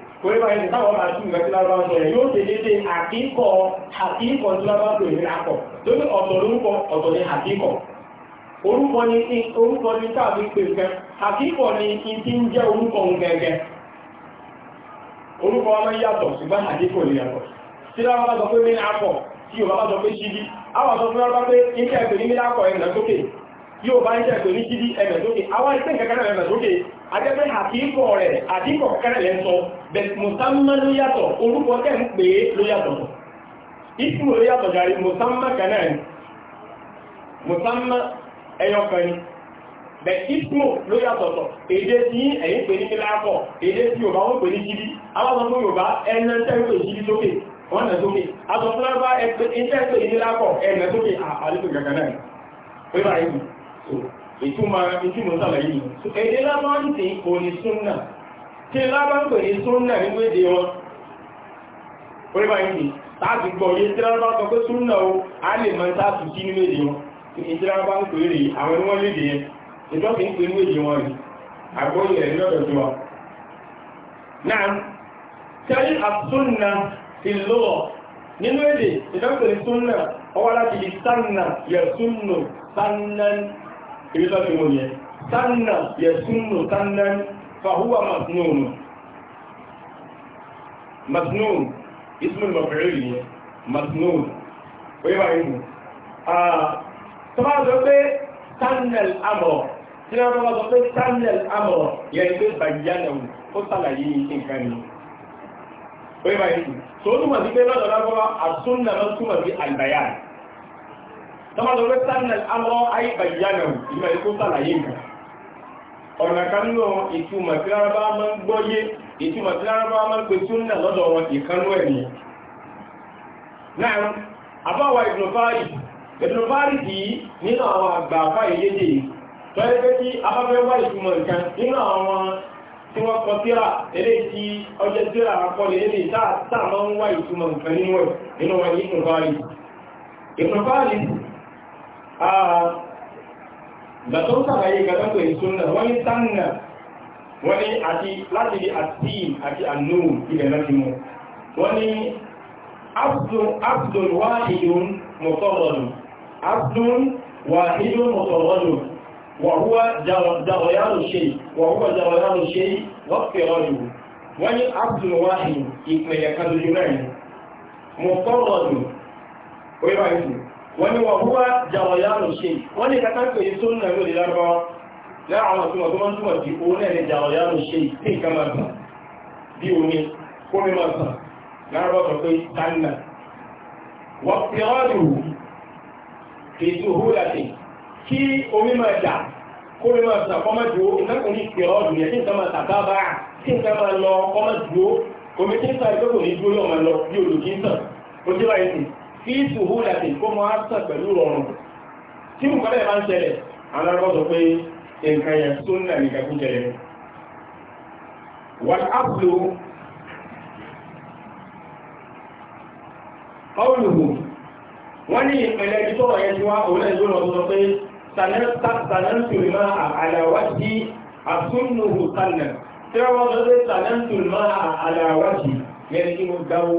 Kòríwá ẹni táwọn máa tún ìgbàtí lára ń sọ̀rọ̀ yóò ṣe dédé àkíkọ̀ àkíkọ̀ tí lára ń pè ní akọ̀. Lórí ọ̀tọ̀ lórúkọ ọ̀tọ̀ ni àkíkọ̀. Orúkọ ni orúkọ ni táàbí pè nǹkan. Àkíkọ̀ ni kí ti ń jẹ́ orúkọ gẹ́gẹ́. Orúkọ ọmọ yàtọ̀ ṣùgbọ́n àkíkọ̀ lè yàtọ̀. Tí lára bá sọ pé mí akọ̀, tí Yorùbá bá sọ pé ṣíbí. Àwọn sọ fún yóò bá ń jẹ́ ní jídí ẹ̀mẹ̀dókè àwọn ìpín kẹkẹrẹ ẹ̀mẹ̀dókè ajẹ́pẹ́ àkíkọ̀ rẹ̀ àdíkọ̀ kẹkẹrẹ rẹ̀ sọ bẹ̀t musamman ló yàtọ̀ orúkọ tẹ́ ń pè é ló yàtọ̀ ìsìnkú ló yàtọ̀ jàrí musamman kanáà ni musamman ẹyọkan ni bẹ̀t ìsìnkú ló yàtọ̀ sọ èdè tí ẹ̀yìn pè ní kíláàkọ̀ èdè tí Yorùbá wọ́n pè ní jídí àwọn ọmọ Yorùbá ẹ̀nà tẹ́wọ́ jídí sókè wọ́n nà sókè àtọ̀ fúnra bá ẹgbẹ́ ìtẹ́ẹ̀pẹ̀ ìdílákọ̀ ẹ̀nà sókè àpàlẹ́sọ̀ ìtumọ̀ ìtumọ̀ sàlàyé yìí èdè lábá ń tè kò ní súnnà tí lábá ń pè ní súnnà nínú èdè wọn orí bá yìí tàbí gbọ́ yé tí lábá sọ pé súnnà o a lè mọ sáàtù kí nínú èdè wọn ìdí lábá ń pè rè àwọn ẹni wọn lédè yẹn ìjọ kì í pè nínú èdè wọn rè àgbóyè rẹ̀ lọ́dọ̀ tó wa. náà tẹ́lí àsúnnà ti lọ́wọ́ nínú èdè ìjọ pè ibi tó ti wọ́n yẹ sanna yẹ̀súnnù sanna fàhúwà masnúnù masnúnù ismul maf'ul yẹ masnúnù oye bá yìí mú tó bá sọ pé sanna amọ̀ tí wọ́n bá sọ pé sanna amọ̀ yẹ ilé bàjánà ó sàlàyé nǹkan ni oye bá yìí mú sí pé lọ́dọ̀ lábọ́ àtúnnà lọ́túmọ̀ sí àlbàyàn tọ́bátọ̀ ló sánà alọ́ àìbàyánà ìgbà ikú sàlàyé nǹkan ọ̀nà kanúlọ ìtumọ̀ tí lárabá máa ń gbọ́yé ìtumọ̀ tí lárabá máa ń pè súnnà lọ́dọ̀ wọn ìkanú ẹ̀ ni náà àbáwà ìdùnfàárì ìdùnfàárì tí nínú àwọn àgbààfà ìyédè tọ́lẹ́gbẹ́ tí abáfẹ́ wá ìtumọ̀ nǹkan nínú àwọn tí wọ́n kọ tíra eré tí ọjọ́ tíra akọlẹ̀ eré táà máa ń wá ìtumọ̀ nǹkan nínú ẹ̀ nínú wọn ìdùnfàárì ìdùnfàárì Ah, ìgbà tó ń sàlàyé ìgbàdán pé ìṣúná wọ́n ní sánà wọ́n ní àti láti di àtíìm àti ànú ilẹ̀ láti mú wọ́n ní abdul wahidun mọ̀tọ́rọ̀lù abdul wahidun mọ̀tọ́rọ̀lù wàhúwà jàwọ̀yàrù ṣe wàhúwà jàwọ̀yàrù ṣe wọ́pẹ̀rọ̀lù wọ́n ní abdul wahidun ìpẹ̀yẹ̀ kan lójú náà mọ̀tọ́rọ̀lù orí wọ́n ni wà húwá jàwàyánù ṣe wọ́n ni kàtàkì èyí tó nà lórí lárọ́ láàrín ọ̀tún ọdún wọ́n túnmọ̀ sí òun ẹ̀rẹ̀ jàwàyánù ṣe tí nǹkan máa gbà bí omi kó mi máa gbà lárọ́ sọ pé tánà wọ́n fi ọ́dù ètò húlàtì kí omi máa jà kó mi máa gbà kọ́mọ́ jù ó ìtàkùn ní ìpè ọ́dù yẹn tí nǹkan máa tàbá bá tí nǹkan máa lọ kọ́mọ́ jù ó omi tí ń ta ìtọ́kùn ní dúró yọ̀ lọ bí olùkí ń tàn ó dé fi ìtùhú láti kó mọ́ áṣà pẹ̀lú rọrùn tí mú kọ́lẹ̀ máa ń ṣẹlẹ̀ alárọ́sọ pé nǹkan yẹn tó ń nà ní kakú jẹlẹ̀ wọ́n ápùlù ọlùhù wọ́n ní ìpẹ̀lẹ̀ ìtọ́rọ̀ yẹn tí wá òun ẹ̀zọ́ lọ sọ pé sàlẹ́ntùrì máa àlàwájì àtúnnùhù sàlẹ̀ tí wọ́n sọ pé sàlẹ́ntùrì máa àlàwájì yẹn tí mo dáwó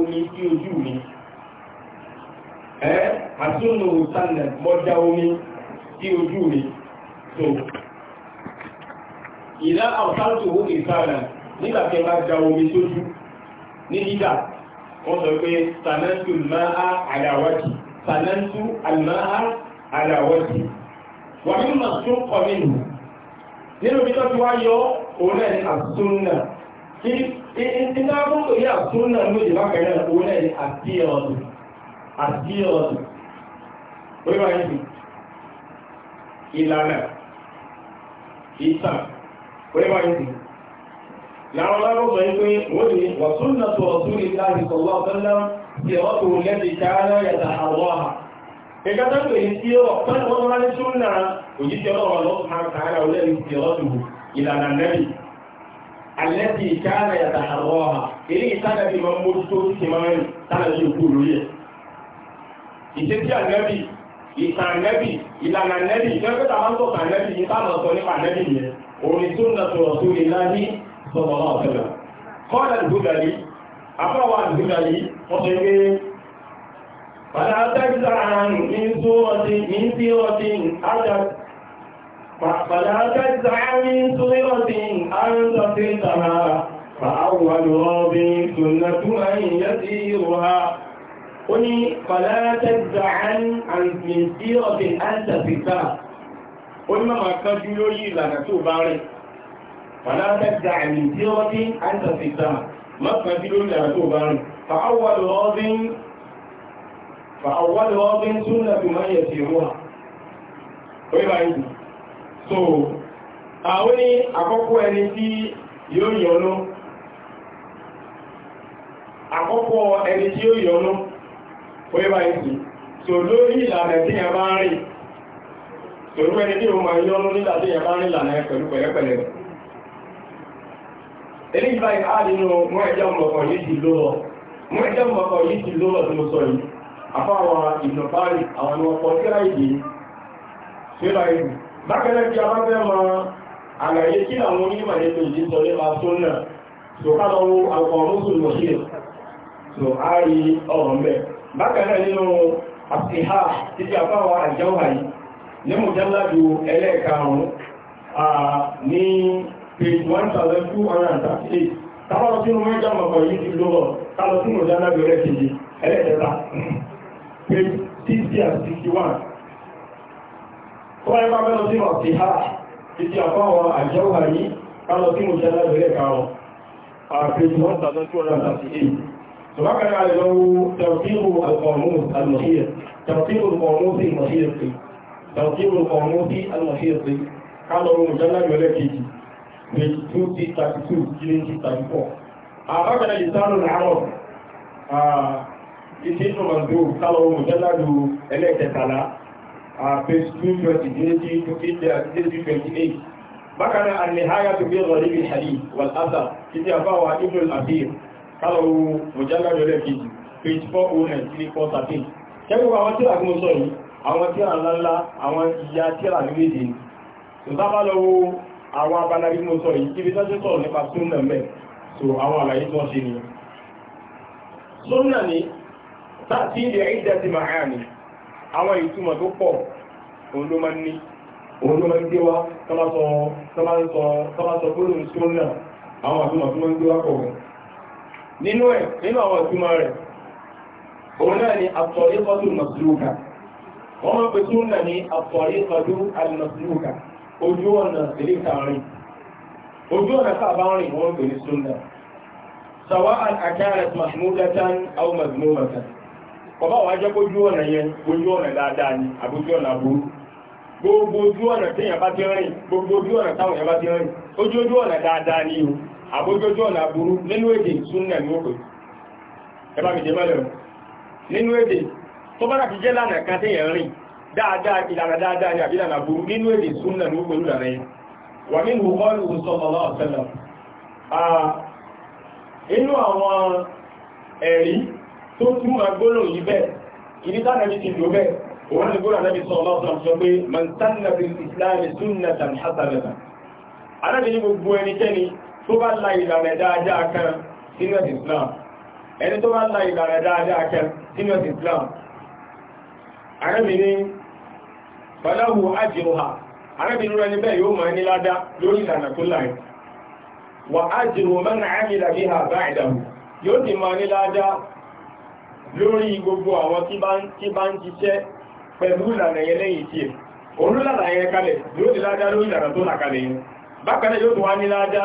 ẹ́ àtúnù ìtànà mọ́já omi sí ojú mi so ìlà àwọ̀sáàtò owó ìtànà nígbàtí ẹ bá já omi sójú ní dídà wọ́n sọ pé sànáńtù máa àdáwájì sànáńtù àlmáà àdáwájì wà ní mà tún kọ nínú nínú bí tó ti wá yọ òun náà ní àtúnà ìdáàbò tó yẹ àtúnà ló dé bákan náà òun náà ní àti ọ̀dùn àti ọ̀nà wíwá ìlú ìlànà ìtàn wíwá ìlú láwọn lábọ́sọ̀ ìpé wọ́n ni wàtúnnà tó ọ̀tún ìlànà ìsọ̀lọ́ ọ̀tọ́lá ti ọ̀tọ̀ lẹ́bí káàlá yàtà àwọn ọ̀hà ìgbàtà pé tí ó ọ̀pẹ́ ọmọ ọ̀hà èyí ìtàgàbí mọ́ mójútó ti máa ń tààrí òkú lórí ẹ̀ ìṣesí ànẹ́bì ìtàn ànẹ́bì ìlànà ànẹ́bì ìjọba máa ń tọ́ka ànẹ́bì ní táwọn sọ nípa ànẹ́bì yẹn òní tó ń dàtọ̀ tó lè lá ní sọ̀rọ̀ náà tẹ̀lẹ̀ kọ́lá ìgbódàlí afọ́wà ìgbódàlí wọ́n ṣe pé bàtà tẹ́gbà ó ní fàlàtẹ́gbà àìsìnlẹ̀sí ọ̀tẹ̀ àìsàfíkà ó ní máa kánjú lórí ìlànà tó bá rẹ̀ fàlàtẹ́gbà àìsìnlẹ̀sí ọ̀tẹ̀ àìsàfíkà máa kánjú lórí ìlànà tó bá rẹ̀ fàáwọ́lù ọdún súnlẹ̀ tó máa yẹ̀ so àwọn ní àkọ́kọ́ ẹni tí yóò yọ̀nú àkọ́kọ́ ẹni yọ̀nú oye ìsì so lórí ìlànà tí ẹ bá rìn torú ẹni tí o máa yọ́ lórí ìlànà tí ẹ bá rìn lànà pẹ̀lú pẹ̀lẹ́pẹ̀lẹ́ ilé ìgbà ìhádìínú wọ́n ẹjọ́ mọ̀kọ̀ yìí ti lọ́wọ́ wọ́n ẹjọ́ mọ̀kọ̀ yìí ti lọ́wọ́ tí mo sọ yìí àfáwà ìnàbárì àwọn ọkọ̀ síra ìdí síra ìdí bákẹ́lẹ́ tí a bá fẹ́ mọ àlàyé kí àwọn onímọ̀ nínú ìdí sọ nípa tó náà so ká lọ wo àwọn ọmọ mùsùlùmí so a rí ọ̀rọ̀ mẹ́ẹ̀ bákanáà nínú àfihà títí àfáwà àjọ́wà yìí ní mùjáládù ẹlẹ́ẹ̀karùn-ún ní page 1238 tàbátọ̀ sínú mẹ́jọ mọ̀kọ̀ yìí ti lọ́wọ́ tàbátọ̀ sínú mùjáládù ẹlẹ́ẹ̀kejì ẹlẹ́ẹ̀kẹta page 661 tó wáyé bá mẹ́lọ sínú àfihà títí àfáwà àjọ́wà yìí tàbátọ̀ sínú mùjáládù ẹlẹ́ẹ̀karùn-ún page 61 وبعد على له توثيق القاموس المحيط توثيق القاموس المحيط توثيق القاموس المحيط قال هو مجلد ملكي في 232 أعطانا لسان العرب إسيط منذوب قال هو مجلد إليكتلا في 228 بكنا النهاية في الحديث والأثر كتابه ابن الأثير káwọ̀ mọ̀jálàjọ́ rẹ̀ kejì page 409-313 kẹ́gbùgbà àwọn tíra gún sọ yìí àwọn tíra ńláńlá àwọn ìyá tíra méjèèjì ni so sábà lọ́wọ́ àwọn abala bí mo sọ yìí kí bí tọ́jú sọ̀rọ̀ nípa súnnà mẹ́ so àwọn àlàyé tó ṣe ni súnnà ni tàbí ilẹ̀ ìdá ti máa ní àwọn ìtumọ̀ tó pọ̀ òun ló máa ń ní òun ló máa ń gbé wá tọ́lá nínú ẹ̀ nínú àwọn ìtumọ̀ rẹ̀ òun náà ni àtọ̀ríkọ́tù masluka wọ́n mọ́ pé súnà ní àtọ̀ríkọ́tù almasluka ojú ọ̀nà sílé kàrin ojú ọ̀nà sábà rìn wọ́n pè ní súnà sàwá àkàrẹ̀t mahmudatan aw mazmumatan ọba wàá jẹ́ ojú ọ̀nà yẹn ojú ọ̀nà dáadáa ni àbójú ọ̀nà burú gbogbo ojú ọ̀nà téèyàn bá ti rìn gbogbo ojú ọ̀nà táwọn èèyàn bá ti rìn ojú ojú ọ̀nà dáadáa ni o àbójójú ọ̀nà àbúrú nínú èdè súnnà ní òkè ẹbá mi jẹ mẹ́lẹ̀ nínú èdè tó bá láti jẹ́ lánà kan tí yẹn rìn dáadáa ìlànà dáadáa ní àbílànà àbúrú nínú èdè súnnà ní òkè lúlànà yẹn wà nínú kọ́lù sallallahu alaihi wasallam inú àwọn ẹ̀rí tó túnmà gbólóhùn yìí bẹ́ẹ̀ ìdí tánàbí ti lò bẹ́ẹ̀ òun ni tó bá la ìlànà dáadáa kan sínú ẹ̀sìn Islam ẹni tó bá la ìlànà dáadáa kan sínú ẹ̀sìn Islam arẹ́bìnrin falahu ajruha arẹ́bìnrin rẹ̀ níbẹ̀ yóò máa ní ládá lórí ìlànà tó láì wà ajru man amila biha ba'dahu yóò ti máa ní ládá lórí gbogbo àwọn tí bá ń jíṣẹ́ pẹ̀lú ìlànà yẹn lẹ́yìn tí ẹ̀ òun kalẹ̀ yóò ti ládá lórí ìlànà tó là yẹn bákan yóò tún wá ní ládá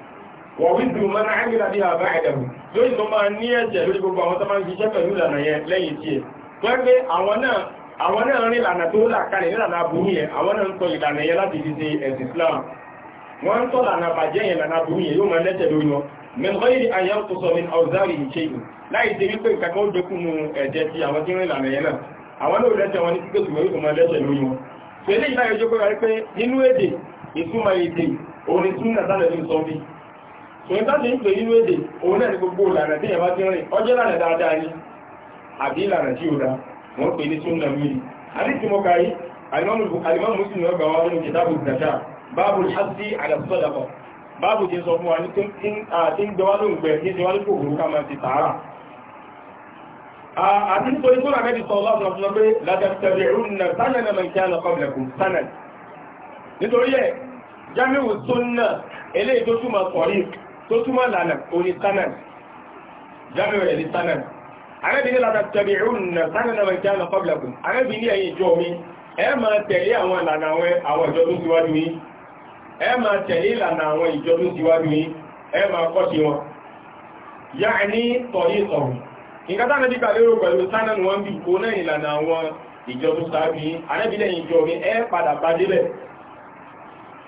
wọ̀wídù mọ́nà ámìlà bí àbá ẹ̀dẹ̀mù lórí tó máa ní ẹ̀jẹ̀ lórí gbogbo àwọn tó máa ń fi jẹ́ pẹ̀lú ìlànà yẹn lẹ́yìn tí ẹ̀ wọ́n pé àwọn náà àwọn náà rí ìlànà tó làkalẹ̀ nílànà aburú yẹn àwọn náà ń tọ ìlànà yẹn láti fi ṣe ẹ̀sìn Islam wọ́n ń tọ́ lànà bàjẹ́ yẹn lànà aburú yẹn yóò máa lẹ́tẹ̀ lórí wọn mẹ́lọ́yìn ayé tó sọ ní ọ̀zárì ìṣe ìlú láì ṣe wípé nǹkan kan ó dẹkùn nu ẹ̀jẹ̀ ti àwọn tí ń rí ìlànà orin tún nàtàlẹ̀ ní sọ́bí èyí bá ti ń pè nínú èdè òun náà ni gbogbo ìlànà tí ìyàwó ti rìn ọjọ́ ìlànà dáadáa ni àbí ìlànà tí ó dá wọ́n pè ní súnà mìírì àdíkì mọ́ káyí alimọ́nù mùsùlùmí ọgbà wa nínú kìtàbù ìdàṣà báàbù hasi àdàsọ́dàbọ̀ báàbù ti sọ fún wa ní tí ń gbẹwà lóògbẹ ní ti wá ní kòkòrò ká máa ti tààrà àti nítorí tó rà mẹ́bí sọ lọ́sọ̀ fún pé látàtàrí ìrúnà sánàdà mọ̀ kí á lọ kọ́bìlẹ̀kùn sánàdà nítorí ẹ̀ jámíwù súnà eléyìí tó túmọ̀ sọ̀rí tó túmọ̀ lànà òní sánà jábẹ̀ rẹ̀ ní sánà arábìnrin lànà tẹ̀lé ìrùnà sánà náà jẹ́ àná kọ́bìlà kù ẹ̀yìn ìjọ mi ẹ máa tẹ̀lé àwọn ìlànà àwọn ìjọ síwájú yìí ẹ máa tẹ̀lé ìlànà àwọn ìjọ síwájú yìí ẹ máa kọ́ sí wọn yá ní tọ̀yí sọ̀rọ̀ pẹ̀lú ni wọ́n bí kó náà ìlànà àwọn yìí ẹ̀yìn ìjọ ẹ padà débẹ̀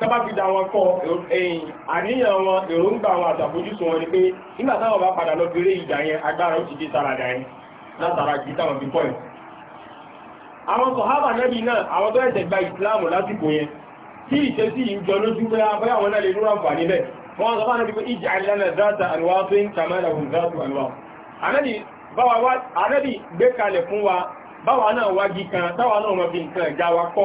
sábà fi dá wọn kọ ẹ̀yìn àníyàn wọn èròǹgbà wọn àtàfojúsùn wọn ni pé nígbà táwọn bá padà lọ bèrè ìjà yẹn agbára ó ti dé sára dà yẹn látara jù táwọn fi pọ́ìn àwọn sọ̀hábà nẹ́bí náà àwọn tó ẹ̀sẹ̀ gba ìsìláàmù lásìkò yẹn tí ìṣesí yìí jọ lójú pé abẹ́ ah, àwọn náà lè rúra ń fà níbẹ̀ wọ́n sọ fún ànẹ́bí ìjà ìlànà záàtà àlùwá fi ń kàmẹ́lẹ̀ fún wa báwa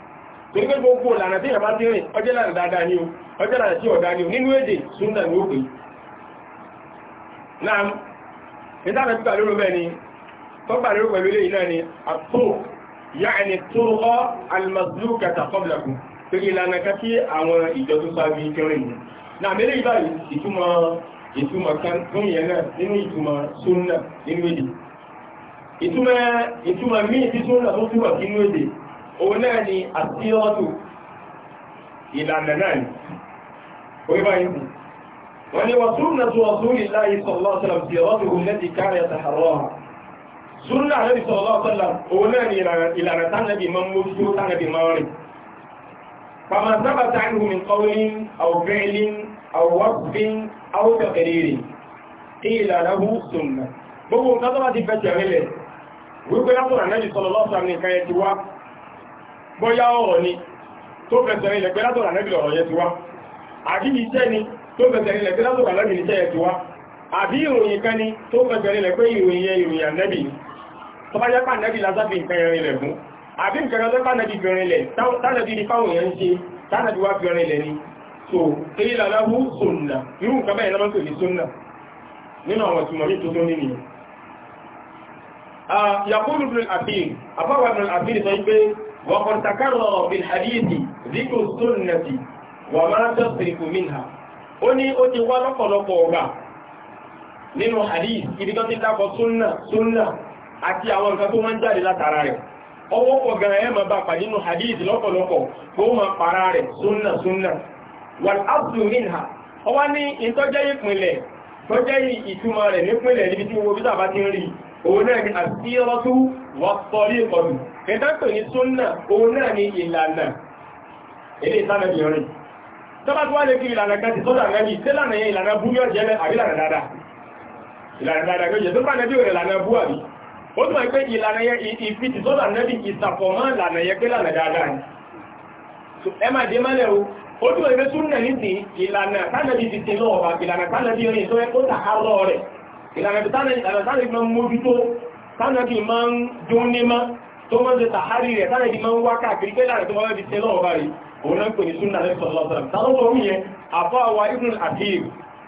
torí pé gbogbo ìlànà tí ìyàmá ti rìn ọjọ́ ìlànà dáadáa ni o ọjọ́ ìlànà tí ọ̀dá ni o nínú èdè súnà ni ó pè náà ìdáàmẹ́ pípa lórí bẹ́ẹ̀ ni tó gbà lórí pẹ̀lú ilé náà ni àtò yáàni tó rọ́ alìmọ̀sílù kẹta kọ́bìlàkù torí ìlànà kan tí àwọn ìjọ tó sáré kẹrin ni náà tó túmọ̀ òun náà ni àtíọ́tù ìlànà náà ni orí báyìí wọ́n ni wọ́n súnnà tó wọ́n súnnà láyé sọ̀lọ́sọ̀lọ́m tí ọ̀rọ̀ tó lẹ́ti káàrẹ̀ tàhàrọ́ha súnnà lẹ́bi sọ̀lọ́sọ̀lọ́m òun náà ni ìlànà tánàbì mọ́ mójútó tánàbì فما ثبت عنه من قول أو فعل أو وصف أو تقرير قيل له سنة gbogbo nǹkan tó bá ti fẹ́ tẹ̀rẹ́lẹ̀ wípé látọ̀rọ̀ Ànábì sallallahu alaihi wasallam bọ́yá ọ̀rọ̀ ni tó fẹsẹ̀ rinlẹ̀ pé látọ̀rọ̀ ànẹ́bì ọ̀rọ̀ yẹn ti wá àbí iṣẹ́ ni tó fẹsẹ̀ rinlẹ̀ pé látọ̀rọ̀ ànẹ́bì iṣẹ́ yẹn ti wá àbí ìròyìn kan ni tó fẹsẹ̀ rinlẹ̀ pé ìròyìn yẹn ìròyìn ànẹ́bì ni tó bá yẹ́pà ànẹ́bì lásáfì nǹkan yẹn rinlẹ̀ fún àbí nǹkan yẹn lọ́pàá ànẹ́bì fi rinlẹ̀ tánàbì ní fáwọn èèyàn ń ṣe tánàbì wá fi rinlẹ̀ ni so èyí làláwú sùnnà irú nǹkan bẹ́ẹ̀ lọ́mọ́ pè ní sùnnà nínú àwọn ìtumọ̀ ní tuntun nínú يقول ابن الأثير أفوى ابن الأثير طيب وقد تكرر بالحديث ذكر السنة وما تصرف منها أني أتي ولقلق وما nínú hadith ibi tó ti dákọ̀ súnnà súnnà àti àwọn nǹkan tó wọ́n jáde látara rẹ̀ ọwọ́ pọ̀ gan ẹ ma bá pà nínú hadith lọ́pọ̀lọpọ̀ tó ma para rẹ̀ súnnà súnnà wal aslu minha ọwá ní ìtọ́jẹ́ ìpìnlẹ̀ ìtumọ̀ rẹ̀ nípìnlẹ̀ níbi tí wo bí tàbá ti ń rí òun náà ni àsírọ́tú wọ́pọ̀lì ìkọlù ìdápẹ̀ ní súnnà òun náà ni ìlànà ilé ìsánàbì rìn tọ́bá tó wá lè kí ìlànà kan ti sọ́dà rẹ̀ tí lànà yẹn ìlànà bú yóò jẹ́ àbí lànà dáadáa ìlànà dáadáa yóò jẹ́ tó bá nẹ́bí òrẹ̀ lànà bú àbí ó túnmọ̀ pé ìlànà yẹn ìfi ti sọ́dà nẹ́bí ìsàfọ̀mọ́ lànà yẹn pé súnnà ní ìlànà tánàbí ti ti lọ́wọ́ ìlànà tánàbí rìn tó ẹ kó rẹ̀ ìlànà tánàbí máa ń mójútó tánàbí máa ń dún ní má tó máa ń ṣe tàhárí rẹ̀ tánàbí máa ń wá káàkiri pé láàrin tó máa fi ṣe lọ́wọ́ báyìí òun náà pè ní súnà lẹ́yìn sọ̀rọ̀ sọ̀rọ̀ tánàbí òun yẹn àbọ̀ àwa ibùn àbíyèw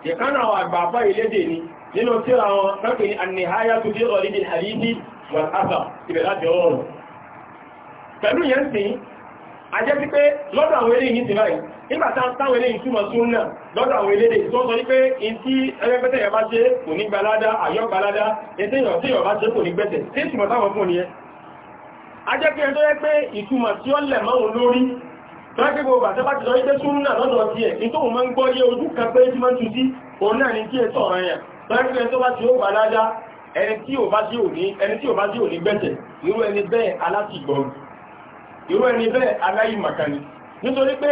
ìkànnà àwọn àgbà àbá ìlédè ni nínú tíra wọn náà pè ní àníháyà tó dé ọ̀lẹ́dì àríyí wọn àbà ibẹ̀ láti ọ̀rọ̀ pẹ̀lú yẹn sìn ajẹ́ sí pé lọ́dọ̀ àwọn eléyìí nígbàtà táwọn ilé ìtumọ̀ súnnà lọ́dọ̀ àwọn ilé tó sọ ní pé in tí ẹgbẹ́gbẹ́tẹ̀ yọ bá ṣe kò ní gbalada àyọ́ gbalada ẹ̀tẹ́yàn tí yọ bá ṣe kò ní gbẹ̀tẹ̀ tí ìtumọ̀ táwọn fún ni ẹ a jẹ́ pé ẹjọ́ yẹ pé ìtumọ̀ tí ó lẹ̀ máa lórí tọ́gbẹ́gbẹ́ ọba tẹ́bá ti lọ ilé súnnà lọ́dọ̀ ti ẹ̀ ní tó mọ́ ń gbọ́ yé ojú kan pé tí máa ń tu sí òun náà ní nítorí pé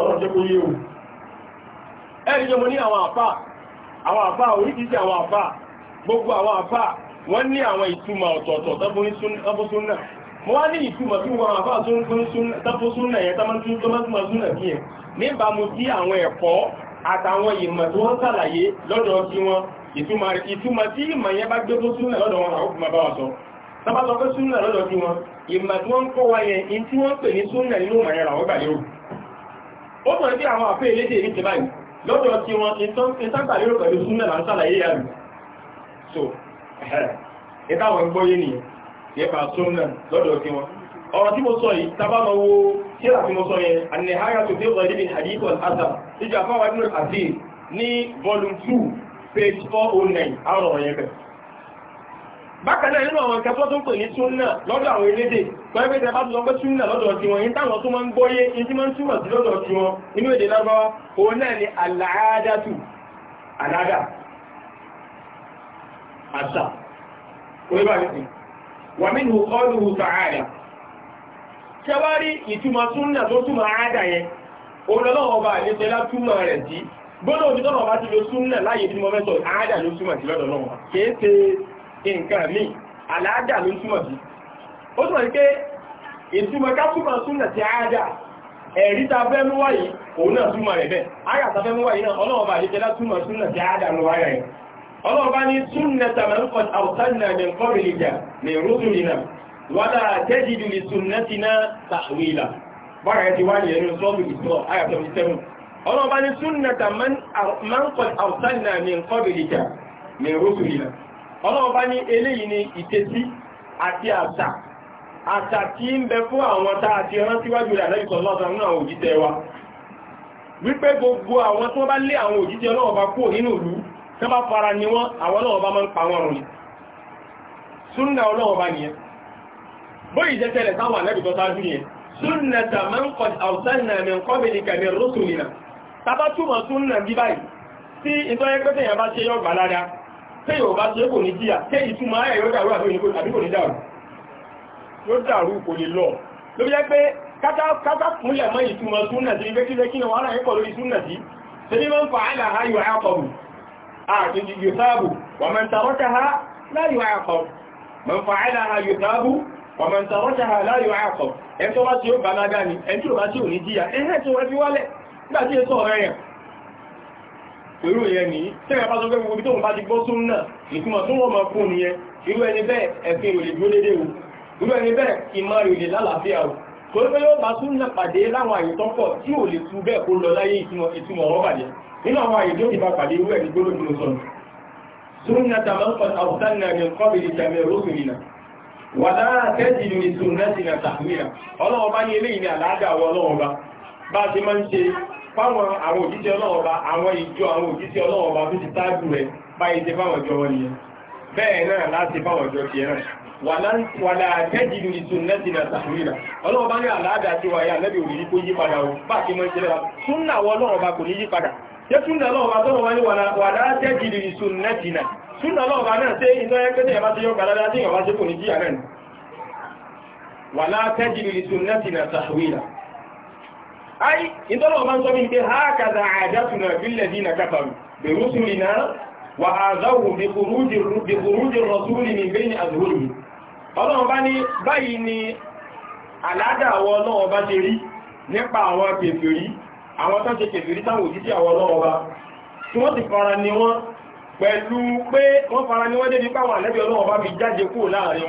ọlọ́jẹ́ kó yíò ẹ̀rìyàn mo ní àwọn àfà àwọn àfà oríkìsí àwọn àfà gbogbo àwọn àfà wọ́n ní àwọn ìtumọ̀ ọ̀tọ̀ọ̀tọ̀ tábúsúnnà mo wá ní ìtumọ̀ tí wọ́n àfà tábúsúnnà yẹn tábúsúnnà kí ẹ̀ níbàmú sí àwọn ẹ̀kọ́ àtàwọn ìmọ̀ tí wọ́n sàlàyé lọ́dọ̀ sí wọn ìtumọ̀ tí ìmọ̀ yẹn bá gbé tó súnnà lọ́dọ̀ wọn àwọn òkùnmọ̀ bá wà sọ tábàtọ̀ pé súnnà lọ́dọ̀ sí wọn ìmọ̀ tí wọ́n ń kọ́ wáyẹn in tí wọ́n pè ní súnnà nínú ìmọ̀ yẹn làwọn ó mọ̀ sí àwọn àfẹ́ ilé tèmi ti báyìí lọ́dọ̀ tí wọn ìtàntàlérò pẹ̀lú súnmẹ̀ là ń sàlàyé so ìtàwọn gbọ́yé nìyẹn nípa súnmẹ̀ lọ́dọ̀ tí wọn ọ̀rọ̀ tí mo sọ yìí tábà mọ wo tí bákan náà nínú àwọn kẹfọ́ tó ń pè ní súnà lọ́dọ̀ àwọn elédè pẹ́ẹ́pẹ́ tẹ bá tó sọ pé súnà lọ́dọ̀ tiwọn yìí táwọn tó máa ń gbọ́yé yìí tí máa ń túmọ̀ sí lọ́dọ̀ tiwọn inú èdè lábáwá òun náà ni àlàádátù àlàádà àṣà oríbà nìkan wà mí nù ọlùhù sàáàdà ṣẹwárí ìtumọ̀ súnà tó túmọ̀ àádà yẹn òun lọ́wọ́ ọba àlejẹ́lá túmọ̀ rẹ̀ sí gbọ́dọ̀ òbí tọ́nà ọba ti lo súnà láyé tí mo fẹ́ sọ àádà ló túmọ̀ sí lọ́dọ̀ nǹkan mi àlàájà ló túmọ̀ sí ó túmọ̀ sí pé ìtumọ̀ ká túmọ̀ súnà ti àájà ẹ̀rí ta fẹ́ mú wáyé òun náà túmọ̀ rẹ̀ bẹ́ẹ̀ àyà ta fẹ́ mú wáyé náà ọlọ́ọ̀bà àdéjẹ́lá túmọ̀ súnà ti àájà ló wáyà rẹ̀ ọlọ́ọ̀bá ní súnà tàbí àwùsánà ní kọ́bìlìjà ní rúdùnìnà wádà tẹ́jìdì lè súnà ti náà tàwílà bára ẹ̀ ti wá ní ẹ̀rọ sọ́ọ̀bù ìsọ́ àyàtọ̀ ìsẹ́mù ọlọ́ọ̀bá ní súnà tàbí àwùsánà ní kọ́bìlìjà ní rúdùnìnà ọlọ́wọ́ bá ní eléyìí ni ìtẹ́sí àti àṣà àṣà tí ń bẹ fún àwọn tá àti ẹran síwájú rẹ̀ àlẹ́bìsọ̀ lọ́sàn nínú àwọn òjíṣẹ́ wa wípé gbogbo àwọn tí wọ́n bá lé àwọn òjíṣẹ́ ọlọ́wọ́ bá kúrò nínú ìlú tí wọ́n bá fara ní wọ́n àwọn ọlọ́wọ́ bá máa ń pa wọn rùn súnnà ọlọ́wọ́ bá nìyẹn bó ìjẹ́ tẹ́lẹ̀ táwọn àlẹ́bìsọ̀ sáájú yẹn súnnà tàmán kọ̀ àwùsánà mi kọ́bìnrin kẹ̀mí rọ́sùn nìyà tabátúmọ̀ súnnà bíbáyìí tí ìtọ́yẹ́pẹ́tẹ̀yàn bá ṣe yọ́ gbàládá téèyàn bá ṣe kò ní jíyà ké ìtumọ̀ ayẹ̀ yóò dàrú àbí kò ní dàrú yóò dàrú kò lè lọ ló bí jẹ́ pé kátà kúnlẹ̀ mọ́ ìtumọ̀ súnà sí ibé kílẹ̀ kí wọ́n ráyẹ́ pọ̀ lórí súnà sí ṣe ní wọ́n fa àlà ha yóò àkọ̀bù àti yóò sáàbù wà mọ̀ tàrọ́ta ha láyò àkọ̀bù mọ̀ fa àlà ha yóò sáàbù wà mọ̀ tàrọ́ta ha láyò àkọ̀bù ẹ̀ tó bá tí ó balaga ni ẹ̀ tí ó bá tí ò ní jíyà ẹ̀ pẹ̀lú yẹn ní tẹ́rẹ bá tó gbẹ́gbẹ́ omi tó ń bá ti gbọ́ tún náà ìtumọ̀ tó wọ́n mọ̀ fún ní ẹ irú ẹni bẹ́ẹ̀ ẹ̀fin rò lè dúró dédé o irú ẹni bẹ́ẹ̀ ìmọ̀ rò lè lálàáfíà o tó ń pẹ́ yóò bá tún náà pàdé láwọn àyè tán pọ̀ tí ò lè tu bẹ́ẹ̀ kó lọ láyé ìtumọ̀ ọ̀rọ̀ pàdé nínú àwọn àyè tó ti bá pàdé irú ẹni gbóló dúró sọnù سنة من قد أرسلنا من قبلك من رسلنا ولا تجد لسنتنا تحويلا ọlọ́ọ̀bá ní eléyìí ni àlàájá àwọn ọlọ́ọ̀bá bá ti máa ń ṣe fáwọn àwọn òjíṣẹ́ ọlọ́wọ́ àwọn ìjọ àwọn òjíṣẹ́ ọlọ́wọ́ tó ti táàbù rẹ̀ báyìí ṣe fáwọn ìjọ wọn nìyẹn bẹ́ẹ̀ náà láti fáwọn na wala náà wàlá àjẹ́jì ní sunnatina tahwila ọlọ́wọ́ ní àlàáda tí wáyé àlẹ́bí òní kó yí padà bá kí mọ́ ìṣẹ́lẹ̀ súnà wọ́n kò ní yí padà wáyé ní náà iná ẹgbẹ́ kò ní jíyà náà ní ai ìtọ́lọ̀ ọba ń nke ha kàdà àjásùnà fílẹ̀ dínà kàfàrù bẹ̀rù súnmìnà wà àzáwò bí kùrújì rọ̀súrì ní bẹ́ni àzúrù ọlọ́run bá ní báyìí ni aládà àwọn ọlọ́run bá ṣe rí nípa àwọn àwọn ṣe táwọn àwọn ọlọ́run bá tí wọ́n fara ni wọ́n pẹ̀lú pé wọ́n fara ni wọ́n débi páwọn àlẹ́bí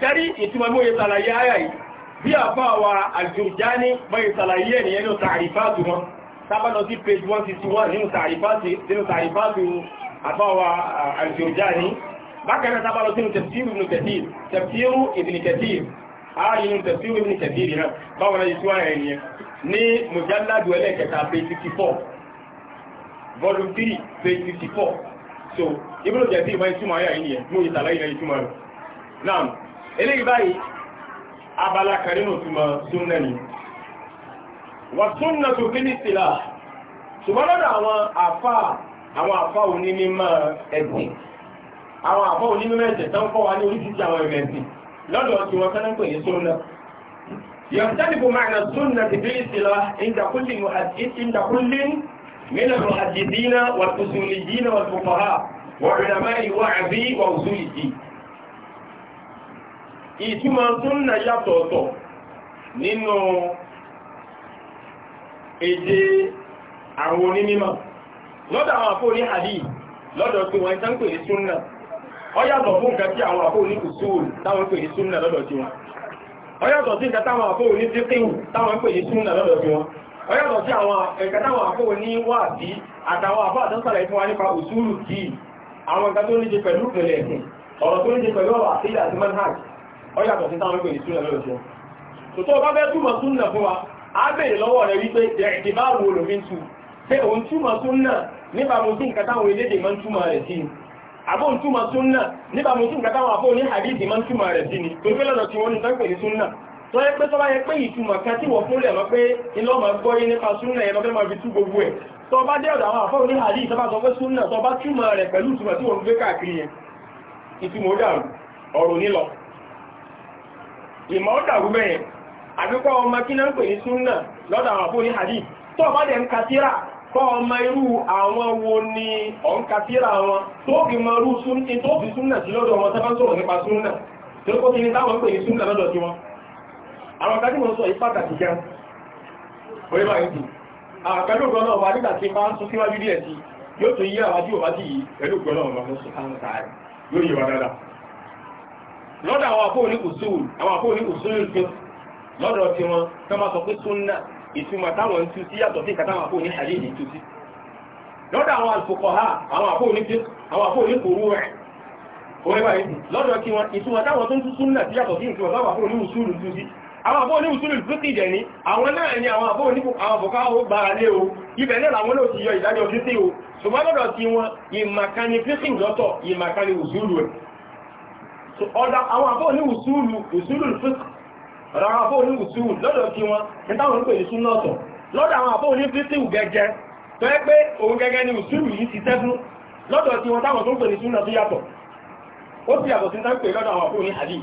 kẹ́rí ìtumọ̀ mọ́ ìsàlàyé ayà yìí bí àfáàwà Al-Jurjani mọ́ ìsàlàyé ènìyàn nínú tààrífàtù wọn sábàlọ sí page 161 nínú tààrífàtù àfáàwà uh, Al-Jurjani bákanáà sábàlọ sínú tafsiru Ibn Kathir tafsiru Ibn Kathir ààrin tafsiru Ibn Kathir náà báwọn ayé tí wọ́n rẹ̀ ní ní mujalladu ẹlẹ́kẹta page 54 volume 3 page 54 so Ibn Kathir mọ́ ìtumọ̀ ayà yìí ni ẹ̀ mú ìsàlàyé ìtumọ̀ rẹ̀ náà eléyìí báyìí abala kàrínù túnmọ̀ súnnà ni wà súnnà tó fi ní sílá ṣùgbọ́n lọ́dọ̀ àwọn àfá àwọn àfá òní mímọ̀ ẹ̀sìn àwọn àfá òní mímọ̀ ẹ̀sìn tán fọ́ wa ní oríṣiríṣi àwọn ẹ̀sìn lọ́dọ̀ tí wọ́n kánná من المحدثين والأصوليين والفقهاء وعلماء الوعظ وأصول الدين ìtumọ̀ súnnà yàtọ̀ọ̀tọ̀ nínú èdè àwọn onímímọ̀ lọ́dọ̀ àwọn àpò ní àdí lọ́dọ̀ tí wọ́n tán pè ní súnnà ó yàtọ̀ fún nǹkan tí àwọn àpò ní kùsùn táwọn pè ní súnnà lọ́dọ̀ tí wọ́n yàtọ̀ sí nǹkan táwọn àpò ní táwọn pè ní súnnà lọ́dọ̀ tí wọ́n ó yàtọ̀ sí àwọn táwọn àpò ní wáàdí àtàwọn àpò ọyàtọ̀ sí táwọn ẹgbẹ̀ ní súnà lọ́rọ̀ jẹ́ tó tó bá fẹ́ túmọ̀ súnà fún wa a bèèrè lọ́wọ́ rẹ̀ wípé ìdí bá wo lò fi ń tu pé òun túmọ̀ súnà nípa mo sí nǹkan táwọn elédè máa ń túmọ̀ rẹ̀ sí ni àbó ń túmọ̀ súnà nípa mo sí nǹkan táwọn àbó ní hadith máa ń túmọ̀ rẹ̀ sí ni tó fẹ́ lọ́dọ̀ tí wọ́n ní sọ́pẹ̀ ní súnà tó yẹ pé sọ́bá yẹ pé ìtumọ̀ kan tí wọ́n fúnlẹ̀ lọ pé iná ọmọ gbọ́ yé nípa súnà yẹn lọ́fẹ́ máa fi tú gbogbo ẹ̀ tó bá dé ọ̀dọ̀ àwọn àfọ́ ní hadith tó bá sọ pé súnà tó bá túmọ̀ rẹ̀ pẹ̀lú ìtumọ̀ tí wọ́n gbé káàkiri yẹn ìmọ̀ ó dàrú bẹ́ẹ̀ àbíkọ́ ọmọ kí náà ń pè ní súnnà lọ́dọ̀ àwọn àbúrí hadith tó bá dẹ̀ ń katira kọ́ ọmọ irú àwọn wo ni ọ̀n katira wọn tó fi mọ irú súnnà sí lọ́dọ̀ wọn tẹ́fẹ́ sọ̀rọ̀ nípa súnnà tó kó kí ni táwọn ń pè ní súnnà lọ́dọ̀ sí wọn àwọn kájú mọ̀ sọ ìpàtàkì gan orí bá yìí àpẹẹlú ọgbọ́n náà wà nígbà tí bá ń sún síwájú díẹ̀ sí yóò tún yí àwọn tí ò bá ti yìí lọ́dọ̀ àwọn àpò ní usul àwọn àpò ní usul fi lọ́dọ̀ tí wọn tó máa sọ pé súnà ìtumọ̀ táwọn ń tú sí yàtọ̀ sí ìkàtà àwọn àpò ní hadith tú sí lọ́dọ̀ àwọn al-fuqaha àwọn àpò ní fiqh àwọn àpò ní furu' rẹ̀ orí báyìí lọ́dọ̀ tí wọn ìtumọ̀ táwọn tó ń tú súnà sí yàtọ̀ sí ìtumọ̀ táwọn àpò ní usul tú sí àwọn àbó ní ìsúlù ìfúkì jẹ ní àwọn náà ni àwọn àbó ní àwọn bùká ó gbára lé o ibẹ̀ náà àwọn náà ti yọ ìdájọ́ títí o ṣùgbọ́n lọ́dọ̀ tí wọn ìmàkánifíkì lọ́tọ̀ ìmàkánifíkì so ọ̀dá àwọn àbọ̀ ní ìsúlù ìsúlù fíkì ọ̀dá àwọn àbọ̀ ní ìsúlù lọ́dọ̀ kí wọn ní táwọn olùgbé ìsú náà tọ̀ lọ́dọ̀ àwọn àbọ̀ ní fíkì gẹ́gẹ́ tó yẹ pé òun gẹ́gẹ́ ní ìsúlù yìí ti tẹ́fún lọ́dọ̀ kí wọn táwọn tó ń pè ní súnà tó yàtọ̀ ó sì yàtọ̀ sí táwọn pè lọ́dọ̀ àwọn àbọ̀ ní àdì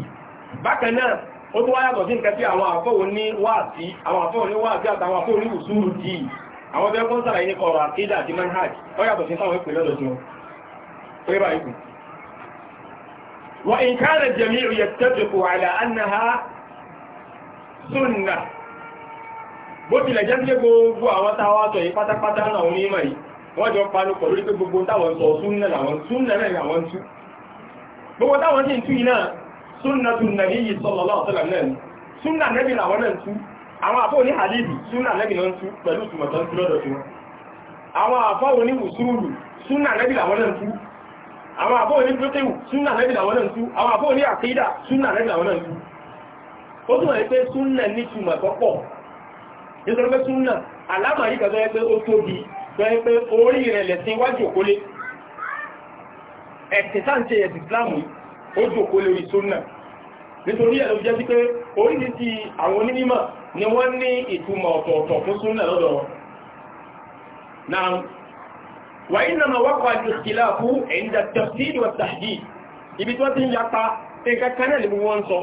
bákan náà ó tún wáyàtọ̀ sí nǹkan tí àwọn àbọ̀ ní wáàtí àwọn àbọ̀ ní wáàtí àtàwọn àbọ̀ ní ìsúlù dì àwọn bẹ́ẹ̀ kọ́ńtà yìí ní kọ̀ọ̀rọ̀ àkídà àti manhaj ó yàtọ̀ sí táwọn pè lọ́dọ̀ tí wọn. ó yẹ báyìí kù وإن كان الجميع يتفق على أنها سنة bó tilẹ̀ jẹ́ pé gbogbo àwọn táwọn sọ yìí pátápátá náà onímọ̀ yìí wọ́n jọ panupọ̀ lórí pé gbogbo gbogbo táwọn sì ń na àwọn hadithi pẹ̀lú tùmọ̀tán àwọn àbó ní pẹ́kẹ́wù súnà lẹ́bìlà wọn náà ń tú àwọn àbó ní àkídà súnà lẹ́bìlà wọn náà tú ó túnmọ̀ ní pé ní túnmọ̀ tọ́pọ̀ nítorí pé súnà alámà yìí kàtọ́ ó tóbi tó yẹ orí rẹ̀ lẹ̀sìn wájú òkólé ẹ̀sìn ni وإنما وقع الاختلاف عند التفسير والتحديد ibi tó tin yapa nǹkan kan ni gbogbo wọn sọ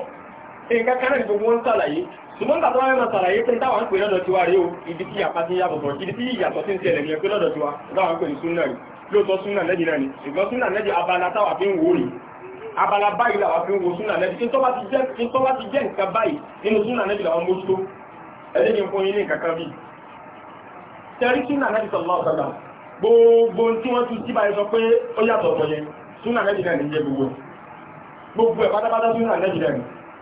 nǹkan kan ni gbogbo wọn ṣàlàyé ṣùgbọ́n ta tó wá ma ṣàlàyé pé táwọn pè lọ́dọ̀ tiwa rèé o ibi tí yapa ti yàtọ̀ sọ̀rọ̀ ibi tí ìyàtọ̀ ti ń ṣẹlẹ̀ ní ẹgbẹ́ lọ́dọ̀ tiwa láwọn pè ní súnà ni lóòótọ́ súnà lẹ́jì náà ni ṣùgbọ́n súnà lẹ́jì abala táwa fi ń wò rí abala báyìí làwa fi ń wo súnà lẹ́jì tí tọ́ba ti jẹ́ nǹkan báyìí nínú súnà lẹ́jì làwọn mójútó ẹlẹ́yìn fún yín ní nǹkan kan bíi tẹ́rí súnà lẹ́jì sọ̀rọ̀ lọ́sọ̀rọ̀ gbogbo tí wọ́n tún tí báyìí sọ pé ó yàtọ̀ ọ̀tọ̀ yẹn súnà nàìjíríà ní jẹ́ gbogbo gbogbo ẹ̀ pátápátá súnà nàìjíríà ní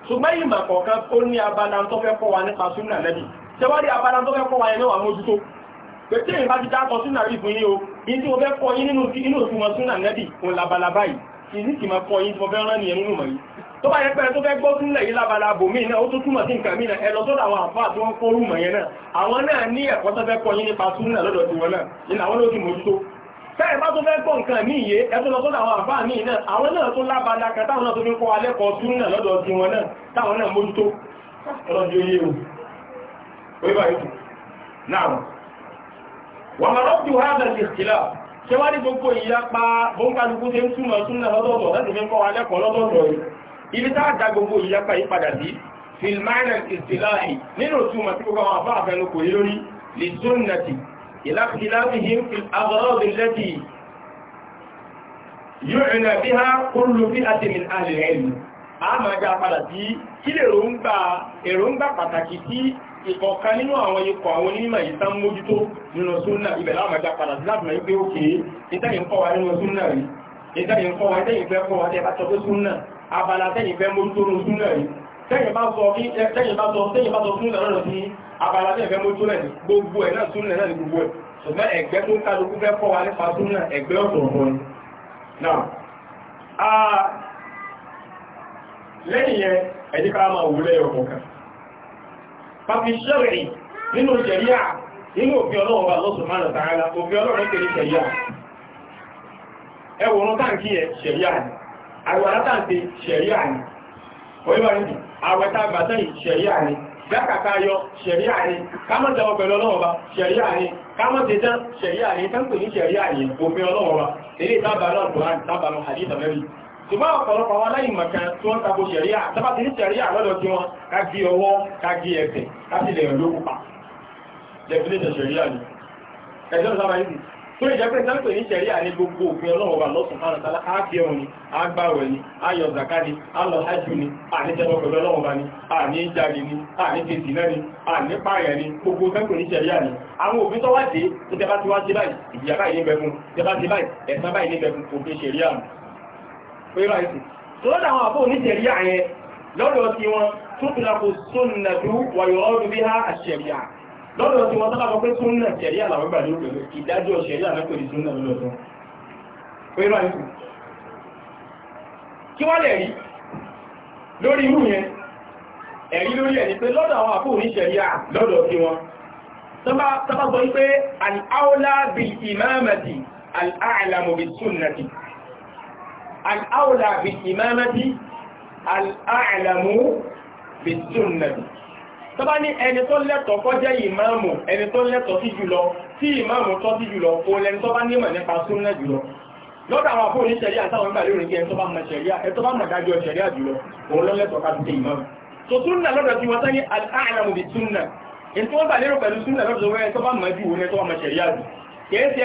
ṣùgbọ́n ìmọ̀ kọ̀ọ̀kan ó ní abala tó fẹ́ kọ́ wa nípa súnà nàìjí ṣẹwádìí abala tó fẹ́ kọ́ wa yẹn náà mójútó pẹ̀tẹ́ ìbá ti dákọ̀ súnà rí fún yín o yín tí mo fẹ́ kọ́ yín nínú òfin wọn súnà nàìjí òun labalábá yìí ìní sì máa kọ́ yín tí mo tó bá yẹ pé tó fẹ́ gbọ́ sílẹ̀ yìí lábala bòmí náà ó tó túmọ̀ sí nǹkan mìíràn ẹ lọ sọ́dọ̀ àwọn àfáà tó ń kó rúmọ̀ yẹn náà àwọn náà ní ẹ̀kọ́ tó fẹ́ kọ́ yín nípa súnà lọ́dọ̀ tí wọn náà ìlà àwọn ló ti mójútó fẹ́ẹ̀ bá tó fẹ́ gbọ́ nǹkan míì yé ẹ tó lọ sọ́dọ̀ àwọn àfáà míì náà àwọn náà tó lábala kan táwọn náà tó fi ń kọ́ alẹ́kọ̀ọ́ súnà lọ́dọ̀ tí wọn náà táwọn náà mójútó ọlọ́dún yé o wọ́n bá yóò náà wọ́n máa rọ́pù hádà sí ìkìlá ṣe wá ní gbogbo ìyapa bóńkálukú ṣe ń túmọ̀ súnà lọ́dọ̀ọ̀dọ̀ láti fi ń kọ́ alẹ́kọ̀ọ́ lọ́dọ̀ọ̀dọ̀ yìí ibi tá a da gbogbo ìyapa yìí padà sí filmaina istilahi nínú túmọ̀ tí gbogbo àwọn afá àfẹnu kò yí lórí lè sunnati ìlàfihìn fi àgbọ̀rọ̀ ìlẹ́tì yóò rìnà bí ha kúrò bí a ti min àrẹ̀ ẹ̀lú a máa ga padà sí kí lè èròǹgbà pàtàkì tí ìkọ̀ọ̀kan nínú àwọn ikọ̀ àwọn onímọ̀ ìta mójútó nínú súnnà ibẹ̀ láàmàjá padà sí láti mẹ́ pé ó ìtẹ́yìn kọ́ nínú súnnà rí ìtẹ́yìn kọ́ ìtẹ́yìn fẹ́ kọ́ tẹ́ bá tọ́ súnnà abala tẹ́yìn fẹ́ mójútó ní ojú náà yìí tẹ́yìn bá sọ fún ìlànà lọ sí abala tẹ́yìn fẹ́ mójútó náà ní gbogbo ẹ̀ náà tún náà ní gbogbo ẹ̀ ṣùgbọ́n ẹgbẹ́ tó kálukú fẹ́ kọ́ wa nípa tún náà ẹgbẹ́ ọ̀tọ̀ọ̀tọ̀ ni náà lẹ́yìn yẹn ẹ̀dí ká máa wùlẹ̀ ọ̀kọ̀ọ̀kan pàfi ṣẹ́rì nínú ṣẹ̀ríà nínú òfin ọlọ́run bá lọ́sùn máa nà tààrà òfin ọlọ́run kèrè ṣẹ̀ríà ẹwọ̀n táǹkì ẹ̀ ṣẹ̀ríà ni àwẹ̀ látàǹtì ṣẹ̀ríà ni oríwá níbi àwẹ̀ tá gbà sẹ́yìn ṣẹ̀ríà ni gbákàtà yọ ṣẹ̀ríà ni kámọ́tẹ̀ ọgbẹ̀ lọ́wọ́ba ṣẹ̀ríà ni kámọ́tẹ̀ tán ṣẹ̀ríà ni tán pè ní ṣẹ̀ríà ni òfin ọlọ́wọ́ba eré tábà náà kò hàn tábà náà hadith amẹ́rin ṣùgbọ́n ọ̀pọ̀lọpọ̀ wọn láyìn mọ̀kan tí wọ́n tako ṣẹ̀ríà tábà ti ní ṣẹ̀ríà lọ́dọ̀ tí wọ́n ká gé ọwọ́ ká gé ẹsẹ̀ ká sì lè rìn lókùpa definition ṣẹ̀ríà ni ẹjọ́ sábà yìí tó lè jẹ́ pé sáńpẹ̀ ní ṣẹ̀rí àní gbogbo òfin ọlọ́run wà lọ́sùn fún àtàlá àáfíẹ́ òní agbáwẹ̀ ni ayọ̀ zakari alọ́hájú ni àníjẹ́wọ́ pẹ̀lú ọlọ́run bá ni àní jáde ni àní tètè náà ni àní pààyàn ni gbogbo sáńpẹ̀ ní ṣẹ̀rí àní àwọn òfin tó wá dé ìjọba ti wá sí báyìí ìjìyà lọ́dọ̀ tí wọ́n tọ́lá kọ pé súnnà ṣẹ̀rí àlàwọ́gbà ní òkèlú ìdájọ́ ṣẹ̀rí àlàkòrí súnnà lọ́dọ̀ pé máa ń kù kí wọ́n lè rí lórí irú yẹn ẹ̀rí lórí ẹni pé lọ́dọ̀ àwọn àpò oníṣẹ̀rí à lọ́dọ̀ tí wọ́n tọ́bá pé al-awla bil-imamati al-a'lamu tó bá ní ẹni tó lẹ́tọ̀ọ́ kó jẹ́ ìmáàmù ẹni tó lẹ́tọ̀ọ́ sí jùlọ tí ìmáàmù tọ́ sí jùlọ òun lẹni tó bá nímọ̀ nípa súnmọ́ jùlọ lọ́dọ̀ àwọn afọ́ oníṣẹ̀ríà táwọn gbà lórí ẹni tó bá mọ̀ ṣẹ̀ríà ẹni tó bá mọ̀ dájọ́ ṣẹ̀ríà jùlọ òun ló lẹ́tọ̀ọ́ ká ṣe ìmáàmù so súnà lọ́dọ̀ tí wọ́n sẹ́ni aláàmù bí súnà ẹni tó wọ́n gbà lérò pẹ̀lú súnà lọ́dọ̀ wọ́n ẹni tó bá mọ̀ jù òun ẹni tó bá mọ̀ kìí ṣe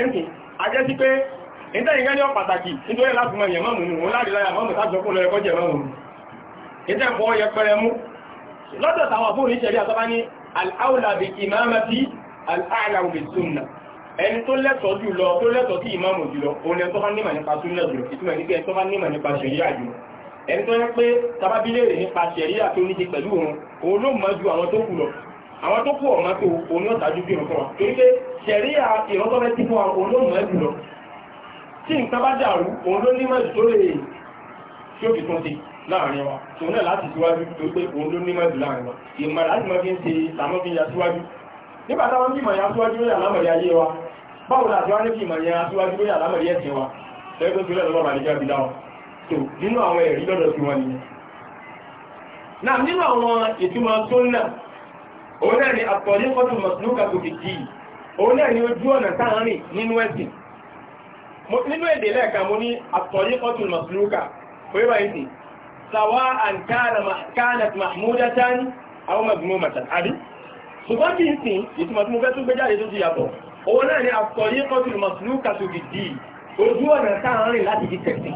ẹni tó bá ìtẹ́ ìgbẹ́ ní ọ̀pàtàkì nítorí láti mọ̀ ìyẹ̀mọ́ mú mú láti láyà mọ́mù sájọkún lọ ẹkọ́ jẹ̀mọ́ mú ìtẹ́ bọ́ yẹpẹrẹ mú lọ́dọ̀ tàwọn fún ìṣẹ̀rí àtọ́bá ní aláwòlàbí ìmáàmàtí aláàràwòlè súnnà ẹni tó lẹ́tọ̀ọ́ jùlọ tó lẹ́tọ̀ọ́ sí ìmáàmù jùlọ òun ẹni tó bá nímọ̀ nípa súnnà jùlọ ìtumọ̀ ní pé ẹni tó bá nímọ̀ nípa ṣẹ̀ríà jùlọ ẹni tó yẹ pé tabábílẹ̀ nípa ṣẹ̀ríà tó ní ti pẹ̀lú òun òun ló mọ̀ àwọn tó kú ọ̀mọ́ tó òun bí òun fún wa torí pé ṣẹ̀ríà tí fún wa òun ló mọ̀ tí nǹkan bá dàrú òun ló ní mẹ́jù tó lè tí ó fi tún sí láàrin wa tó náà láti síwájú tó pé òun ló ní mẹ́jù láàrin wa ìmọ̀ láti mọ́ fi ń ṣe làmọ́ fi ya síwájú nígbà táwọn bí ìmọ̀ ya síwájú lórí àlámọ̀rí ayé wa báwo la àtiwá níbi ìmọ̀ ya síwájú lórí àlámọ̀rí ẹ̀sìn wa lẹ́yìn tó fi lọ́dọ̀ bàbá níjà bí dáwọn tó nínú àwọn ẹ̀rí lọ́dọ̀ sí wọn nìyẹn náà nínú àwọn ìtumọ̀ tó ń náà òun náà ni àtọ̀lé fọ́tò mọ̀sùlùkà tó ọ̀nà táà ń rìn nínú ẹ̀sìn nínú èdè lẹ́ẹ̀kan mo ní at-tariqatul masluka wọ́n bá yìí sawa'an kanat mahmudatan aw madmumatan àbí ṣùgbọ́n kí n sìn ìtumọ̀ tí mo fẹ́ tún gbé jáde tó ti yàtọ̀ owó náà ni at-tariqatul masluka tó fi dì ojú ọ̀nà táàrin láti di tẹ̀sìn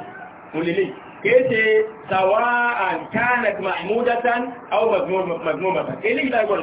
mo lè lè kéèṣe sawa'an kanat mahmudatan aw madmumatan eléyìí láìpọ̀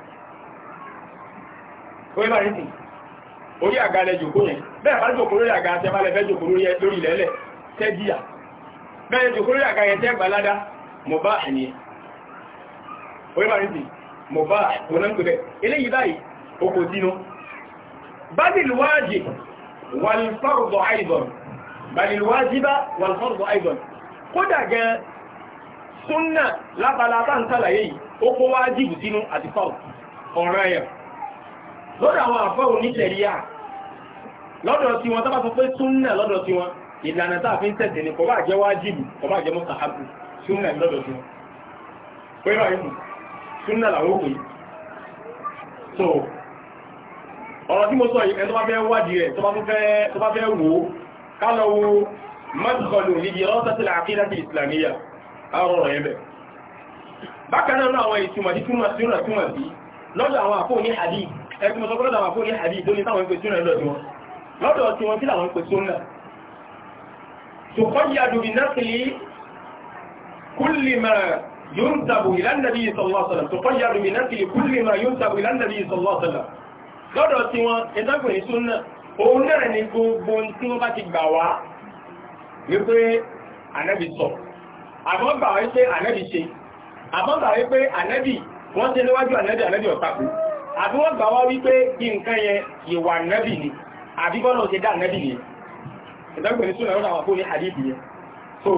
ó yẹ́ bá ní sí orí àga lẹ jòkó yẹn bẹ́ẹ̀ bá jòkó lórí àga tẹ́ bá lẹ fẹ́ jòkó lórí ilẹ̀ẹ́lẹ̀ tẹ́ díyà bẹ́ẹ̀ jòkó lórí àga yẹn tẹ́ gbalada mọ̀bá ẹ̀yẹn ó yẹ́ bá ní sí mọ̀bá ọ̀nàkùnrin eléyìí báyìí okò sínú bádìlúwájì wàlfọ́rọ̀dọ̀ àìdọ̀n bádìlúwájíbá wàlfọ́rọ̀dọ̀ àìdọ̀n kódà gan súnnà lábalábá ń sàlàyé yìí okò wájìbù sínú àti fọ́ọ̀ ọ̀rọ̀ ẹ̀yẹ̀ lọ́dọ̀ àwọn àfáà onítẹ̀ríà lọ́dọ̀ tí wọn tábà sọ pé súnnà lọ́dọ̀ tí wọn ìlànà tá a fi ń tẹ̀sẹ̀ ni kò bá jẹ́ wájìbù kò bá jẹ́ mọ́sàábù súnnà lọ́dọ̀ tí wọn pé báyìí mú súnnà làwọn òkè so ọ̀rọ̀ tí mo sọ yìí ẹni tó bá fẹ́ wádìí rẹ̀ tó bá fẹ́ wò ó ká lọ wo mọ́tìkọlù níbi rọ́sẹ̀tìlà àkídàtì ìsìlàmíyà àrọ̀ rẹ̀ bẹ̀ bákan náà àwọn ìtumọ̀ tí túmọ̀ sí lọ́dọ̀ àwọn àfóòní hadith ẹgbẹ́ mọ́sọ́kọ́lọ́ àwọn àfóní àbí ìdóní táwọn ìpè súnà lọ́dọ̀ wọn lọ́dọ̀ tí wọ́n kí làwọn ìpè súnà tó kọ́yí adùbí nẹ́sìlì kúlìmà yóò tàbù ìlànàbí ìsọ̀lọ́sọ̀lá tó kọ́yí adùbí nẹ́sìlì kúlìmà yóò tàbù ìlànàbí ìsọ̀lọ́sọ̀lá lọ́dọ̀ tí wọ́n ìtàkùn ìsúnà òun náà ni gbogbo tí wọ́n bá ti gbà wá wípé ànábì sọ àmọ́ gbà wípé ànábì ṣe àmọ́ gbà wípé ànábì wọ́n ṣe àbí wọ́n gbà wá wípé bí nǹkan yẹn ìwà nẹ́bì ni àbí bọ́lọ̀ ṣe dá nẹ́bì ni ìdágbẹ̀ ní súnà lọ́nà àwàkó ní àdìbì yẹn so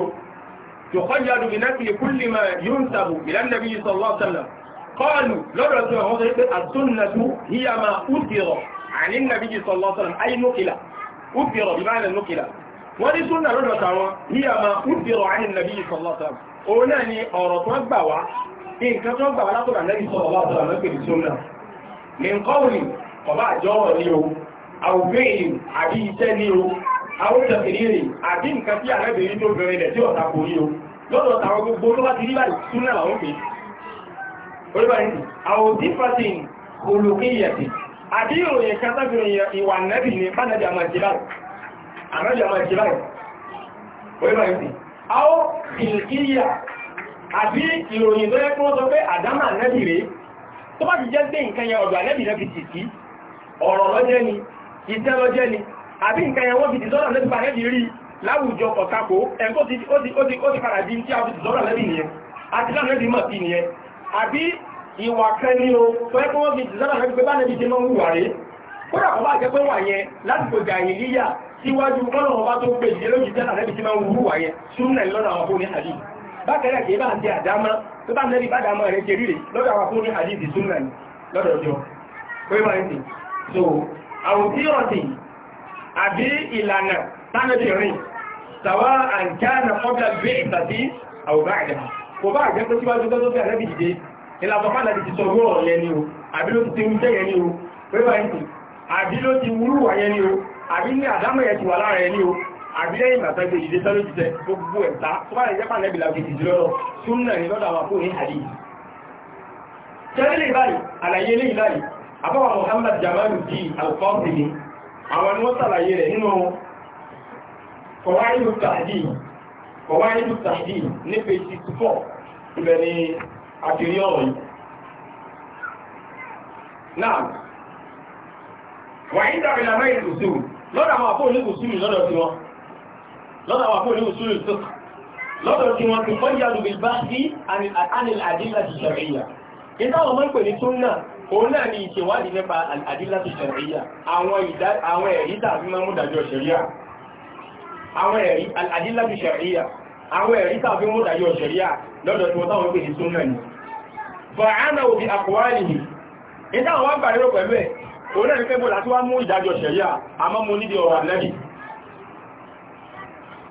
yọ̀kọ́jáde bí nẹ́bì kúlì máa yóò ń sàbò bí lẹ́nẹ́bì yìí sọ̀rọ̀ sọ̀rọ̀ kọ́ọ̀lù lọ́dọ̀ tí wọ́n sọ pé àtúnnàtú níyà máa útìrọ̀ àní nẹ́bì yìí sọ̀rọ̀ sọ̀rọ̀ ayé nókìlà útìrọ̀ bí máa nókìlà wọ́n ní súnà lọ́dọ̀ tàwọn níyà máa mìkọ́wùlì ọba àjọ́wọ̀ ní o àwùfẹ́yìn àbí iṣẹ́ ní o àwùtẹ̀kìrìrì àbí nǹkan tí àrẹ́bìnrin tó bẹ̀rẹ̀ rẹ̀ tí ọ̀tà kò o lọ́dọ̀ tàwọn gbogbo ló bá ti rí báyìí tún náà wọ́n tó bá ti jẹ́ pé nǹkan yẹn ọ̀dọ̀ àlẹ́bì náà fi tì sí ọ̀rọ̀ lọ́jẹ́ ni iṣẹ́ lọ́jẹ́ ni àbí nǹkan yẹn wọ́n fi tìsọ́rọ̀ lẹ́bì àlẹ́bì rí láwùjọ ọ̀tako ẹ̀kọ́ ti padà di tí a fi tìsọ́rọ̀ lẹ́bì nìyẹn àti láàrẹ́bì mọ̀ sí nìyẹn àbí ìwà kan ní o pẹ́ kí wọ́n fi tìsọ́rọ̀ lẹ́bì pé bá lẹ́bì ṣe máa ń wùwà rèé kódà kọ́ bá jẹ́ pé wà yẹn lásìkò jàhìlíyà síwájú kọ́lọ̀ ọba tó gbé ìdílé lójú tẹ́lá lẹ́bi tí máa ń wúwà yẹn súnmọ́ ìlọ́nà àwọn fóònù àdìyí bákẹ́rẹ́ kì í bá ń di àdámọ́ tó bá nẹ́bí bá dámọ́ rẹ̀ ṣe ríre lọ́dọ̀ àwọn fún ní àdíjì súnmọ̀ ní lọ́dọ̀ ọjọ́ pé wọ́n ń sìn so àwọn tí ó sìn àbí ìlànà tánàbí rìn sàwọ́ àǹkáàna fọ́gbà gbé ìtàtí àwòbá àjà kò bá àjẹ́ pé síwájú tó fi àlẹ́bì dìde ìlànà láti ti sọ wúrọ̀ yẹn ni o àbí ló ti ti wú jẹ́yẹn ni o pé wọ́n ń sìn àbí ló ti wúrù wà yẹn ni o àbí ní àdámọ̀ yẹn ti wà lára yẹn ni o àbílẹ́yìn bàtàgbé ìdí sọ́lọ́ jùlọ gbogbo ẹ̀ta tó bá rẹ̀ jẹ́ pàdébì lágbèjì jùlọ súnnà ní lọ́dọ̀ àwọn fóònì àdí tẹ́lẹ̀ báyìí àlàyé lè báyìí àbáwà Muhammad Jamalu di alfọ́sìlì àwọn ni wọ́n sàlàyé rẹ̀ nínú kọwáyé tàdí ní page 64 ibẹ̀ ni àkìrí ọ̀rọ̀ yìí náà wà ní ìdàbìlà mẹ́rin kùsù lọ́dọ̀ àwọn àpò oníkùsù lọ́dọ̀ tí wọ́n lọ́dọ̀ àwọn akóòlù òṣùlù tó lọ́dọ̀ tí wọ́n ti fọ́jà lùbí bá sí anil àdílà ti ṣàríyà ìtàwọn ọmọ ìpè ní túnà òun náà ni ìṣèwádìí nípa àdílà ti ṣàríyà àwọn ẹ̀rí tàbí máa mú dájọ́ ṣàríyà àwọn ẹ̀rí àdílà ti ṣàríyà àwọn ẹ̀rí tàbí mú dájọ́ ṣàríyà lọ́dọ̀ tí wọ́n táwọn ìpè ní túnà ni fọ̀hánà òbí àkọwálìhì ìtàwọn wá bàrẹ́rọ̀ pẹ̀lú ẹ̀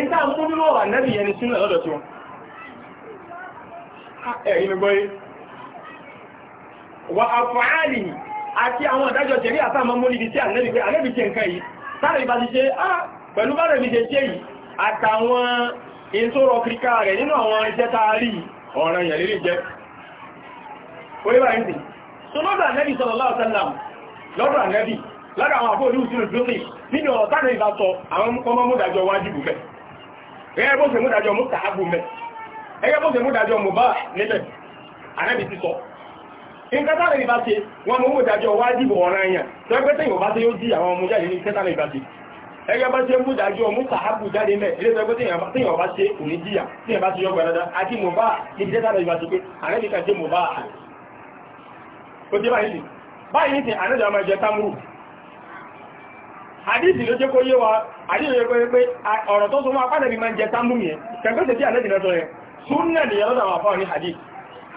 ìta àwọn tóbi wọ́n wà nẹ́bì yẹni súnà lọ́dọ̀ tí wọ́n ẹ̀yìn gbọ́yé wà àfààlì àti àwọn ìdájọ́ tẹ̀lé àtàmọ́ mólìdí tí ànẹ́bì pé ànẹ́bì tẹ nǹkan yìí sáré ìbá ti ṣe á ah, pẹ̀lú bá rẹ̀ mi ṣe ṣe yìí àtàwọn ìṣòro kíríkà rẹ̀ nínú àwọn iṣẹ́ tá a rí ọ̀ràn yẹ̀ lérí jẹ́ orí bá lọ́dọ̀ àwọn ẹgbẹ́ bó ṣe mú dájọ́ mú tààbù mẹ́ ẹgbẹ́ bó ṣe mú dájọ́ mú bá nílẹ̀ àrẹ́bì ti sọ ìkẹtàlẹ̀ ìbá ṣe wọn mú dájọ́ wájìbò ọ̀rọ̀ ẹ̀yàn tó ẹgbẹ́ tẹ́yìn bá ṣe yóò jí àwọn ọmọ jáde ní ìkẹtàlẹ̀ ìbá ṣe ẹgbẹ́ bá ṣe mú dájọ́ mú tààbù jáde mẹ́ ilé tó ẹgbẹ́ tẹ́yìn bá ṣe kò ní jíyà tẹ́yìn bá ṣe yọ gbẹ̀rẹ̀dá àti mọ̀ bá ní ìkẹtàlẹ̀ ìbá ṣe pé àrẹ́bì kan ṣe mọ̀ bá àrẹ́ àdíjì ló jẹ́ kó yé wa àdíjì ló jẹ́ kó yé pé ọ̀rọ̀ tó súnmọ́ apádẹ̀bí máa ń jẹ sámú yẹn kẹgbẹ́sẹ̀ tí àlẹ́jì lọ́tọ̀ rẹ̀ súnnà ni ẹ̀rọ àwọn afọ́ ní àdíjì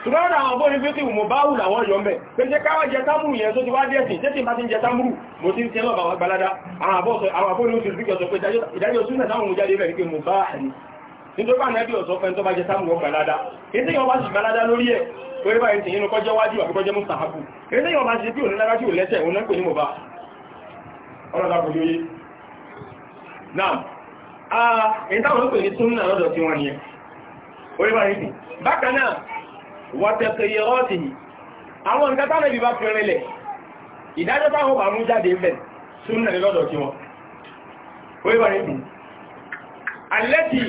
ṣùgbọ́n àwọn afọ́ ní pé kí mo bá wù láwọn yọ mẹ́ pé jẹ́ káwọ́ jẹ sámú yẹn tó ti wá díẹ̀ sí jẹ́ tí bá ti ń jẹ sámú mo ti ń tẹ́ lọ́bà wá gbalada àwọn afọ́ ní oṣù fíkẹ̀ sọ pé ìdájọ́ súnnà táwọn mo jáde rẹ̀ ní pé mo bá àní nítorí àwọn ẹbí ọ̀sọ́ fẹ́ tó bá jẹ sáàmù ọgbà ládá ètí yọ bá sì gbà ládá lórí ẹ̀ pẹ̀lú báyìí tí yínú kọjẹ́ wájú àbíkọjẹ́ mú sàábù ètí yọ bá sì pí òní lára tí ò lẹ́sẹ̀ òun náà pè ní mọ̀bá ọlọ́dàkùn yóò yé náà a ìtàwọn ń pè ní súnnà lọ́dọ̀ tí wọ́n ni ẹ orípa ní bákan náà wọ́tẹ̀tẹ̀ yẹ̀rọ́ ti yìí àwọn nǹkan tánà bí bá fi rẹlẹ̀ ìdájọ́ táwọn bá mú jáde fẹ̀ súnnà lọ́dọ̀ tí wọ́n orípa ní alẹ́tì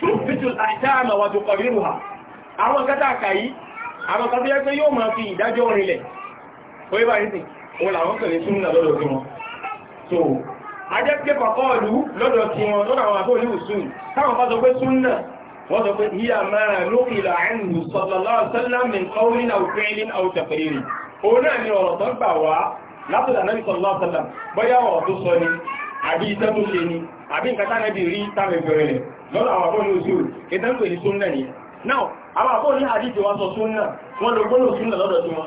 tún fitul àṣáàmà wà tó kọ̀rírù ha àwọn nǹkan tàkà yìí àwọn kan tó yẹ pé yóò máa fi ìdájọ́ rinlẹ̀ orípa ní wọn làwọn kàn ní súnmọ́ so ajẹ́ pé pàpọ̀ ọ̀lú lọ́dọ̀ tí wọn lọ́dọ̀ àwọn àbó olú sùn táwọn bá sọ pé súnmọ́ wọ́n sọ pé yíya máa lókè ìlànà sallallahu alaihi wasallam min qawlin aw fi'lin aw taqririn òun náà ni ọ̀rọ̀ tó ń gbà wá látọ̀dà náà sallallahu alaihi wasallam bóyá ọ̀rọ̀ tó sọ ni àbí iṣẹ́ tó ṣe ni àbí nǹkan now àwọn àbọ̀ ní àdíjì wa sọ súnmọ́ wọn lọ gbọ́nà súnmọ́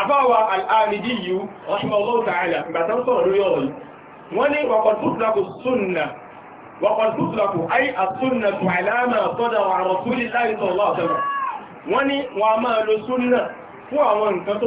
àbáwà al'arìdí yìí rahimahullahu ta'ala ìgbàtán sọ̀rọ̀ lórí ọ̀rọ̀ yìí wọ́n ní wàkọ̀tútùlákù súnnà wàkọ̀tútùlákù ayi àsúnnà tó àìlànà sọ́dà wà rọ̀túlì láì sọ̀rọ̀ ọ̀sẹ̀lọ̀ wọ́n ní wọ́n a máa lo súnnà fún àwọn nǹkan tó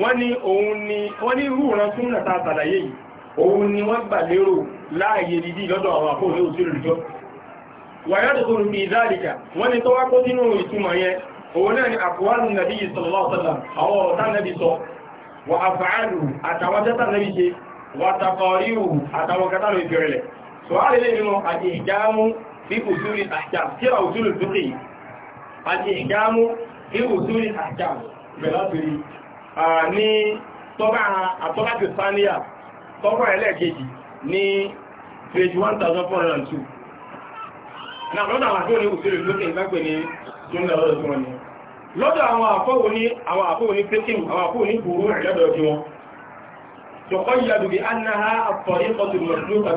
wọ́n ní òun ni wọ́n ní rúran tún nà tàà tàlàyé yìí òun ni wọ́n gbà lérò láàyè dídí lọ́dọ̀ àwọn àkóòlé òsìrò ìjọ wàyádùkú ní ìdáríkà wọ́n ni tó wá kó nínú ìtumọ̀ yẹn òun náà ni àkùwárù nàbí ìsọ̀lọ́ọ̀sọ̀lá àwọn ọ̀tá nàbí sọ wà àfààlù àtàwọn tẹ́tà nàbí ṣe wà tàkọ̀ríhù àtàwọn kátàlù ìfẹ̀rẹ̀lẹ̀ ní tọ́bà àtọ́bàtì sáníyà tọ́bà ẹlẹ́ẹ̀kejì ní page 1402 náà lọ́dọ̀ àwọn ní ni ní àwọn àfọ́wò ní pékin àwọn àfọ́wò ní gbòòrò ìrẹ́dọ̀ tí wọ́n tọ́kọ́ yàdù bí annáha àtọ̀ríkọtù mọ̀sílùkà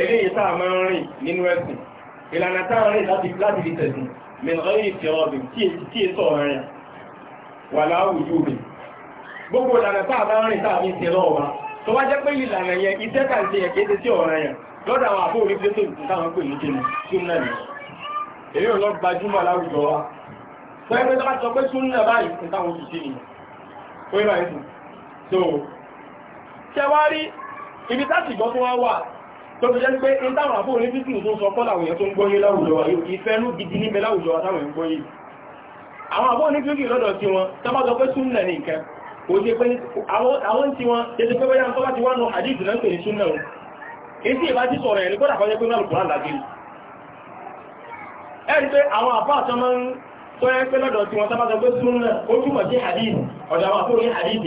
eléyìí tá a máa ń rìn nínú ẹ̀sìn ìlànà tá a rìn láti láti fi tẹ̀sìn mìíràn yìí ti ọ̀bìn tí èso ọ̀rìn wà láwùjú rẹ̀ gbogbo ìlànà tá a bá rìn tá a fi ṣe lọ́wọ́ tó wá jẹ́ pé ìlànà yẹn iṣẹ́ kà ń ṣe yẹn kéde sí ọ̀rìn yẹn lọ́dọ̀ àwọn àbó orí pẹ́tò táwọn pè ní kíni súnà ni èyí ò lọ gbajúmọ̀ láwùjọ wa sọ pé tó bá sọ pé súnà báyìí ní táwọn oṣù sí nìyẹn ó yẹ báyìí sùn so ṣẹwárí ibi tá a gbọ́ tó wá wà tó tó jẹ́ pé in táwọn àbò ní bíkì tó sọ kọ́lá òyìn tó ń gbọ́yé láwùjọ ìfẹ́nú gidi níbẹ̀ láwùjọ àtàwọn ń gbọ́yé àwọn àbò ní bíkì lọ́dọ̀ tí wọn tọ́bátọ pé súnnà ní nǹkan kò jẹ́ pé àwọn tí wọn jẹ́ pé bẹ́yà tó bá ti wọ́n nù àdíjù náà pè ní súnnà o kì í sì bá ti sọ̀rọ̀ ẹ̀rí kọ́dà kọjẹ́ pé mẹ́lùkù náà lágbèrè ẹ̀rí pé àwọn àbá àtọ́ máa ń tọ́ ẹ́ pé lọ́dọ̀ tí wọn tọ́bátọ pé súnnà ó túmọ̀ sí hadith ọ̀dọ̀ àwọn àbò ní hadith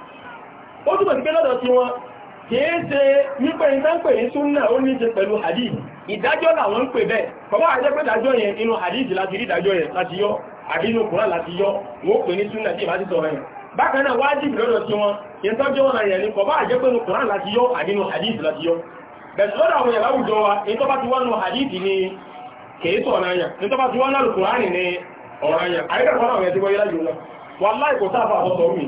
ó túnbọ̀ sí pé lọ́dọ̀ tí wọn kìí ṣe wípé ìtànpẹ̀ ní súnnà ó ní ṣe pẹ̀lú hadith ìdájọ́ làwọn ń pè bẹ́ẹ̀ bọ́bá àjẹ́ pé dájọ́ hadith láti rí dájọ́ yẹn yọ yọ pè ní súnnà tí ìbá ti sọ̀rọ̀ yẹn bákan náà wájìbì lọ́dọ̀ wọn wọn yẹn ni àjẹ́ pé yọ hadith yọ lọ́dọ̀ àwọn yẹn láwùjọ wa ti ni ni ọ̀rọ̀ yẹn àyíkẹ́kọ̀ọ́ náà yẹn ti wọ́n yẹ́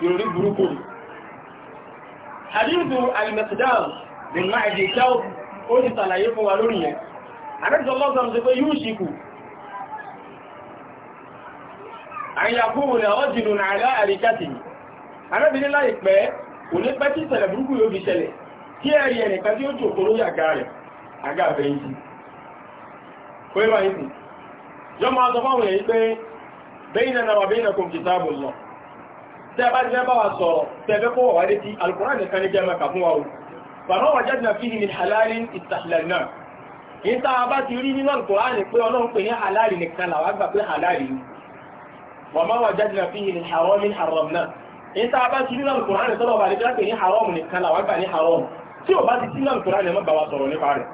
ìròrí burúkú hadithu al-masdar bin ma'adi shaw ó ti ṣàlàyé fún wa lórí yẹn àbẹ́sọ̀ lọ́sàn ti pé yóò ṣìkù àyàkúrò ní àwọn jìnnà àrá àríkàtì arábìnrin láì pẹ́ kò ní pẹ́ tí ìṣẹ̀lẹ̀ burúkú yóò fi ṣẹlẹ̀ kí ẹ̀rí ẹnìkan tí ó jòkó lórí àga yọ lọ tẹ́bá ní ẹbá wa sọ̀rọ̀ tẹ́fẹ́ kó wà létí alkùnrin nìkan ní jẹ́mẹ́ kà fún wa o bàmọ́ wà jẹ́dìnà fi ní halalin ìtàhìlẹ̀nà yìí tá a bá ti rí nínú alkùnrin pé ọlọ́run pè ní halalin nìkan làwọn gbà pé halalin wàmọ́ wà jẹ́dìnà fi ní haramin haram náà yìí tá a bá ti rí nínú alkùnrin tọ́lọ̀ bá lè pé ní haram nìkan làwọn gbà ní haram tí ò wa sọ̀rọ̀ nípa rẹ̀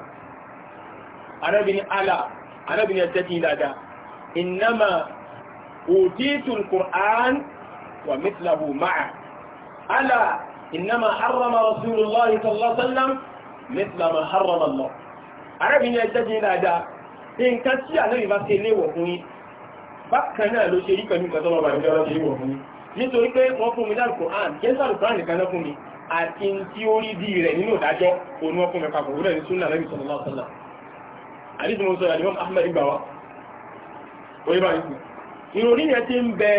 arábìnrin ala arábìnrin ẹ̀ tẹ́tí dáadáa ìnáma òtítù alkùnrin ومثله معه ألا إنما حرم رسول الله صلى الله عليه وسلم مثل ما حرم الله arábìnrin ẹjẹ́jẹ́ dáadáa ní nǹkan tí àlẹ́bì bá ṣe léwọ̀ fún yín bákan náà ló ṣe rí pẹ̀lú nǹkan tọ́lọ́bà ìjọ́ lọ́ṣe léwọ̀ fún yín nítorí pé wọ́n fún mi dáàrù kòrán jẹ́sàrù kòrán nìkan lọ́ fún mi àti tí ó rí bí rẹ̀ nínú ìdájọ́ òun wọ́n fún mi papọ̀ wúlẹ̀ ní súnà lẹ́bì sọ̀rọ̀ lọ́sọ̀lá àdíjùmọ̀ sọ̀rọ̀ àdìmọ́ Ahmed gbà wá orí bá ń sùn ìròrí yẹn ti ń bẹ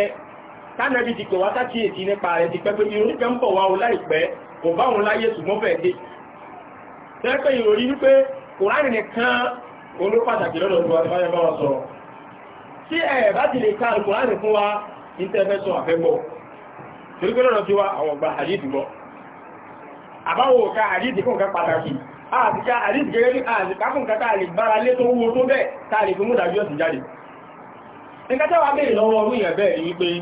tánàbí ti pè wá sákìyèsí nípa rẹ̀ ti pẹ́ pé ìròyìn kan bọ̀ wá o láìpẹ́ kò bá òun láyé ṣùgbọ́n fẹ́ dé tẹ́pẹ́ ìròyìn wípé kòránì nìkan olópàtàkì lọ́dọ̀ tó wájú báyẹ̀ bá wa sọ̀rọ̀ tí ẹ̀ bá ti lè ka kòránì fún wa ní tẹ́fẹ́ sọ àfẹ́gbọ̀ torí pé lọ́dọ̀ tí wa àwọn ọgbà àdídì bọ̀ àbáwò ka àdídì fún nǹkan pàtàkì àti ka àdídì gẹ́gẹ́ bí àti ká fún nǹkan tá a lè lọ́wọ́ ọdún yẹn bẹ́ẹ̀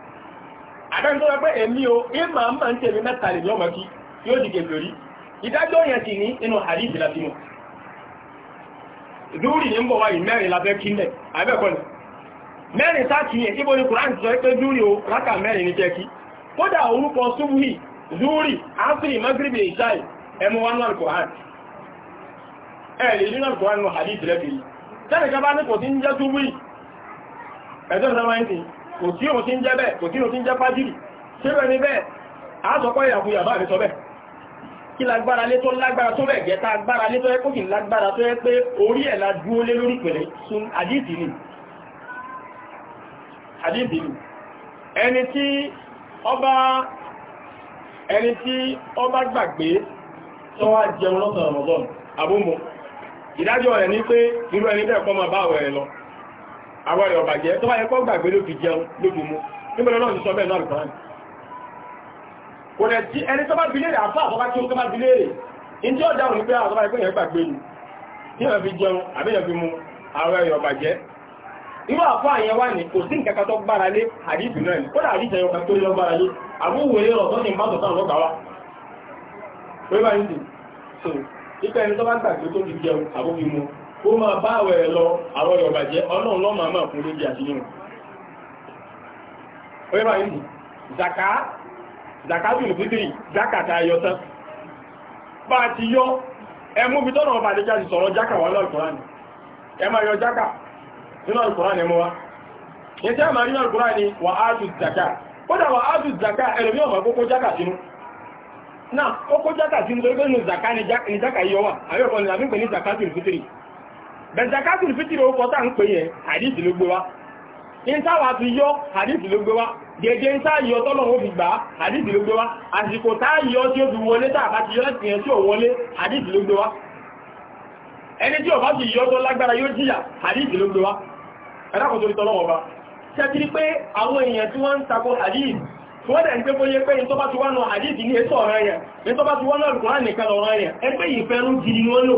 àdáni tó sọ pé èmi o ìmọ̀ àmà ń tèmi mẹ́ta lè lọ́mọ kí yóò di kèfè rí ìdájọ́ yẹn sì ní inú hadith láti mọ̀ zúrì ní ń bọ̀ wáyìí mẹ́rin labẹ́ kílẹ̀ àbẹ́kọ̀lù mẹ́rin sáàkì yẹn ibo ni Kùránì sọ pé zúrì o rákà mẹ́rin ní tẹ́kí kódà orúkọ súbúhì zúrì ásírì magribi ìṣáì ẹmu wánú alukọ̀hán ẹ̀rì nínú alukọ̀hán nù hadith lẹ́kìrì sẹ́nìkan bá ní kò sí ń jẹ́ súbúhì ẹ̀jọ́ ìjọba yìí kò sí òun tí ń jẹ́ bẹ́ẹ̀ kò sí o tí ń jẹ́ fájìrì ṣébẹ̀ ni bẹ́ẹ̀ àásọpọ̀ ìyàkuyà bá mi sọ bẹ́ẹ̀ kí lágbára lé tó lágbára tó bẹ́ẹ̀ gẹ́ta agbára lé tó yẹ kókì lágbára tó yẹ pé orí ẹ̀ la dúó lé lórí pẹ̀lẹ́ sun àdíìtì ni àdíìtì ni ẹni tí ọba ẹni tí ọba gbàgbé tó wá jẹun lọ́sàn Ramadan àbúmọ̀ ìdájọ́ rẹ̀ ní pé irú ẹni bẹ́ẹ̀ kọ́ máa àwọn ẹ̀rọ bàjẹ́ tó bá yẹ kó gbàgbé ló fi jẹun lójú mu nígbẹ̀rẹ̀ náà ní sọ bẹ́ẹ̀ náà rìkan kò rẹ̀ tí ẹni tó bá bi léèrè àfá àtọ́bá tí ó tó bá bi léèrè in tí ó dáhùn ní pé àtọ́bá ah, ìpé yẹn gbàgbé ni tí wọ́n fi jẹun àbí yẹn fi mu àwọn ẹ̀rọ bàjẹ́ irú àfá àyẹn wà ní kò sí nǹkan kan tó gbára lé àdìsì náà ni kódà àdìsì ẹ̀yọ kan tó yọ gbára lé àbúwòye rọ̀ tó ti ń bá tọ̀tàn lọ́gbà wa pé bá ń sì so ipe ẹni kó máa bá àwẹ̀ rẹ̀ lọ àwọn yọ̀bà jẹ́ ọlọ́run lọ́mà máa fún lóbi àṣírí wọn oye bá yìí zaka zaka zùlù fídìrì jákàtà zaka tán bá a ti yọ ẹmú bí tọ́nà ọba àdéjà ti sọ̀rọ̀ jákà wà lọ́ọ̀kùnrin ẹ máa yọ jákà nínú ọ̀kùnrin ẹmọ wa ní tí a máa ni zaka kódà wà zaka ẹlòmí ọmọ kókó jákà sínú zaka ni jákà yọ wà ni pè ní zaka bẹ̀sàkátùn fítìrì ó kọta ń pè yẹn àdíjì ló gbé wá ìntàwà ti yọ àdíjì ló gbé wá gẹ́gẹ́ ìntà yọ tọ́lọ̀ ó fi gbà àdíjì ló gbé wá àsìkò tá yọ tí ó fi wọlé tàbá ti yọ láti yẹn tí ó wọlé àdíjì ló gbé wá ẹni tí ó bá ti yọ tó lágbára yóò jìyà àdíjì ló gbé wá ẹ̀dàkùn torí tọ́lọ̀ ọba ṣẹ́kiri pé àwọn èèyàn tí wọ́n ń takò àdíjì wọ́n dẹ̀ ń pé bóyé pé ìtọ́bá ti wá náà àdíjì ní ètò ọ̀rọ̀ ẹ̀yẹn ìtọ́bá ti wá náà lùkùnrin nìkan lọ̀rọ̀ ẹ̀yẹn ẹgbẹ́ ìfẹ́rún gidi ni wọ́n lò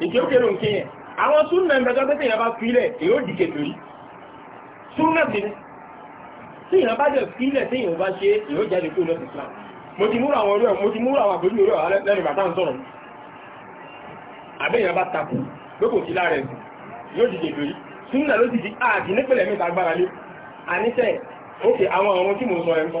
ìkéòkèrò nkí yẹn àwọn súnnà ìgbẹ̀jọ́ pé tíyàn bá fílẹ̀ èyó dìkẹ̀ torí súnnà sí ni tíyàn bá jẹ́ fílẹ̀ tíyàn bá ṣe èyó jáde kó lọ́sì Islam mo ti múra àwọn orí mo ti múra àwọn àgbójú orí ọ̀hálẹ́ lẹ́nu bàtà ń sọ̀rọ̀ àbẹ́yàn bá takù pé kò sí láàrẹ̀ yóò dìkẹ̀ torí súnnà ló ti di ààdì nípìnlẹ̀ mẹ́ta agbára lé àníṣẹ́ òkè àwọn ọ̀run tí mo sọ ẹ̀ ń sọ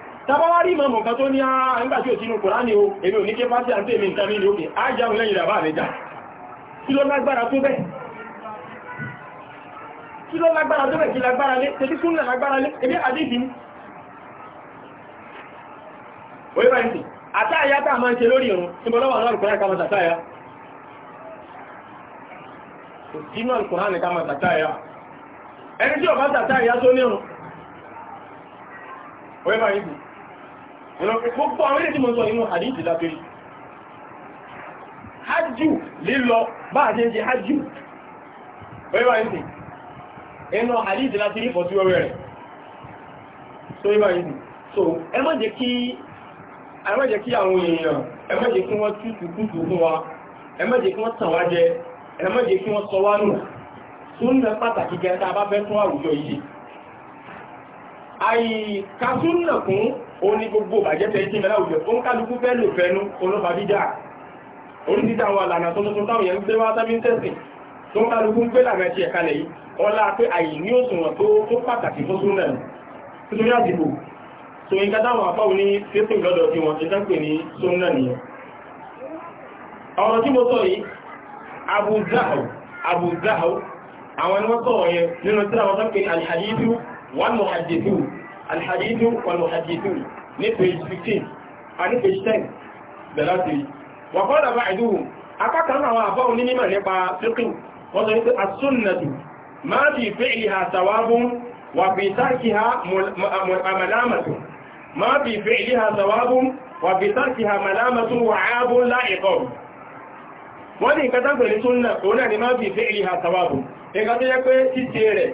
tàbáwárí ìmọ̀ kan tó ní àà ah, nígbàtí ò sínú kòránì o èmi ò ní ké fásí àti èmi nǹkan ní òkè ájáun lẹ́yìn ìràbá àmẹ́jà kí ló lágbára tó bẹ́ kí ló lágbára tó bẹ́ kí lágbára lé tẹ́bí súnlẹ̀ lágbára lé ebí àdíjì ní orílẹ̀-èdè àtàyà tàà máa ń ṣe lórí ìrun tí bọ́lọ́wà náà kòrán ká máa tàtàyà sínú àlùkòrán ká máa tàtàyà ẹni tí ọba tàtàyà tó ní ìrun orílẹ̀-èdè gbogbo àwọn ilé tí mo sọ inú àdíjì látorí hajjú lílọ bá àti ẹjẹ hajjú wẹ́wà ìsì inú àdíjì látorí pọ̀ sí ọwẹ́ rẹ̀ so wẹ́wà ìsì so ẹ má jẹ́ kí àwọn èèyàn ẹ má jẹ́ kí wọ́n tútù kútù fún wa ẹ má jẹ́ kí wọ́n tàn wá jẹ ẹ má jẹ́ kí wọ́n sọ wá nù àìkásúnnà fún oní gbogbo bàjẹ́ tẹ́ ìsinmi láwùjọ ó ń kálukú fẹ́ lò fẹ́nu olóbàbídà oríṣìí àwọn àlànà tuntun táwọn yẹn ń gbé wá sábí ń tẹ̀sìn tó ń kálukú ń gbé lànà ti ẹ̀kalẹ̀ yìí ọlá pé àìní òṣùwọ̀n tó pàtàkì fún súnà nítorí àdìbò so yínká táwọn àpáwọn ní fífún lọ́dọ̀ tí wọ́n ti dánkù ní súnà nìyẹn ọ̀rọ̀ tí mo sọ yìí Abu Zahaw Abu Zahaw àwọn ẹni wọ́n sọ̀rọ̀ yẹn nínú tí àwọn sánkù ní alìhàdìdú والمحدثون الحديث والمحدثون نبيج 15 ونبيج 10 بلاتي وقال بعدهم أكاكنا وعفاو نيما نبا فقه وضعت السنة ما في فعلها ثواب وفي تركها ملامة ما في فعلها ثواب وفي تركها ملامة وعاب لا عقاب wọ́n ni ìkàtàkùnrin súnnà òun náà ni máa fi fẹ́ ìlú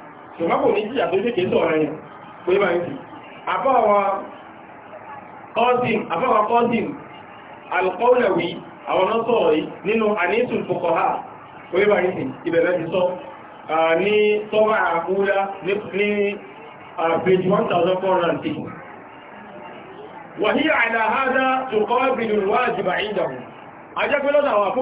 tòmápò ní jíjà tó jẹ́ kéèsọ̀ ọ̀rẹ́ yẹn pé bá ń fi àbáwa kọ́sìn alkọ́ọ̀lẹ̀wì àwọn náà sọ̀rọ̀ yìí nínú àníṣùn fòkọ̀há pé bá ń fi ìbẹ̀rẹ̀ ti sọ ní tọ́wà àkúrá ní page 1406 wàhí àìdáhádá tó kọ́ bìnrin wájìbà ìdàmù ajẹ́pẹ́ lọ́dà àwọn àpò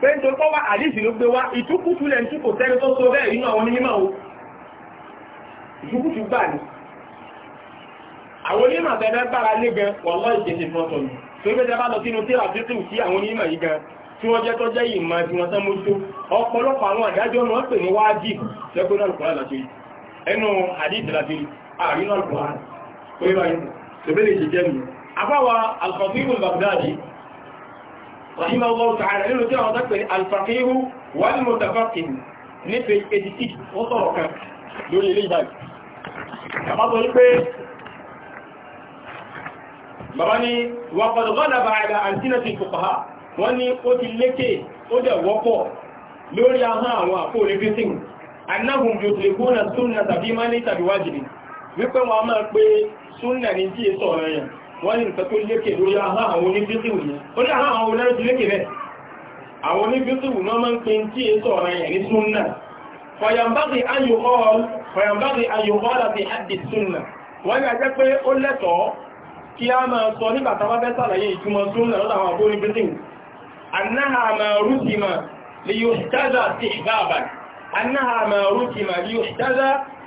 pé nítorí pọ́ wá àdísì ló gbé wá ìtúkùtù lẹ́nu tí kò sẹ́ni tó so bẹ́ẹ̀ inú àwọn onímọ̀ o ìtúkùtù gbà ní àwọn onímọ̀ bẹ̀rẹ̀ bára lé gan wọ́n lọ́ ìjẹsẹ̀ fọ́tọ̀ ní torí pé tẹ́bá lọ sínú tí àtúntò sí àwọn onímọ̀ yìí gan tí wọ́n jẹ́ tó jẹ́ ìmọ̀ tí wọ́n tán mójútó ọ̀pọ̀lọpọ̀ àwọn àdájọ́ wọn pè ní wájì lẹ́gbẹ́ náà kùnrin láti rí ẹnu àdíjì láti rí àrínà kùnrin tó yẹ báyìí tẹ̀bẹ́lẹ̀ ìṣẹ́jẹ́ mi afáwa alkọ̀tíkùn bagdadi رحمه الله تعالى إنه جاء ذكر الفقيه والمتفقه نفي إدتيك وطرقا دول لي باي كما تقول باباني وقد غلب على ألسنة الفقهاء واني قلت لك أدى وقو لوري أها وقول بسن أنهم يطلقون السنة بما ليس بواجب wípé wọn máa pé súnnà ní tí èso ọ̀rọ̀ yẹn wọ́n ní nǹkan tó lékè lórí ahọ́n àwọn oníbísìwò ní ó ní ahọ́n àwọn olórin ti lékè bẹ́ẹ̀ àwọn oníbísìwò náà máa ń pe tí è sọ ọ̀rọ̀ ẹ̀rí súnnà fọ̀yàmbáàdì ayòkọ́ láti àdì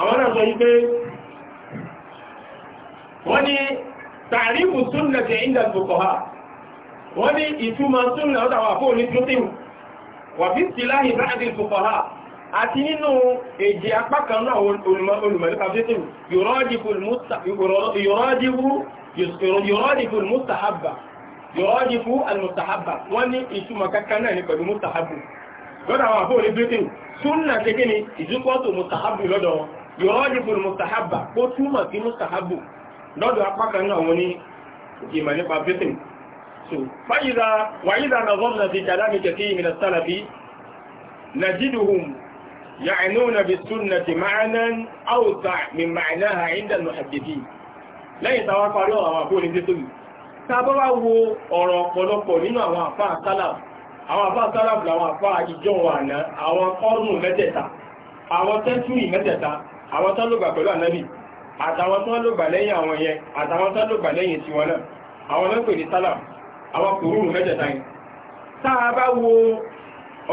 àwọn náà sọ yí pé wọ́n ní tàrífù súnnà ti ìdà fòkọ̀há wọ́n ní ìtumọ̀ súnnà ó tàwà fún ní tótìm wà bí sí láhì báàdì fòkọ̀há àti nínú èjì apá kan náà olùmọ̀lẹ́fà tótìm yọ̀rọ̀dìfù mùsàhábà yọ̀rọ̀dìfù almùsàhábà wọ́n ní ìtumọ̀ kankan náà ní pẹ̀lú mùsàhábà lọ́dọ̀ àwọn àbúrò ní britain súnnà ti kí lọ́dọ̀ wọn yọ́ọ́dìbò mustahaba kó túmọ̀ sí mustahabu lọ́dọ̀ apákan náà wọn ní ìmọ̀ nípa britain so fáyíza wàyíza na zọ́nà ti kàlámi kẹfí ìmìnà sálàbí na jíduhun ya inúna bí súnà ti ma'anan áwùta min àwọn àkóní títún àwọn tán ló gbà pẹ̀lú ànábì àtàwọn tán ló gbà lẹ́yìn àwọn yẹn àtàwọn tán ló gbà lẹ́yìn tí wọn náà àwọn náà pè ní sálà àwọn kòrúurú mẹ́tẹ̀ẹ̀ta yìí tá a bá wo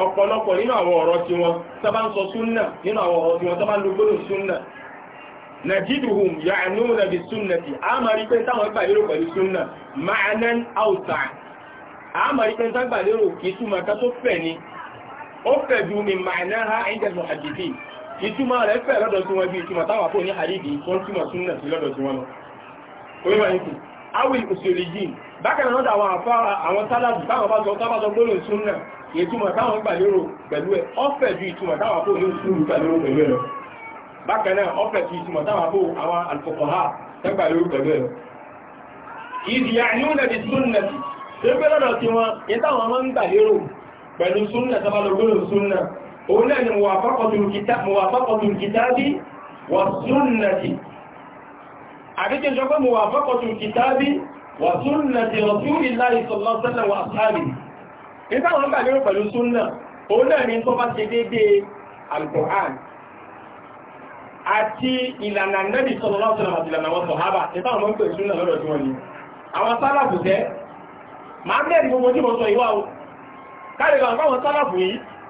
ọ̀pọ̀lọpọ̀ nínú àwọn ọ̀rọ̀ tí wọn tá bá ń sọ súnnà nínú àwọn ọ̀rọ̀ tí wọn tá bá ń lo gbólóhùn ìtumọ̀ rẹ̀ fẹ́ lọ́dọ̀ tí wọ́n bí ìtumọ̀ táwọn àpò ní àrídìí tó ń túmọ̀ súnmọ̀ sí lọ́dọ̀ tí wọ́n lọ. oríwọ̀ ìkù awil usulijin bákan náà lọ́dọ̀ àwọn àfá àwọn sálàdì táwọn bá sọ tábàtọ̀ gbólóhùn súnmọ̀ ìtumọ̀ táwọn gbà lérò pẹ̀lú ẹ̀ ọ̀fẹ́ ju ìtumọ̀ táwọn àpò ní súnmọ̀ gbà lérò pẹ̀lú ẹ̀ lọ. bákan náà ọ̀fẹ́ ju ìtumọ̀ táwọn àpò àwọn alfuqaha tẹ́gbà lérò pẹ̀lú ẹ̀ lọ. ìdí àyúnà bí súnmọ̀ òun náà ni muwafaqatul kitabi wa sunnati àríkẹ́ sọ pé muwafaqatul kitabi wa sunnati rasulillahi sallallahu alaihi wasallam wa ashabihi nígbà wọn bá lérò pẹ̀lú súnnà òun náà ni tó bá ṣe déédéé alkùnrán àti ìlànà nẹ́bì sallallahu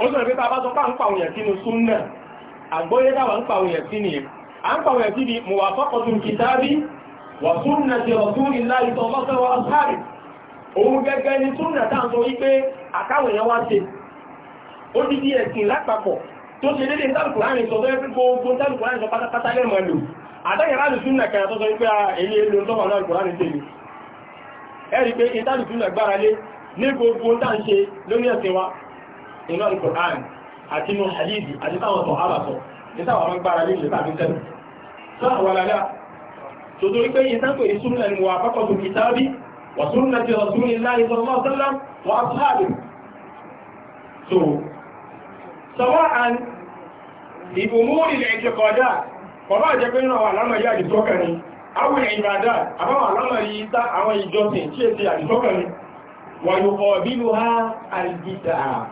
ó sọ̀rọ̀ pé bàbá sọ pá ń pàwọn èèyàn sínú súnnà àgbóyé dáwà ń pàwọn èèyàn sí ni à ń pàwọn èèyàn ni mo wà fọ́kọ̀tún kìtàbí wà súnnà ti ọ̀tún ilá ìtọ̀ lọ́sọ̀rọ̀ ọ̀sárì òun gẹ́gẹ́ ni súnnà tá à ń sọ wípé àkáwọn èèyàn wá ṣe ó ti di ẹ̀sìn lápapọ̀ tó ṣe dédé sálùkùnrin sọ pé gbogbo sálùkùnrin sọ pátápátá lẹ́mọ̀ lò àdáyẹ̀rá lù súnnà kan tó sọ wípé ah, ní gbogbo tá ń ṣe lórí ẹ̀sìn wa inú alukur'an àti inú hadithi àti táwọn sọ ara sọ ní táwọn ọmọ gbára lè lẹ́ta àbí tẹ́lẹ̀ sọ àwàlálà tó torí pé yìí sáńpẹ̀ ní súnmọ́ ni wà fọ́kọ̀ tó kìtàbí wà súnmọ́ ti rọ̀ súnmọ́ láì sọ mọ́ sọ́lá wà á sáàbì so sọwọ́ àn ìbò múrì lè ti àwọn ìrìnàdà àbáwà lámà yìí tá àwọn ìjọsìn tí èsì àdìsọ́kà ni wà yóò kọ̀ ha àdìsọ́kà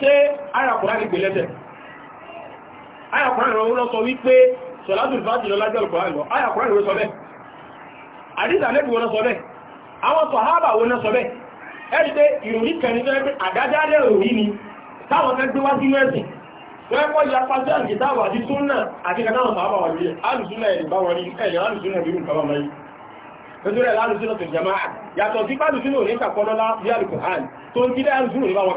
ṣé ayàkùnrin ní gbẹ̀lẹ́tẹ̀ ayàkùnrin rẹ̀ ló sọ wípé sọ̀látù ìfàájì lọ lájọ́ ìkùnrin lọ ayàkùnrin rẹ̀ sọ bẹ́ẹ̀ àdíjà lẹ́bí wọn sọ bẹ́ẹ̀ àwọn sọ̀hábà wọn sọ bẹ́ẹ̀ ẹ̀rí pé ni táwọn fẹ́ gbé wá sínú ẹ̀sìn wọ́n kọ́ ya pàṣẹ àgbétáwà àti súnà àti kanáwọn sọ̀hábà wà lórí alùsúnà ẹ̀rì bá wọn rí ẹ̀yìn alùsúnà ìrù nǹkan wọn lẹ́yìn nítorí alùsúnà tó jẹmáà yàtọ̀ sí pàdùsúnà òní kàkọ́lọ́lá bí alùkùnrin tó ń kílẹ̀ alùsúnà òní bá wọn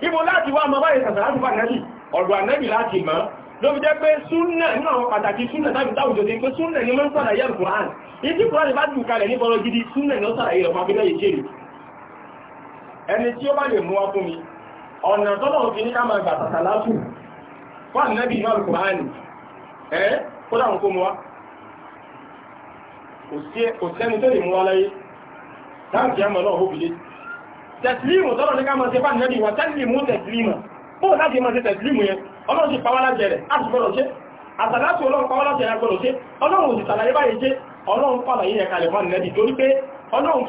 ibo láti wá mọ báyìí sàtà láti wà nẹ́bì ọ̀dọ̀ ànẹ́bì láti mọ́ ló fi jẹ́ pé súnà nínú àwọn pàtàkì súnà tàbí táwùjọ ti pé súnà ni wọ́n sàlàyé alukuran ìdí kúrò bá dùn kalẹ̀ ní bọ́lọ́ gidi súnà ni ó sàlàyé ọmọ abẹ́lẹ́ yìí ṣe ẹni tí ó bá lè mú wá fún mi ọ̀nà tọ́lọ̀ òfin ní ká máa gbà sàtà látù wà nẹ́bì ní alukuran ẹ́ kó dáhùn kó mu wá kò sẹ́ni tó lè mú wá láyé táǹkì àmọ́ náà ó fi dé tẹ̀sílìmù tọ́lọ̀ ní ká mọ́ sí fáànì lẹ́bí wà tẹ́sílìmù tẹ̀sílìmù fóò láti mọ́ sí tẹ̀sílìmù yẹn ọlọ́run sì pàwọ́ láti ẹ̀rẹ̀ láti gbọ́dọ̀ ṣe ọlọ́run pàwọ́ gbọ́dọ̀ ṣe ọlọ́run báyìí ṣe ọlọ́run pàlàyé yẹn kalẹ̀ torí pé ọlọ́run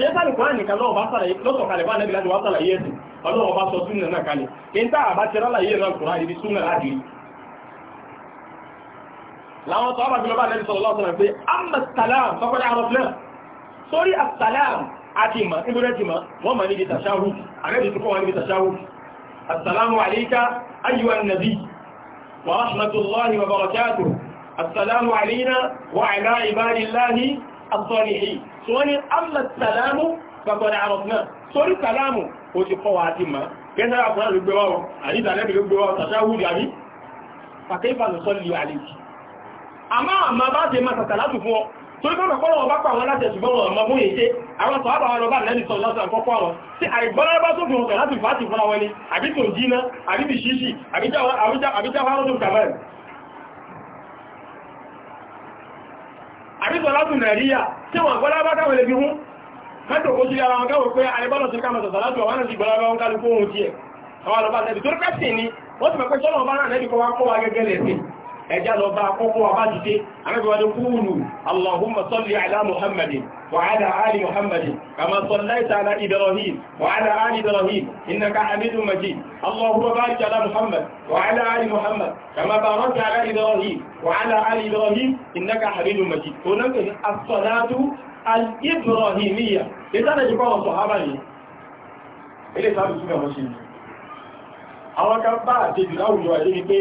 nìkan àti ìmọ̀ ìbúrẹ́ ti mọ̀ wọ́n mọ̀ níbi tàṣáhù àrẹ́bì tó kọ́ wọn níbi tàṣáhù assalamu alaika ayyuhan nabi wa rahmatullahi wa barakatuh assalamu alaina wa ala ibadillahi as-salihin so wani amma salamu gbogbo da arọ̀fún sórí salamu ó ti kọ́ wa àti mọ̀ kẹsàrà àkùnrin ló gbé wá wọn àdìsà lẹ́bì ló gbé wá tàṣáhù gàbí fàkẹ́fà lọ sọ́lì àlejì àmá àmá bá ti mọ̀ sàtàlátù fún torí pé mọ̀kọ́ lọ́wọ́ bá pa àwọn aláṣẹ ṣùgbọ́n wọn ọmọ mú èṣe àwọn sọ àbàwọn ọba lẹ́nu sọ lọ́sọ̀ àkọ́kọ́ wọn tí àìgbọ́nlọ́bá tó fi hàn láti fàájì fúnra wọn ni àbí tó jíná àbí bí ṣíṣì àbíjáwá rọ́dùn kàmẹ́rin àbí sọ̀látù nàìjíríà tí wọ́n gbọ́lábá káwọn ebi hún mẹ́tò kó sí ara wọn káwọn pé àìbọ́lọ̀ sí káwọn sọ̀látù àwọn àti gbọ́lábá wọn kálukú ohun tí ẹ̀ àwọn àlọ́bá nẹ́bì tó rí pẹ́sì ni wọ́n ti mẹ́kọ́ sọ́lọ̀ bá náà nẹ́bì kọ́ wá kọ́ wá gẹ́gẹ́ lẹ́sìn ẹjá lọ bá kọ́kọ́ ọba dìde arẹ́bẹ̀wọ́dé kúrùnù allahumma salli ala muhammadin wa ala ali muhammadin kama sallaita ala ibrahim wa ala ali ibrahim innaka hamidun majid allahumma barik ala muhammad wa ala ali muhammad kama barakta ala ibrahim wa ala ali ibrahim innaka hamidun majid to nan ke as-salatu al-ibrahimiyya idan ji ko sahaba ni pé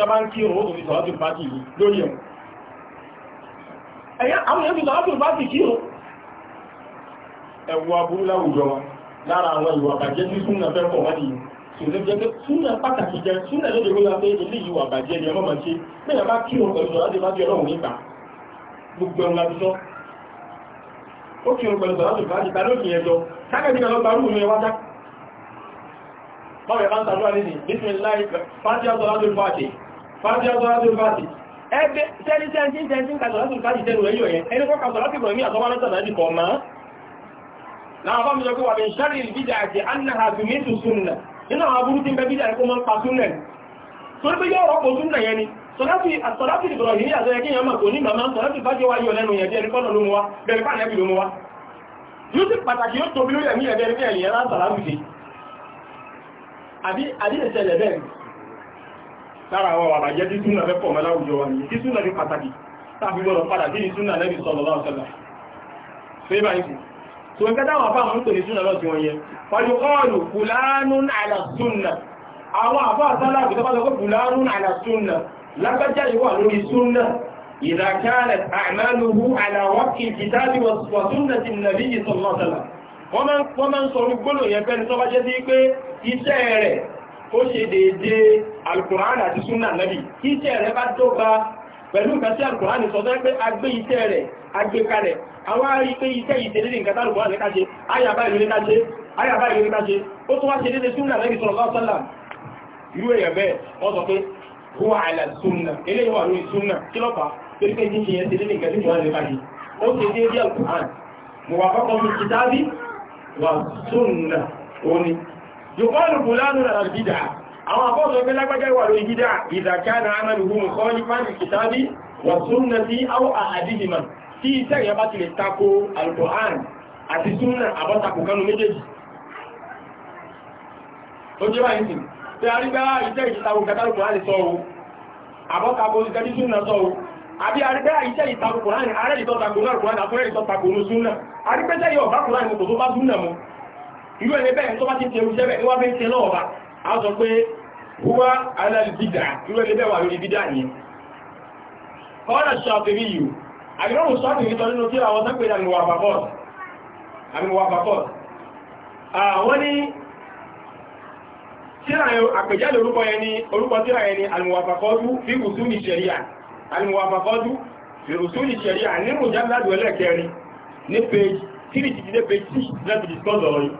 tọ́bá ń kí òun òfin sọ̀rọ̀ tó bá ti yìí lórí ẹ̀ ẹ̀yà àwọn èèyàn fi sọ̀rọ̀ tó bá ti kí o ẹ̀wọ̀ aburú láwùjọ wa lára àwọn ìwà bàjẹ́ tí súnà fẹ́ pọ̀ wá nìyí ṣùgbọ́n jẹ́ pé súnà pàtàkì jẹ́ súnà ló dé wíwá pé ilé ìwà bàjẹ́ ni ọmọ ṣe bẹ́ẹ̀ bá kí òun pẹ̀lú sọ̀rọ̀ tó bá ti ọlọ́run nígbà gbogbo ẹ̀rùn láti sọ ó kí òun pẹ̀lú sọ̀rọ̀ tó bá ti ta lókè ẹjọ́ sákẹ́jì kan lọ gbarú mi wájá báwo ẹ̀ máa ń sàdúrà nínú bísí Ẹgbẹ́ tẹ́lí tẹ́ntí tẹ́ntí kàtàlátì káàdì tẹ́nu ẹ̀yọ̀ yẹn, ẹni kọ́ kàtàlátì bọ̀ mí àtọwọ́ lọ́tọ̀ láti kọ̀ máa. Láwọn bá mi sọ pé wà ní ṣáàrì ìbíjà àti annaha fi mí tù súnnà. Nínú àwọn aburú tí ń bẹ bíjà ẹ̀kọ́ máa ń pa súnnà. Torí pé yọ́ rọ́pò súnnà yẹn ni, sọ̀láfì àtọ̀láfì ìbọ̀rọ̀ yìí àtọ́yẹ kí yẹn máa kò ní màmá sọ̀láfì bá jẹ́ wáyé ọ̀lẹ́nu yẹn bí ẹni kọ́nà ló mú wa, bẹ̀rẹ̀ pàdé bí ló mú wa. Yóò sì pàtàkì yóò tóbi lórí ẹ̀mí ẹ̀bẹ̀rẹ̀ bí ẹ̀yẹn rán sọ̀láfì sí. Àbí àdí ìṣẹ̀lẹ̀ bẹ́ẹ̀ lára àwọn àbàjẹ́ tí súnà fẹ́ pọ̀ mọ́ láwùjọ wa nìyí tí súnà fi pàtàkì tàbí gbọ́dọ̀ padà sí ìsúnà lẹ́bí sọ̀rọ̀ lọ́sọ̀lá so ibà ní kù so ẹgbẹ́ táwọn àfáà ń tò ní súnà lọ́sí wọn yẹ pẹ̀lú kọ́ọ̀lù fulanun ala súnà àwọn àfáà sálà tó bá sọ fulanun ala súnà lágbájá ìwà lórí súnà idha kanat a'maluhu ala waqti kitabi wa sunnati nabiyyi bá jẹ́ sí pé iṣẹ́ rẹ̀ tó ṣe déédé alkùránì àti súnà nàbì kí iṣẹ́ rẹ̀ bá dọ́gba pẹ̀lú nǹkan tí alkùránì sọ tó pé agbé iṣẹ́ rẹ̀ agbé kalẹ̀ àwọn arí pé iṣẹ́ ìṣẹ́lẹ̀ nǹkan tí alkùránì ká ṣe ayàbá ìlú ká ṣe ayàbá ìlú ká ṣe ó tún wá ṣe déédé súnà nàbì sallallahu alaihi wasallam irú èèyàn bẹ́ẹ̀ wọ́n sọ pé huwa ala súnà eléyìí wà lórí súnà kí lọ́pàá pé pé jíjìn yẹn ṣe déédé nǹkan tí alkùránì ká ṣe ó ṣe yùkọ́lù fúlánù àgbìdà àwọn àbọ́sọ̀ pé lágbàjá wà lórí gídà ìdàkà na amẹ́lùkú mùkọ́lù fáàlì kìtàbí wà súnnà sí àwọ̀ àdìdìmà tí iṣẹ́ ìyàbá ti lè tako alkùnrin àti súnnà àbọ́takù kanu méjèèjì ó jẹ́ bá ìsìn tí a rí bá iṣẹ́ ìtakù kàtàkù kùnrin sọ́wọ́ àbọ́takù kàtàkù súnnà sọ́wọ́ àbí àrígbé iṣẹ́ ìtakù kùnrin arẹ́lì tọ́takù náà kùnrin àtúrẹ́lì tọ́takù ní irú ẹni bẹ́ẹ̀ tó bá ti tẹ̀rù jẹ́bẹ̀ ní wá fẹ́ tẹ́ náà bá a sọ pé wúwá alálìbìdà irú ẹni bẹ́ẹ̀ wà lórí bídà yìí ọ̀nà ṣàfihì yìí àgbẹ̀rún ṣàfihì tọ́ nínú tí àwọn tẹ́pẹ̀ ní àmìwàbàkọ́t àwọn ní àpèjálè orúkọ ẹni orúkọ tíra ẹni àmìwàbàkọ́dú fi rùsùn ní ṣẹ̀ríà àmìwàbàkọ́dú fi rùsùn ní ṣẹ̀ríà page 3 ti dé page 6 láti discuss ọ̀rọ̀ yìí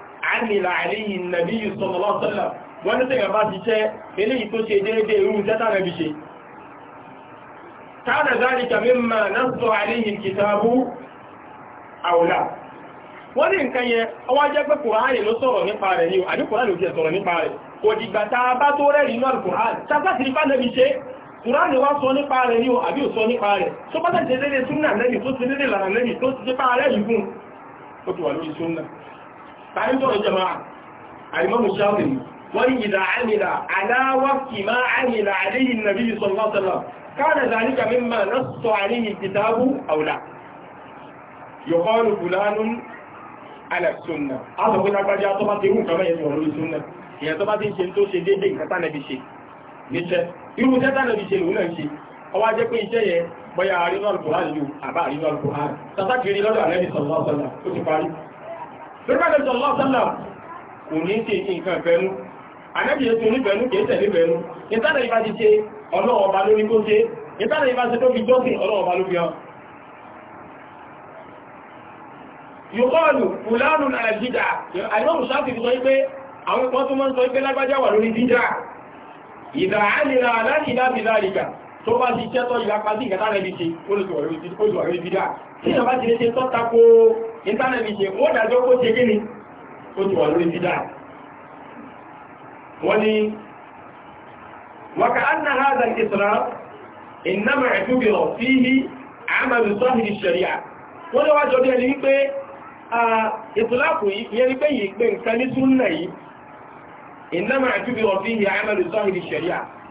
àmìlà àríyìn nàbí ìsọ̀lọ́sọ́lá wọ́n ní tẹ́gbà bá ti ṣẹ́ eléyìí tó ṣe déédé irú tẹ́tà rẹ̀ bí ṣe káàdà záríkà mímọ̀ náà sọ àríyìn kìtàbù àwòlá wọ́n ní nǹkan yẹn ọwọ́ jẹ́ pé kùránì ló sọ̀rọ̀ nípa rẹ̀ ní àbí kùránì ló ti sọ̀rọ̀ nípa rẹ̀ kò dìgbà tá a bá tó rẹ̀rì inú àlùkùránì sáfàtì nípa nẹ́bi ṣe kùránì wá sọ nípa rẹ̀ ní àbí ò sọ nípa rẹ̀ tó bá tẹ̀sẹ̀ lédè súnà nẹ́bi tó ti lédè lànà nẹ́bi tó ti dé bá rẹ̀ yìí gùn ó ti wà lórí súnà tàbí sọ̀rọ̀ jama'a alimamu shafi wọ́n ni ìdá àmìlà aláwọ́kì máa àmìlà àdéyìn nàbí sallallahu alaihi wasallam káàdà zàríkà mímọ̀ nọ́sọ̀ àríyìn kitabu àwùlà yọ̀kọ́lù fulanun ala sunna a sọ pé lágbájá tó bá ti rú nǹkan mẹ́yẹ̀ sọ̀rọ̀ lórí sunna ìyẹn tó bá ti ń ṣe tó ṣe déédéé nǹkan tánàbí ṣe níṣẹ́ irú iṣẹ́ tánàbí ṣe lòun àrínú alùpùrán yóò àrínú alùpùrán tàbí kiri lọ́dọ̀ Bíkọ́lẹ̀ sọ̀lọ́ sọ́lọ́ kò ní ṣe nǹkan ìfẹ́nú. Ànẹ́bì yẹ́ tó ní fẹ́nú kìí tẹ̀lé fẹ́nú. Ìtàdà ìbá ti ṣe ọlọ́ọ̀ba lórí kó ṣe, ìtàdà ìbá ti tó fi jọ́sìn ọlọ́ọ̀ba lórí ọ. Yòkọ́ọ̀lù, sọ pé àwọn ìpọ́n tó mọ́ sọ pé lágbájá lórí jídà. Ìdà á nira aláìdá tó bá ti jẹ́ tọ́ ìyapa sí ìkẹta rẹ̀ bí ṣe olùsọ̀rọ̀ ìbídá tí ìjọba ti lè ṣe tọ́ tako ìntánẹ̀bí ṣe wọ́n dájọ́ kó ṣe kí ni ó ti wà lórí ìbídá wọ́n ni waka anna haza isra innama ẹ̀túbìrọ̀ fihi amalu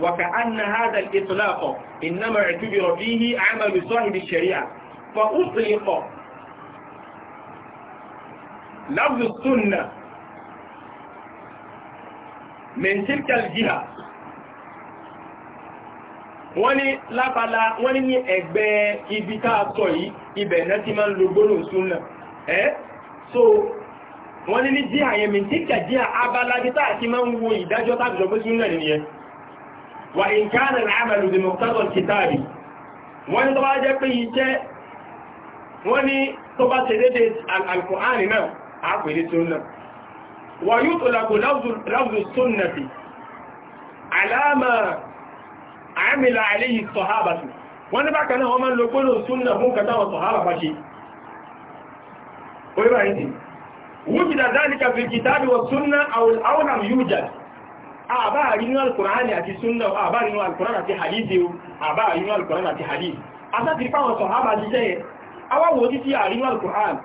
وكأن هذا الإطلاق إنما اعتبر فيه عمل صاحب الشريعة فأطلق لفظ السنة من تلك الجهة wọ́n ní lápàlá wọ́n ní ní ẹgbẹ́ ibi tá a sọ yìí ibẹ̀ náà ti máa ń lo gbóòrò súnà ẹ́ so wọ́n ní ní jíhà yẹn mìí tí kẹ̀ jíhà abálájí táà ti máa ń wo ìdájọ́ tàbí lọ pé súnà nìyẹn وإن كان العمل بمقتضى الكتاب وإدراج به شيء وني طبط لديه القرآن نعم عفو للسنة ويطلق لفظ السنة على ما عمل عليه الصحابة وإن بقى كان هو من لكل السنة هم كتاب الصحابة فشي ويبقى انت وجد ذلك في الكتاب والسنة او الاولى يوجد àbá àrínú alkùnránì àti súnnà àbá àrínú alkùnránì àti hadithi o àbá àrínú alkùnránì àti hadith asáti fáwọn sọ̀hábà jíṣẹ́ yẹ awáwò títí àrínú alkùnránì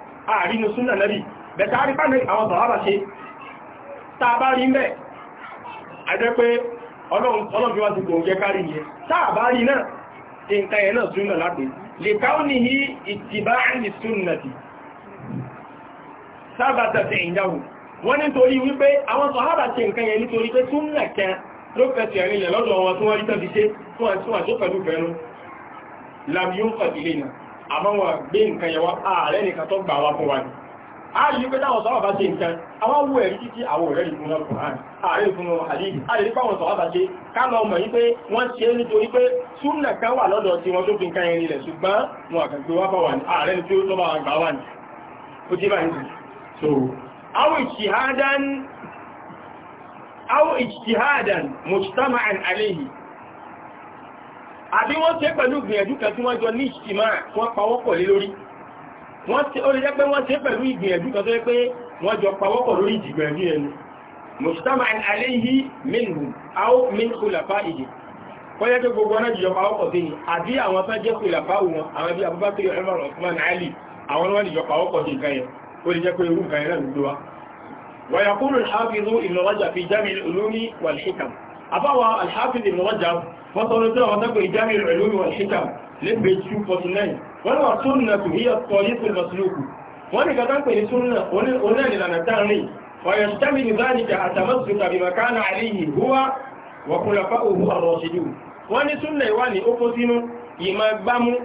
àrínú súnnà nabi bẹ̀ta àrífà ní àwọn sọ̀hábà ṣe tàbá rí mẹ́ àjẹ́ pé ọlọ́run fi wá ti gbòǹgẹ́ kárí yẹ tàbá rí náà nǹkan ẹ̀ náà súnnà lápé lè káwọn ní ìtìbá ní súnnà ti sábàtà sí ìyáwó wọ́n nítorí wípé àwọn sọ̀hábà ṣe nǹkan yẹn nítorí pé tún nà kẹ ló fẹsẹ̀ rìn yẹn lọ́dọ̀ wọn tí wọ́n rí tẹ́bi ṣe fún àtúnwà tó pẹ̀lú fẹ́nu làbíyún fàdílé nà àmọ́ wọn gbé nǹkan yẹn wá ààrẹ nìkan tó gbà wá fún wa ni a yìí pé táwọn sọ̀rọ̀ bá ṣe nǹkan àwọn wú ẹ̀rí títí àwọn ọ̀rẹ́ ìfún náà kùnrin ààrẹ ìfún náà àdíjì a lè rí pàwọn sọ̀rọ̀ bá ṣe kánà ọmọ yìí pé wọ́n ṣe é nítorí pé súnà kan wà lọ́dọ̀ tí wọ́n tó fi nǹkan yẹn rinlẹ̀ ṣùgbọ́n wọn àkàgbé wá fà wà ní ààrẹ ní tí ó tọ́ bá gbà wà ní ó jẹ́ báyìí أو اجتهادا أو اجتهادا مجتمعا عليه àbí wọ́n ṣe pẹ̀lú ìgbìyànjú kan tí wọ́n jọ ní ìṣìmá wọ́n pawọ́pọ̀ lé lórí wọ́n ṣe ó lè jẹ́ pé wọ́n ṣe pẹ̀lú ìgbìyànjú kan tó yẹ pé wọ́n jọ pawọ́pọ̀ lórí ìgbìyànjú ẹnu mujtama'an alayhi minhu aw min khulafa'ihi wọ́n yẹ́ pé gbogbo ọ̀nà jùjọ pawọ́pọ̀ sí ni àbí àwọn tó jẹ́ khulafa wọn àwọn bí ويقول الحافظ ابن رجب في جامع العلوم والحكم أفوى الحافظ ابن رجب فصلتنا وتقوى جامع العلوم والحكم لبيت 249 ولو السنة هي الطريق المسلوك ولكتنك لسنة ونال لنا تعني ويشتمل ذلك التمسك بما كان عليه هو وخلفاؤه الراشدون ولسنة يواني أفسن إما بام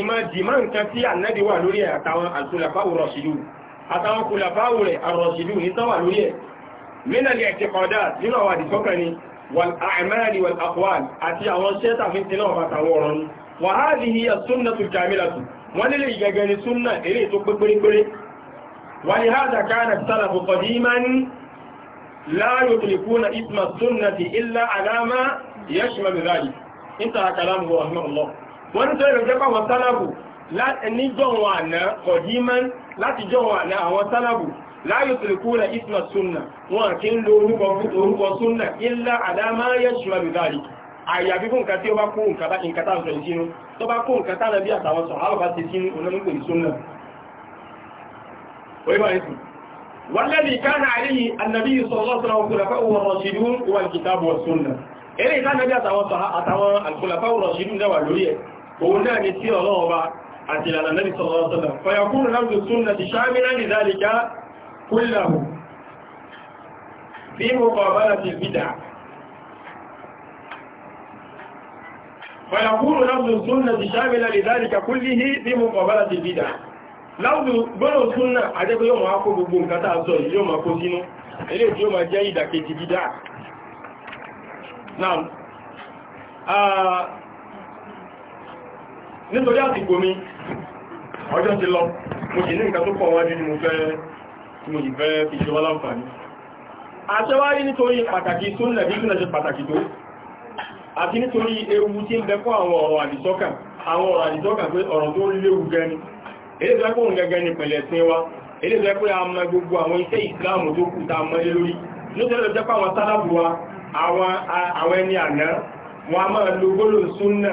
إما جمان كثير النبي ولولي أتوى الخلفاء الراشدون àtàwọn kùlà fáwò rẹ̀ àrọ̀ṣìlú ní tọ́wà lórí ẹ̀ mínà ní ẹ̀kẹ́ kọ̀dá nínú àwọn àdìsọ́kàn ni wal a'mali wal aqwal àti àwọn ṣẹ́ta fi ti náà bàtàwọn ọ̀rọ̀ ni wa hadhihi as-sunnatu al-kamilatu wọ́n nílé ìgẹ̀gẹ̀ ni súnnà eré tó pé pérépéré wa li hadha kana as-salafu qadiman la yutlikuna isma as-sunnati illa wọn àná qadiman láti jọ wà ní àwọn sálàbù láyò tìrìkúnà isma súnnà wọn kí ń lo orúkọ súnnà ilá àdámá yẹ́ṣùmọ̀ bìbáàrí àyàbí fún nǹkan tí ó bá kó nǹkan tá nǹkan tá sọ̀rọ̀ sínú tó bá kó nǹkan tá nàbí àtàwọn sọ̀rọ̀ àwọn ti sínú onímọ̀kò súnnà والذي كان عليه النبي صلى الله عليه وسلم الكتاب والسنة إليه كان النبي أتوى الخلفاء الراشدون ده وليه هو النبي صلى الله عليه àti ìlànà Nabi sallallahu alaihi wasallam fayakúrù hamdu sunnati shamilan li dhalika kullahu fi muqabalati al-bid'ah فيقول لفظ السنة شاملا لذلك كله في مقابلة البدع لفظ gbọ́nà súnnà àjẹ́gbé yóò máa kó gbogbo nǹkan tàà sọ yóò máa kó sínú ilé tí ó máa jẹ́ ìdàkejì bídá náà nítorí àsìkò mi ọjọ́ ti lọ mo sì ní nǹkan tó pọ̀ wájú ni mo fẹ́ mo sì fẹ́ fi ṣe wọ́n láǹfààní àṣẹwárí nítorí pàtàkì tó ń lẹ̀bí túnlẹ̀ ṣe pàtàkì tó àti nítorí ewu tí ń bẹ fún àwọn ọ̀rọ̀ àdìsọ́kà àwọn ọ̀rọ̀ àdìsọ́kà pé ọ̀rọ̀ tó léwu gẹni èdè tó ẹkùn gẹgẹ ni pẹ̀lẹ̀ sí wa èdè tó ẹkùn àmọ gbogbo àwọn iṣẹ́ ìsìláàmù tó kù tá a mọ́ lórí nítorí ọjọ́ pàwọn sálábù àwọn ẹni àná wọn a máa lo gbólóhùn súnnà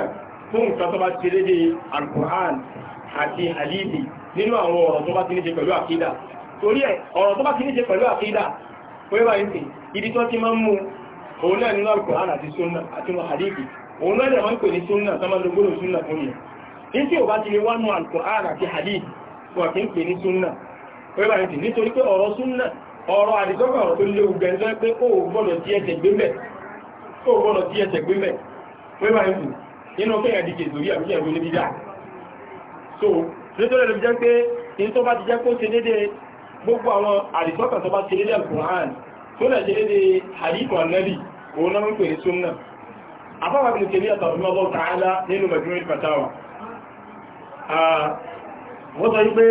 fún nǹkan tó bá ti rédè alkùnrán àti àlìdì nínú àwọn ọ̀rọ̀ tó bá ti níṣe pẹ̀lú àkídà torí ẹ̀ ọ̀rọ̀ tó bá ti níṣe pẹ̀lú àkídà pẹ́bà ìsìn ibi tó ti máa ń mú òun náà nínú alkùnrán àti súnà àti àlìdì òun náà dẹ̀ máa ń pè ní súnà tó máa ń gbóòrò súnà fún yẹn ní tí ò bá ti inú kẹ́yà di kèzòrí àbúkẹ́ ẹ̀rọ ní dídá so nítorí ẹ̀rọ jẹ́ pé in tó bá ti jẹ́ kó ṣe dédé gbogbo àwọn àdìsọ́kàn tó bá ṣe dédé Al-Qur'an tó lẹ̀ ṣe dédé hadith annabi òun náà ń pè ní sunna afọ́wà bí kèmí àtàwọn ọmọ tààlá nínú majmu'ul fatawa wọ́n sọ wípé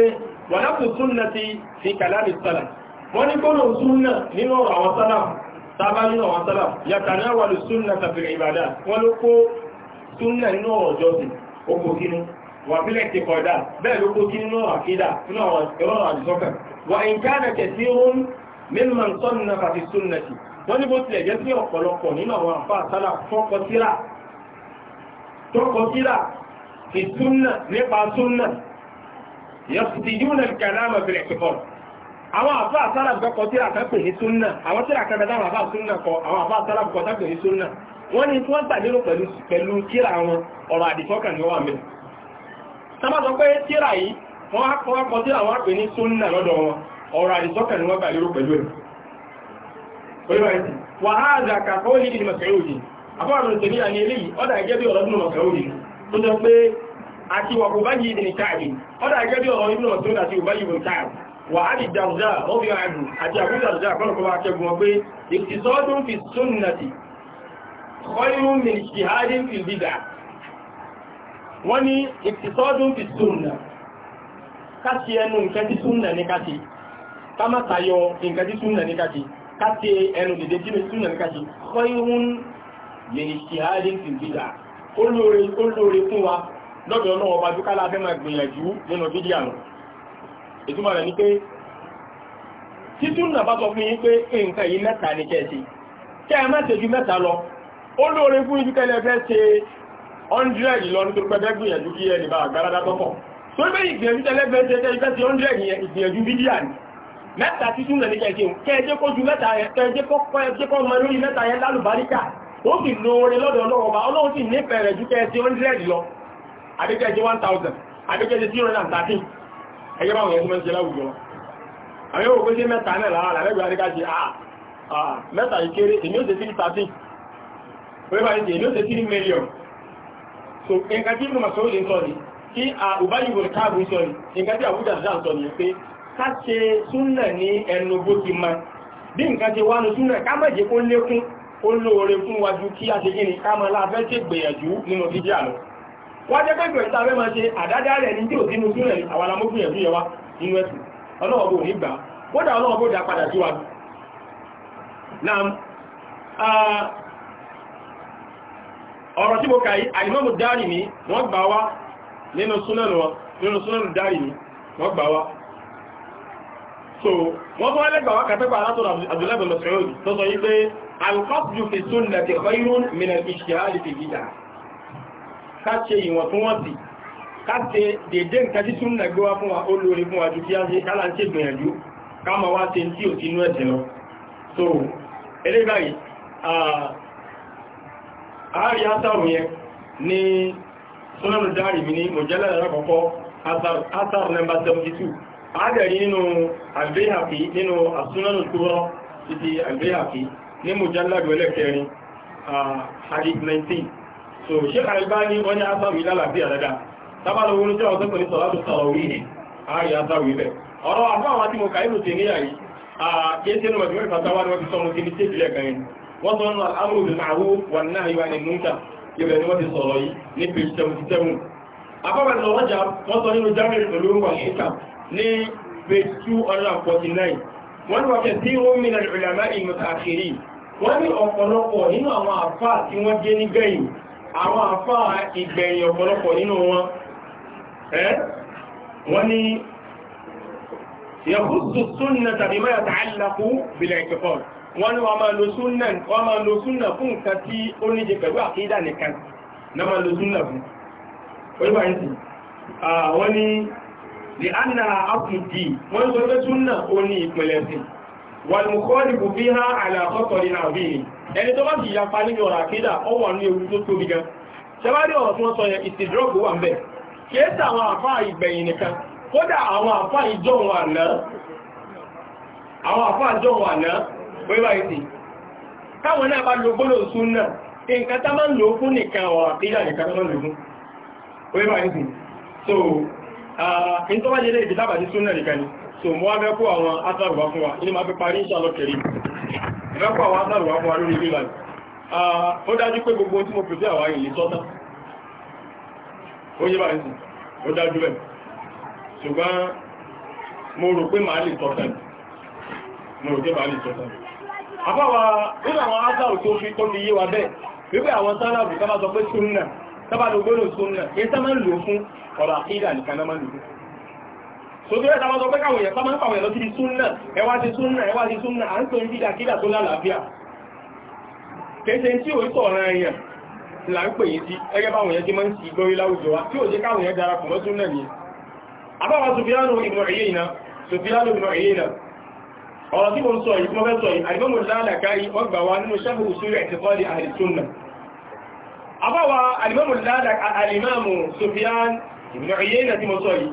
wà náà fún sunna ti fi kàlámì sálà wọ́n ní kó lóun sunna nínú àwọn sálà tábà nínú súnà nínú ọ̀rọ̀ jọ́sìn ó kó kínú wà bílẹ̀ ti kọ̀dá bẹ́ẹ̀ ló kó kínú náà àkídà nínú àwọn ẹ̀rọ àdìsọ́kàn wà ìkádà kẹsí ohun mímọ̀ nǹkan nínú àti súnà wọ́n ní bó tilẹ̀ jẹ́ sí ọ̀pọ̀lọpọ̀ nínú àwọn àfa àsálà tọkọtíra ti súnà nípa súnà yẹ àwọn àbá àtàrà gbọ́kọ̀ tí àkà pè ní súnnà àwọn tí àkà mẹ́ta àbá súnnà kọ àwọn àbá àtàrà gbọ́kọ̀ tá pè ní súnnà wọ́n ní tí wọ́n gbàdérò pẹ̀lú pẹ̀lú kíra wọn ọ̀rọ̀ àdìsọ́kàn ni wọ́n mẹ́rin sábàtọ̀ pé kíra yìí wọ́n á kọ́ tí àwọn àpè ní súnnà lọ́dọ̀ wọn ọ̀rọ̀ àdìsọ́kàn ni wọ́n وعلي الدرداء رضي عنه حتى أبو الدرداء قالوا كما أعتبوا به اقتصاد في السنة خير من اجتهاد في البدع وني اقتصاد في السنة كاتي أنه كاتي سنة نكاتي كما تايو إن كاتي سنة نكاتي كاتي أنه لديتي من سنة نكاتي خير من اجتهاد في البدع قلوا لي قلوا لي قوة lọ́dọ̀ náà ọba dúkálá fẹ́ máa gbìyànjú nínú fídíà náà ìtumọ̀ rẹ̀ ni pé títún nàbá sọ fún yín pé nǹkan yìí mẹ́ta ní kẹ́ẹ̀sì kẹ́ ẹ má ṣe ju mẹ́ta lọ ó lóore fún ibi kẹ́lẹ́ fẹ́ ṣe 100 lọ nítorí pẹ́fẹ́ gbìyànjú kí ẹni bá àgbàládá tọ́pọ̀ tó bẹ́ ìgbìyànjú tẹ́lẹ́ fẹ́ ṣe tẹ́ ìfẹ́ sí 100 yẹn ìgbìyànjú fídíà ni mẹ́ta títún nàní kẹ́ẹ̀sì kẹ́ẹ̀jẹ́ kó ju mẹ́ta ẹgbẹ́ báwọn yẹn tó mẹ́sẹ̀ láwùjọ àwọn yóò kó sí mẹ́ta náà lára làbẹ́gbẹ́ adéká ṣe àà ah, ah, mẹ́ta yìí kéré èmi ó ṣe sí tàbí wọ́n bá ṣe èmi ó ṣe sí mílíọ̀n so nǹkan tí mo sọ lè sọ ni kí àbúbáyìí wò káàbù sọ ni nǹkan tí àbújá dá sọ ni pé ká ṣe súnà ní ẹnu bó ti ma bí nǹkan ti wá nu súnà ká má jẹ́ kó lékún ó lóore fún wájú kí a ṣe kí ni ká mọ́ láfẹ́ ṣègbèyànjú nínú fídíà lọ wọ́n jẹ́ pẹ́gbẹ̀ ìta fẹ́ máa ṣe àdájá rẹ̀ ní tí ò sínú sílẹ̀ àwọn alamófin ẹ̀fún yẹwa nínú ẹ̀sìn ọlọ́wọ́ bò ní gbà kódà ọlọ́wọ́ bò dá padà sí wa ọ̀rọ̀ tí mo kàí àìmọ́mù dárì ní wọ́n gbà wá nínú súnánù dárì ní wọ́n gbà wá so wọ́n tó ẹlẹ́gbà wá kàtẹ́gbà látọ̀rọ̀ Abdullahi bin Mas'ud tó sọ yí pé al-qasdu fi sunnati khayrun min al-ijtihad fi ká ṣe ìwọ̀ntúnwọ̀nsì ká ṣe dédé nǹkan tí súnnà gbé wá fún wa ó lórí fún wa ju kí á ṣe kálá ń ṣe gbìyànjú ká wá ṣe tí ò ti inú ẹ̀sìn lọ so eré báyìí ààrí asáàrù yẹn ní súnnà dáàrí mi ní mọ̀jẹ́lẹ̀ alákọ̀ọ́kọ́ asáàrù nọ́mbà 72 àádẹ̀rí nínú àgbéhàfí nínú àsúnnà kúrọ́ títí àgbéhàfí ní mọ̀jẹ́lẹ̀ ẹlẹ́kẹrin 19 so ṣe àìbá ní wọ́n ní asáwì lálàbí àdádá tábàlù wọn jẹ́ ọ̀sẹ́ pẹ̀lú sọ̀rọ̀ sọ̀rọ̀wí ni ààrẹ asáwì bẹ̀ ọ̀rọ̀ àbá àwọn tí mo kà ìlú tèmi àyí àkéṣe ní mọ̀júmọ́ ìfàtàwà ni wọ́n ti sọ mo ti ní tèbílẹ̀ kan yìí wọ́n sọ nù àmúrù bí màrú wà náà yíwa ní múta ibẹ̀ ni wọ́n ti sọ̀rọ̀ yìí ní page seventy seven àbábà sọ wọ́n jà wọ́n sọ nínú jámẹ́ pẹ̀lú ní page ní wọ́n wọ́n ní ọ̀pọ̀lọpọ̀ nínú àwọn àfáà tí wọ́n jẹ́ ní gẹ̀yìn àwọn àfáà ìgbẹ̀yìn ọ̀pọ̀lọpọ̀ nínú wọn ẹ́ wọ́n ni yàkúsù súnnà tàbí mẹ́ta tààlàkú bílẹ̀ ìkẹfọ́ wọ́n ni wọ́n máa lo súnnà fún nǹkan tí ó níje pẹ̀lú àkídà nìkan na máa lo súnnà fún oríbáyìntì wọ́n ni lè á nà ápùdì wọ́n ni ẹni tó bá ti yapa níbi ọ̀rọ̀ àkídà ó ní ewu tó tóbi gan ṣẹbárí ọ̀rọ̀ tí wọ́n sọ yẹn ìsìdírọ́pù wà ń bẹ̀ kéèsì àwọn àfáà ìgbẹ̀yìn nìkan kódà àwọn àfáà ìjọun àná àwọn àfáà so ni so mo wá fẹ́ kó àwọn átàrùbá fún wa inú ma fi ìrọ́pọ̀ àwọn agbárò wà fún alórí ilé báyìí ó dájú pé gbogbo tí mo pèsè àwọn ilé sọ́tán ó yé báyìí sí ó dájú bẹ́ẹ̀ ṣùgbọ́n mo rò pé màá lè sọ́tán mo rò pé màá lè sọ́tán àbáwa nínú àwọn agbárò tó fi tó fi yé wa bẹ́ẹ̀ wípé àwọn sálàbù ká máa sọ pé súnnà tábàlógbólò súnnà kí sábà ń lò fún ọ̀rọ̀ àkídà nìkan náà máa ń lò fún tóbi rẹ̀ tàbí ọgbẹ́ káwọn èèyàn sábà ń pàwọn ẹ̀lọ́ sí súnnà ẹwà sí súnnà ẹwà sí súnnà à ń tó ní dídàkídà tó lálàáfíà kéṣe tí ò ń sọ̀rọ̀ èèyàn là ń pè yí sí ẹgẹ́ báwọn èèyàn ti máa ń sì gbórí láwùjọ wa tí ò jẹ́ káwọn èèyàn darapọ̀ mọ́ súnnà ni àbáwá Sufyanu ibn Uyayna Sufyanu ibn Uyayna ọ̀rọ̀ tí mo sọ yìí mo fẹ́ sọ yìí àìmọ́mù lálàkárí ọgbà wa nínú sharh usul i'tiqad ahli sunnah àbáwá àìmọ́mù lálàkárí Al-Imam Sufyan ibn Uyayna tí mo sọ yìí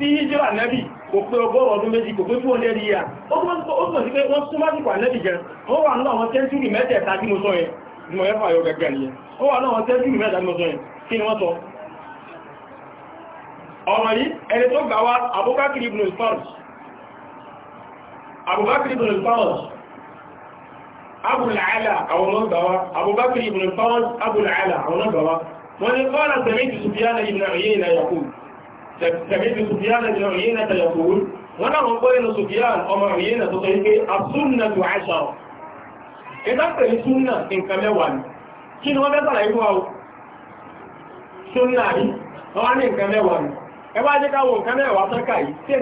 sí hijira nẹ́bì kò pé ọgọ́rùn ọdún méjì kò pé fún ọdún ẹ̀rí yà ó túnmọ̀ sí pé wọ́n súnmọ́ sí pà nẹ́bì jẹ wọ́n wà náà wọn tẹ́júrì mẹ́tẹ̀ẹ̀ta tí mo sọ yẹn ni mo yẹ́fà yọ gẹ́gẹ́ nìyẹn ó wà náà wọn tẹ́júrì mẹ́tẹ̀ẹ̀ta tí mo sọ yẹn kí ni wọ́n sọ ọ̀rọ̀ yìí ẹni tó gbà wá Abubakar ibn al سمعت سفيان بن عيينة يقول وانا مقبل سفيان أما عيينة تطيب السنة عشر إذا قلت سنة إن كموان kí ni wọ́n bẹ́ sàlàyé fún àwọn ṣúnnà rí wọ́n ní nǹkan mẹ́wàá ní ẹwà jẹ́ káwọn nǹkan mẹ́wàá sọ́kà yìí tí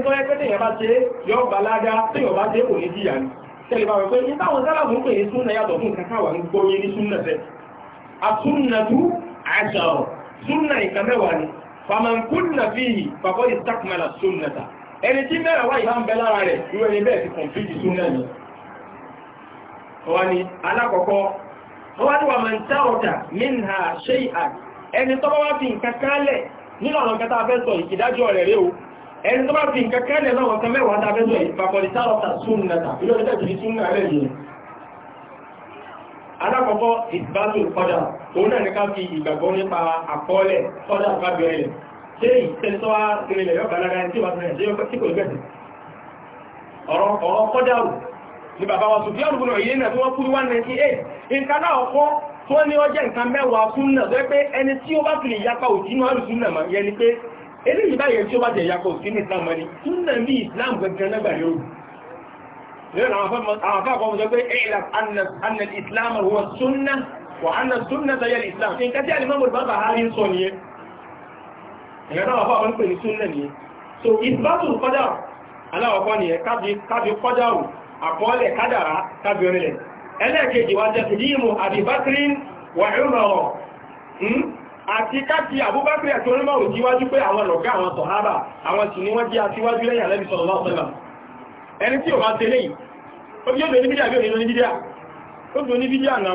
ní jìyà ní tẹ́lẹ̀bà wẹ̀ pé ìtàwọn sálàmù ń pè ní ṣúnnà yàtọ̀ fún ní ṣúnnà mẹ́wàá ni fàmàkúnnà fíhì fako ìsàkùnmọ́lá sunnata ẹni tí mẹ́rẹ̀ wáyé bá ń bẹ lára rẹ̀ irú ẹni bẹ́ẹ̀ ti kọ̀m̀pìtì súnnà ni wọ́n ni alákọ̀ọ́kọ́ wọ́n ni wà mọ̀ ń tàọ̀tà mínà ṣe ìhàn ẹni tó bá wá fi nǹkan kálẹ̀ nínú àwọn nǹkan tàbẹ́ sọ ìkìdájọ́ rẹ̀ rẹ̀ o ẹni tó bá fi nǹkan kálẹ̀ náà wọ́n kan mẹ́wàá tàbẹ́ sọ òun náà ní ká fi ìgbàgbọ́ nípa àkọọ́lẹ̀ ọdá àbábẹ̀ ẹ̀rẹ̀ ṣe ìtẹ́sọ́ ìrìnlẹ̀ yọ́ balaga tí wà tẹ́lẹ̀ tí kò gbẹ̀sẹ̀ ọ̀rọ̀ kọ́dáwù ni bàbá wa sùfí ọ̀rùn ìyé náà tí wọ́n kú ní 198 nǹkan náà ọkọ́ tó ní ọjẹ́ nǹkan mẹ́wàá súnnà tó pé ẹni tí ó bá fi lè yapa òjínú àrùn súnnà mọ̀ yẹ ni pé eléyìí báyẹ̀ tí ó bá jẹ yapa òsín ní islam ni súnnà ní islam gẹ̀gẹ̀ nágbà yóò lórí wà á na súnnà tayẹ islam nǹkan tí alimọ́ mọ̀lùbá bá harí ń sọ nìyẹn ẹ̀yà náà wà fún pè ní súnnà nìyẹn so ìsìbátù kọjá aláwọ̀kọ́ nìyẹn kábi kọjá àkọọ́lẹ̀ kádàrá kábi orílẹ̀ ẹlẹ́ẹ̀kejì wá jẹ́ tìdíìmù àbíbákírín wà ìrọ̀rọ̀ hmm? àti káàkì àbúbákírí àti orímọ̀ òjíwájú pé àwọn lọ̀gá àwọn sọ̀hábà àwọn sì ni wọ́n jẹ́ aṣíwájú lẹ́yìn alẹ́bí sallallahu alaihi wasallam ẹni tí ò bá tẹ́lẹ̀ yìí ó bí ó bẹ̀ẹ́ ní bídíà bí ó bí ó ní bídíà náà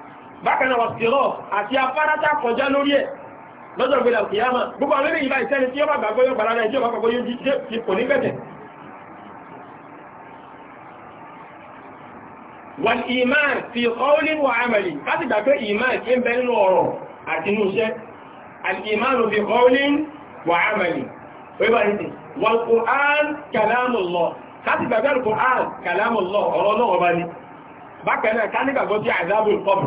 bákanáà wà sírọ̀ àti afárátá kọjá lórí ẹ̀ lọ́jọ́ ìgbèlà òkèyàmà gbogbo àwọn eléyìí báyìí sẹ́ni tí ó bá gbàgbọ́ yóò gbàlára ẹjọ́ ìbágbàgbọ́ yóò jíjẹ́ ti kò ní bẹ̀tẹ̀ wal iman fi qawlin wa amali láti gbàgbé iman tí ń bẹ nínú ọ̀rọ̀ àti inú iṣẹ́ al iman fi qawlin wa amali wíwá nìtì wal Qur'an kalamullah láti gbàgbé al Qur'an kalamullah ọ̀rọ̀ náà ọba ni bákanáà ká nígbàgbọ́ sí àzábùl qabr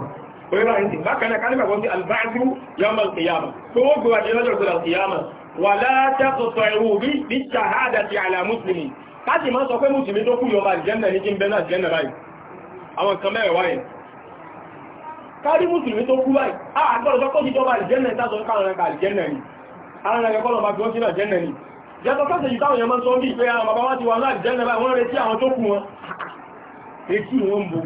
bóyá ìsìn bákanáà kálímà wọ́n sí albáàdù yọmọl kìyàmà tó ó gbé wájú lọ́jọ́ ìgbèrè kìyàmà wà látàkùtọ̀ ìwò rí ní ṣàhádà ti àlà mùsùlùmí láti máa sọ pé mùsùlùmí tó kú yọba àjẹ́nà ní jíǹbẹ́ náà jẹ́nà báyìí àwọn kan mẹ́rẹ̀ wáyé kárí mùsùlùmí tó kú báyìí a àgbọ̀rọ̀ sọ pé ó ti jọba àjẹ́nà ní tàbí káwọn ẹ̀ka àjẹ́nà ni ara ẹ̀ka kọ́lọ̀ bá fi wọ́n sínú àjẹ́nà ni yàtọ̀ fẹ́sẹ̀ yìí táwọn èèyàn sọ bí pé àwọn bàbá wá ti wà láàjẹ́nà báyìí wọ́n retí àwọn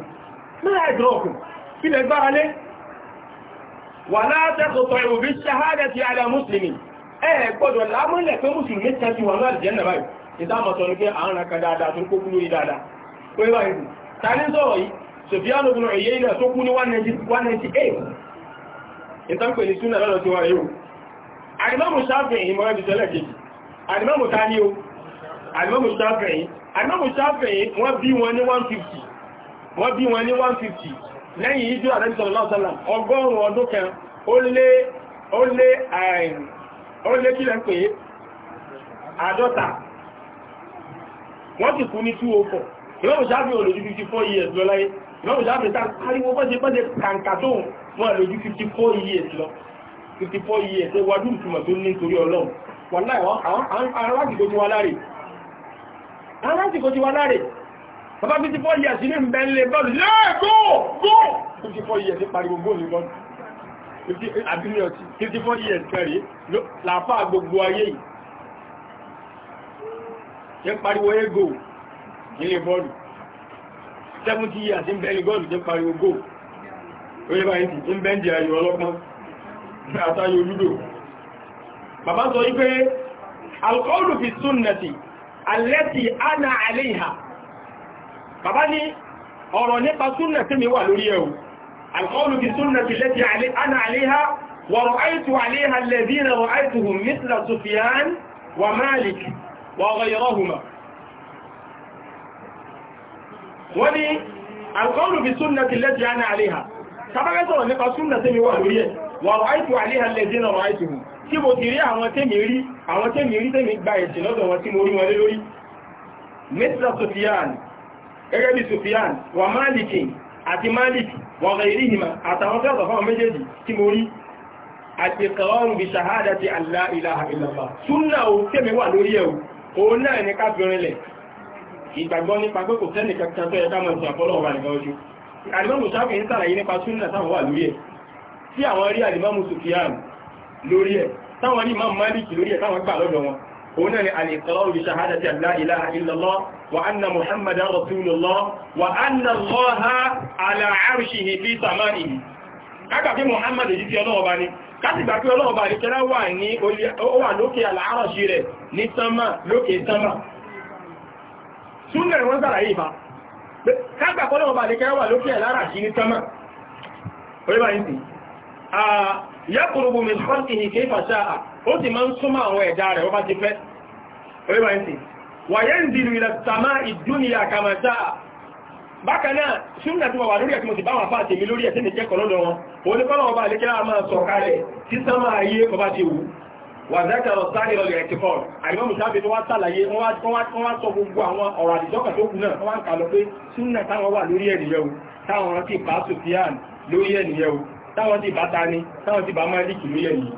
kí lẹ gbára lé wà látẹ́kọ̀tọ̀ ìrùbí ṣahádà ti ara mùsùlùmí ẹ gbọ́dọ̀ lámúlẹ̀ pé mùsùlùmí tẹ́sí wà náà jẹ́ nàbáyì ìdámọ̀tọ̀ ní pé àwọn aka dáadáa tó kókú lórí dáadáa pé báyìí ta ní sọ̀rọ̀ yìí Sufyan ibn Uyayna tó kú ní 198 ìtànkù ní súnà lọ́dọ̀ tí wà yóò àdìmọ́mù Shafi'i mọ́rẹ́ ti tẹ́lẹ̀ kejì àdìmọ́mù ta ní o àdìmọ́mù Shafi'i wọ́n bí wọn ní 150 lẹ́yìn ìjú àrẹ́sọ̀lọ́sọ́lá ọgọ́rùn-ún ọdún kan ó lé kí lẹ́ pé àádọ́ta wọ́n ti kú ní 204 ìwọ́n òṣàbí olójú 54 years lọ láyé ìwọ́n òṣàbí tá ariwo bọ́jẹ́ bọ́jẹ́ kàǹkà tó wọ́n lójú 54 years lọ 54 years ó wájú ìtumọ̀ tó ní torí ọlọ́run wọ́n láì wọ́n àwọn aráàtìkò ti wá láre bàbá 54 years ní ìbẹ̀lẹ̀ bọ́ọ̀lù lẹ́ẹ̀kọ́ gọ́ 54 years pariwo góòlù bọ́ọ̀lù àbílẹ̀ 54 years kẹrì làfà gbogbo ayé yìí jẹ́ pariwo ego nílé bọ́ọ̀lù 70 years ní bẹ̀lẹ̀ gọ́ọ̀lù jẹ́ pariwo go orí bá yìí ń bẹ́ ń jẹ́ ayò ọlọ́pọ́n àtàyò olúdò bàbá sọ wípé alkọ́ọ̀lù fi súnnàtì alẹ́tì ánà àléhà bàbá ní ọ̀rọ̀ nípa súnnà tí mi wà lórí ẹ̀wù alkọ́ọ̀lù bí súnnà ti lẹ́tí ana àléhá wọ̀rọ̀ àìtù àléhá lẹ́bínà wọ àìtù hùn mítìlá sufiyan wà malik wọ̀rọ̀ ìrọ̀hùmà wọ́n ni alkọ́ọ̀lù bí súnnà ti lẹ́tí ana àléhá sábàbẹ́ sọ̀rọ̀ nípa súnnà tí mi wà lórí ẹ̀ wọ̀rọ̀ àìtù hùn gẹ́gẹ́ bí Sufyan wà Málìkì àti Málìkì wà ghairihima àtàwọn fẹ́ ọ̀sọ̀fọ́n méjèèjì tí mo rí àtìkọ̀ọ́rùn bí ṣàhádàtì Allah ilaha illallah súnà ò tẹ́mi wà lórí ẹ̀ òun náà ní káfírin lẹ̀ ìgbàgbọ́ nípa pé kò sẹ́nì kankan tó yẹ káàmọ̀ ìsìn àpọ́lọ̀ wà nìkan ojú àdìmọ́mù sáfì ń sàlàyé nípa súnà táwọn wà lórí ẹ̀ tí àwọn هنا الإقرار بشهادة أن لا إله إلا الله وأن محمدا رسول الله وأن الله على عرشه في سمائه kágbà pé Muhammad èyí tí ọlọ́wọ́ bá ní kásìgbà pé ọlọ́wọ́ bá ìkẹ́lá wà ní wà lókè àlàárọ̀ṣì rẹ̀ ní sánmà lókè sánmà súnlẹ̀ wọ́n sàrà yìí bá kágbà pé ọlọ́wọ́ bá ìkẹ́lá wà lókè àlàárọ̀ṣì ní sánmà orílẹ̀ yìí yàkùrùbù mi orípa ń sì wàyẹ́ ń dìlù ilẹ̀ sàmá ìdúnìyà kàmàtà bákanáà ṣúnà tí wà wà lórí ẹ̀kùn ti bá wà fà tèmi lórí ẹ̀sẹ́ ní kẹ́kọ̀ọ́ lọ́dọ̀ wọn onípọ́nà ọba àlékẹ́lá máa sọ kalẹ̀ tí sánmà ayé ọba ti wù wà zákàrọ̀ sáré lọ́lẹ̀ ẹ̀tìkọ́ àríwọ̀mù sábẹ̀ tó wá sàlàyé wọ́n wá sọ gbogbo àwọn ọ̀rọ̀ àdìjọ́kà tó kù náà wọ́n kà lọ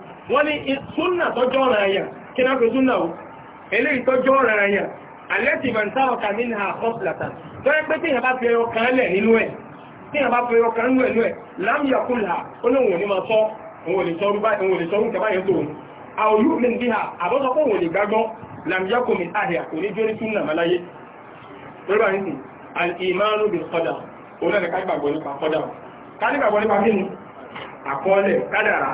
wọ́n ní súnà tọ́jọ́ ọ̀rọ̀ ẹ̀yà kí náà fi súnà o eléyìí tọ́jọ́ ọ̀rọ̀ ẹ̀yà alẹ́tì mẹ́ta ọ̀kà mi ní àkọ́sìlàtà tó yẹ pé tí ìyàn bá fi ẹyọ kan lẹ̀ nínú ẹ̀ tí ìyàn bá fi ẹyọ kan nínú ẹ̀ nínú ẹ̀ lámìyàkú là ó ní òun ò ní máa sọ òun ò lè sọ orúkẹ báyẹn tó àwòyú mi ní bíhà àbọ́sọ pé òun ò lè gbàgbọ́ lámìyàkú mi àhìà kò ní jó ní súnà máláyé lórí àwọn ìsìn al-imanu bil qadar òun náà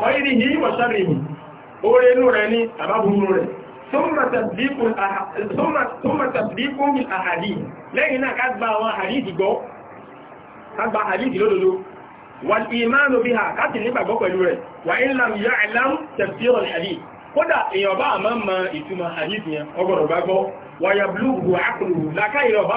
kọ́ìrì yìí wọ̀ ṣẹ́rì yìí orí inú rẹ̀ ní àbábùnú rẹ̀ súnmọ̀ tàbíkún àhàdì lẹ́yìn náà kágbà àwọn àhàdì gbọ́ kágbà àhàdì lódodo wal ìmánu bí ha káti nígbàgbọ́ pẹ̀lú rẹ̀ wà ìlàm yà ìlàm tafsirul hadith kódà èèyàn bá ma mọ ìtumọ̀ hadith yẹn ọgbọ̀rọ̀ gbàgbọ́ wà yà blúgbù àkùrù lákàyè ọba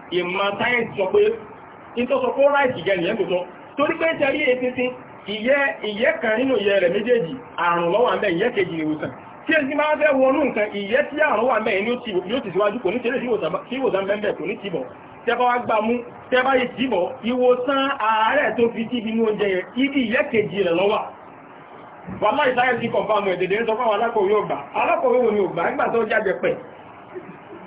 ìmọ̀ sáyẹ̀nsì sọ pé ìtọ́sọ fún ráìsì jẹ́ nìyẹn tó sọ torí pé tẹ́rí ètìtì ìyẹ́ kan nínú ìyẹ́ rẹ̀ méjèèjì àrùn ló wà ńbẹ̀ ìyẹ́ kejì ìwòsàn tí èsì máa fẹ́ wọnú nǹkan ìyẹ́ tí àrùn wà ńbẹ̀ ni ó ti síwájú kò ní tẹ́lẹ̀ sí ìwòsàn mẹ́mẹ́ kò ní tìbọ̀ tẹ́bá wá gbà mú tẹ́bá yìí tìbọ̀ ìwòsàn ààrẹ tó fi sí ibi oúnjẹ yẹn ibi ìyẹ́ kejì rẹ̀ ló wà wàláì sáyẹ̀nsì kọ̀ǹfàmù ẹ̀dẹ̀dẹ̀ ń sọ fáwọn alákòwé ògbà alákòwé wo ògbà nígbà tó jáde pẹ̀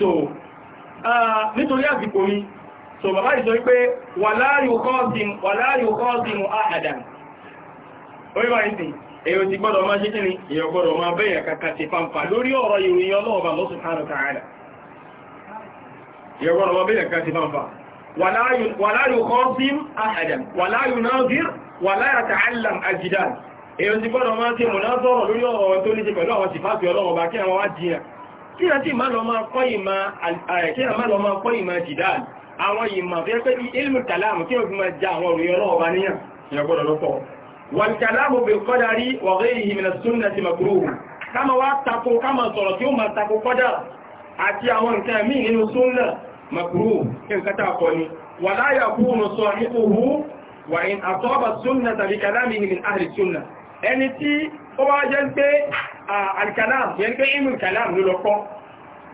so uh, nítorí àsìkò mi so bàbá ìsọ wípé wà láàrí òkọ́ọ̀sìmù àhàdàn oríwá ìsìn èyò ti gbọ́dọ̀ máa ṣe kíni èyò gbọ́dọ̀ máa bẹ́yàn kàkà ti fàǹfà lórí ọ̀rọ̀ ìròyìn ọlọ́ọ̀bà lọ́sùn tààrà tààrà èyò gbọ́dọ̀ máa ولا يخاصم أحدا ولا يناظر ولا يتعلم الجدال èyàn ti gbọ́dọ̀ máa tí mọ̀ náà sọ́rọ̀ lórí ọ̀rọ̀ tó ní ṣe pẹ̀lú àwọn kí ẹ̀ tí ma lọ máa kọ́ ìmọ̀ eh, jìdáàl àwọn ìmọ̀ fẹ́ pé ní ilmù kàláàmù kí o fi ma já àwọn òrùn yọ́rọ̀ ọba níyàn ìyàgbọ́dọ̀ lọ́pọ̀ wal kàláàmù bil qadari wa ghayrihi min as-sunnati makruh kama wá tako kama sọ̀rọ̀ tí ó ma tako kọ́dà àti àwọn nǹkan mí nínú súnnà makruh kí nǹkan tà kọ́ ni alkalam yẹn pé ilmù kalam ló lọ kọ́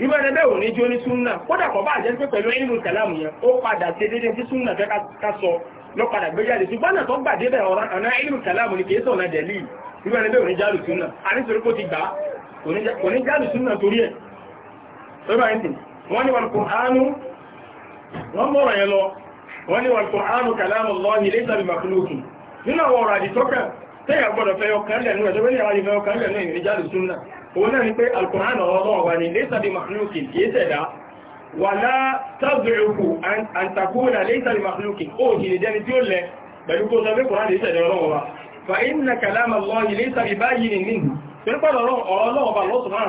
irú ẹni bẹ́ẹ̀ ò ní jó ní súnnà kódà kọ́ bá jẹ́ pé pẹ̀lú ilmù kalam yẹn ó padà ṣe déédéé tí súnnà fẹ́ ká sọ ló padà gbé jáde ṣùgbọ́n náà tó gbà débẹ̀ ọ̀rá ọ̀nà ilmù kalam ni kìí sọ̀nà dẹ̀lì irú ẹni bẹ́ẹ̀ ò ní jálù súnnà àrísòrí kó ti gbà kò ní jálù súnnà torí ẹ̀ wọ́n ni wọ́n kùránù wọ́n mọ́rọ̀ yẹn lọ wọ́n ni wọ́n kùránù kàlámù lọ́hì lẹ́sàbí makhlúkì nínú àwọn ọ̀rọ̀ àdìtọ́kà tẹ́yà gbọ́dọ̀ fẹ́ ọkàn lẹ́nu ẹ̀ tó wẹ́lẹ̀ wáyé fẹ́ ọkàn lẹ́nu ìrìn jáde súnnà òun náà ni pé alkùnrin ọ̀rọ̀ wà ní lẹ́sàbí mahlukin kìí tẹ̀dá wà láà tàbíòkù àtàkùnà lẹ́sàbí mahlukin ó kì ní jẹni tí ó lẹ pẹ̀lú kó sọ pé kùnrin lè tẹ̀dá ọlọ́wọ́ wa fa inna kalama Allahi lẹ́sàbí báyìí ni nínú tó nípa ọ̀rọ̀ ọlọ́wọ́ ba lọ́sùn náà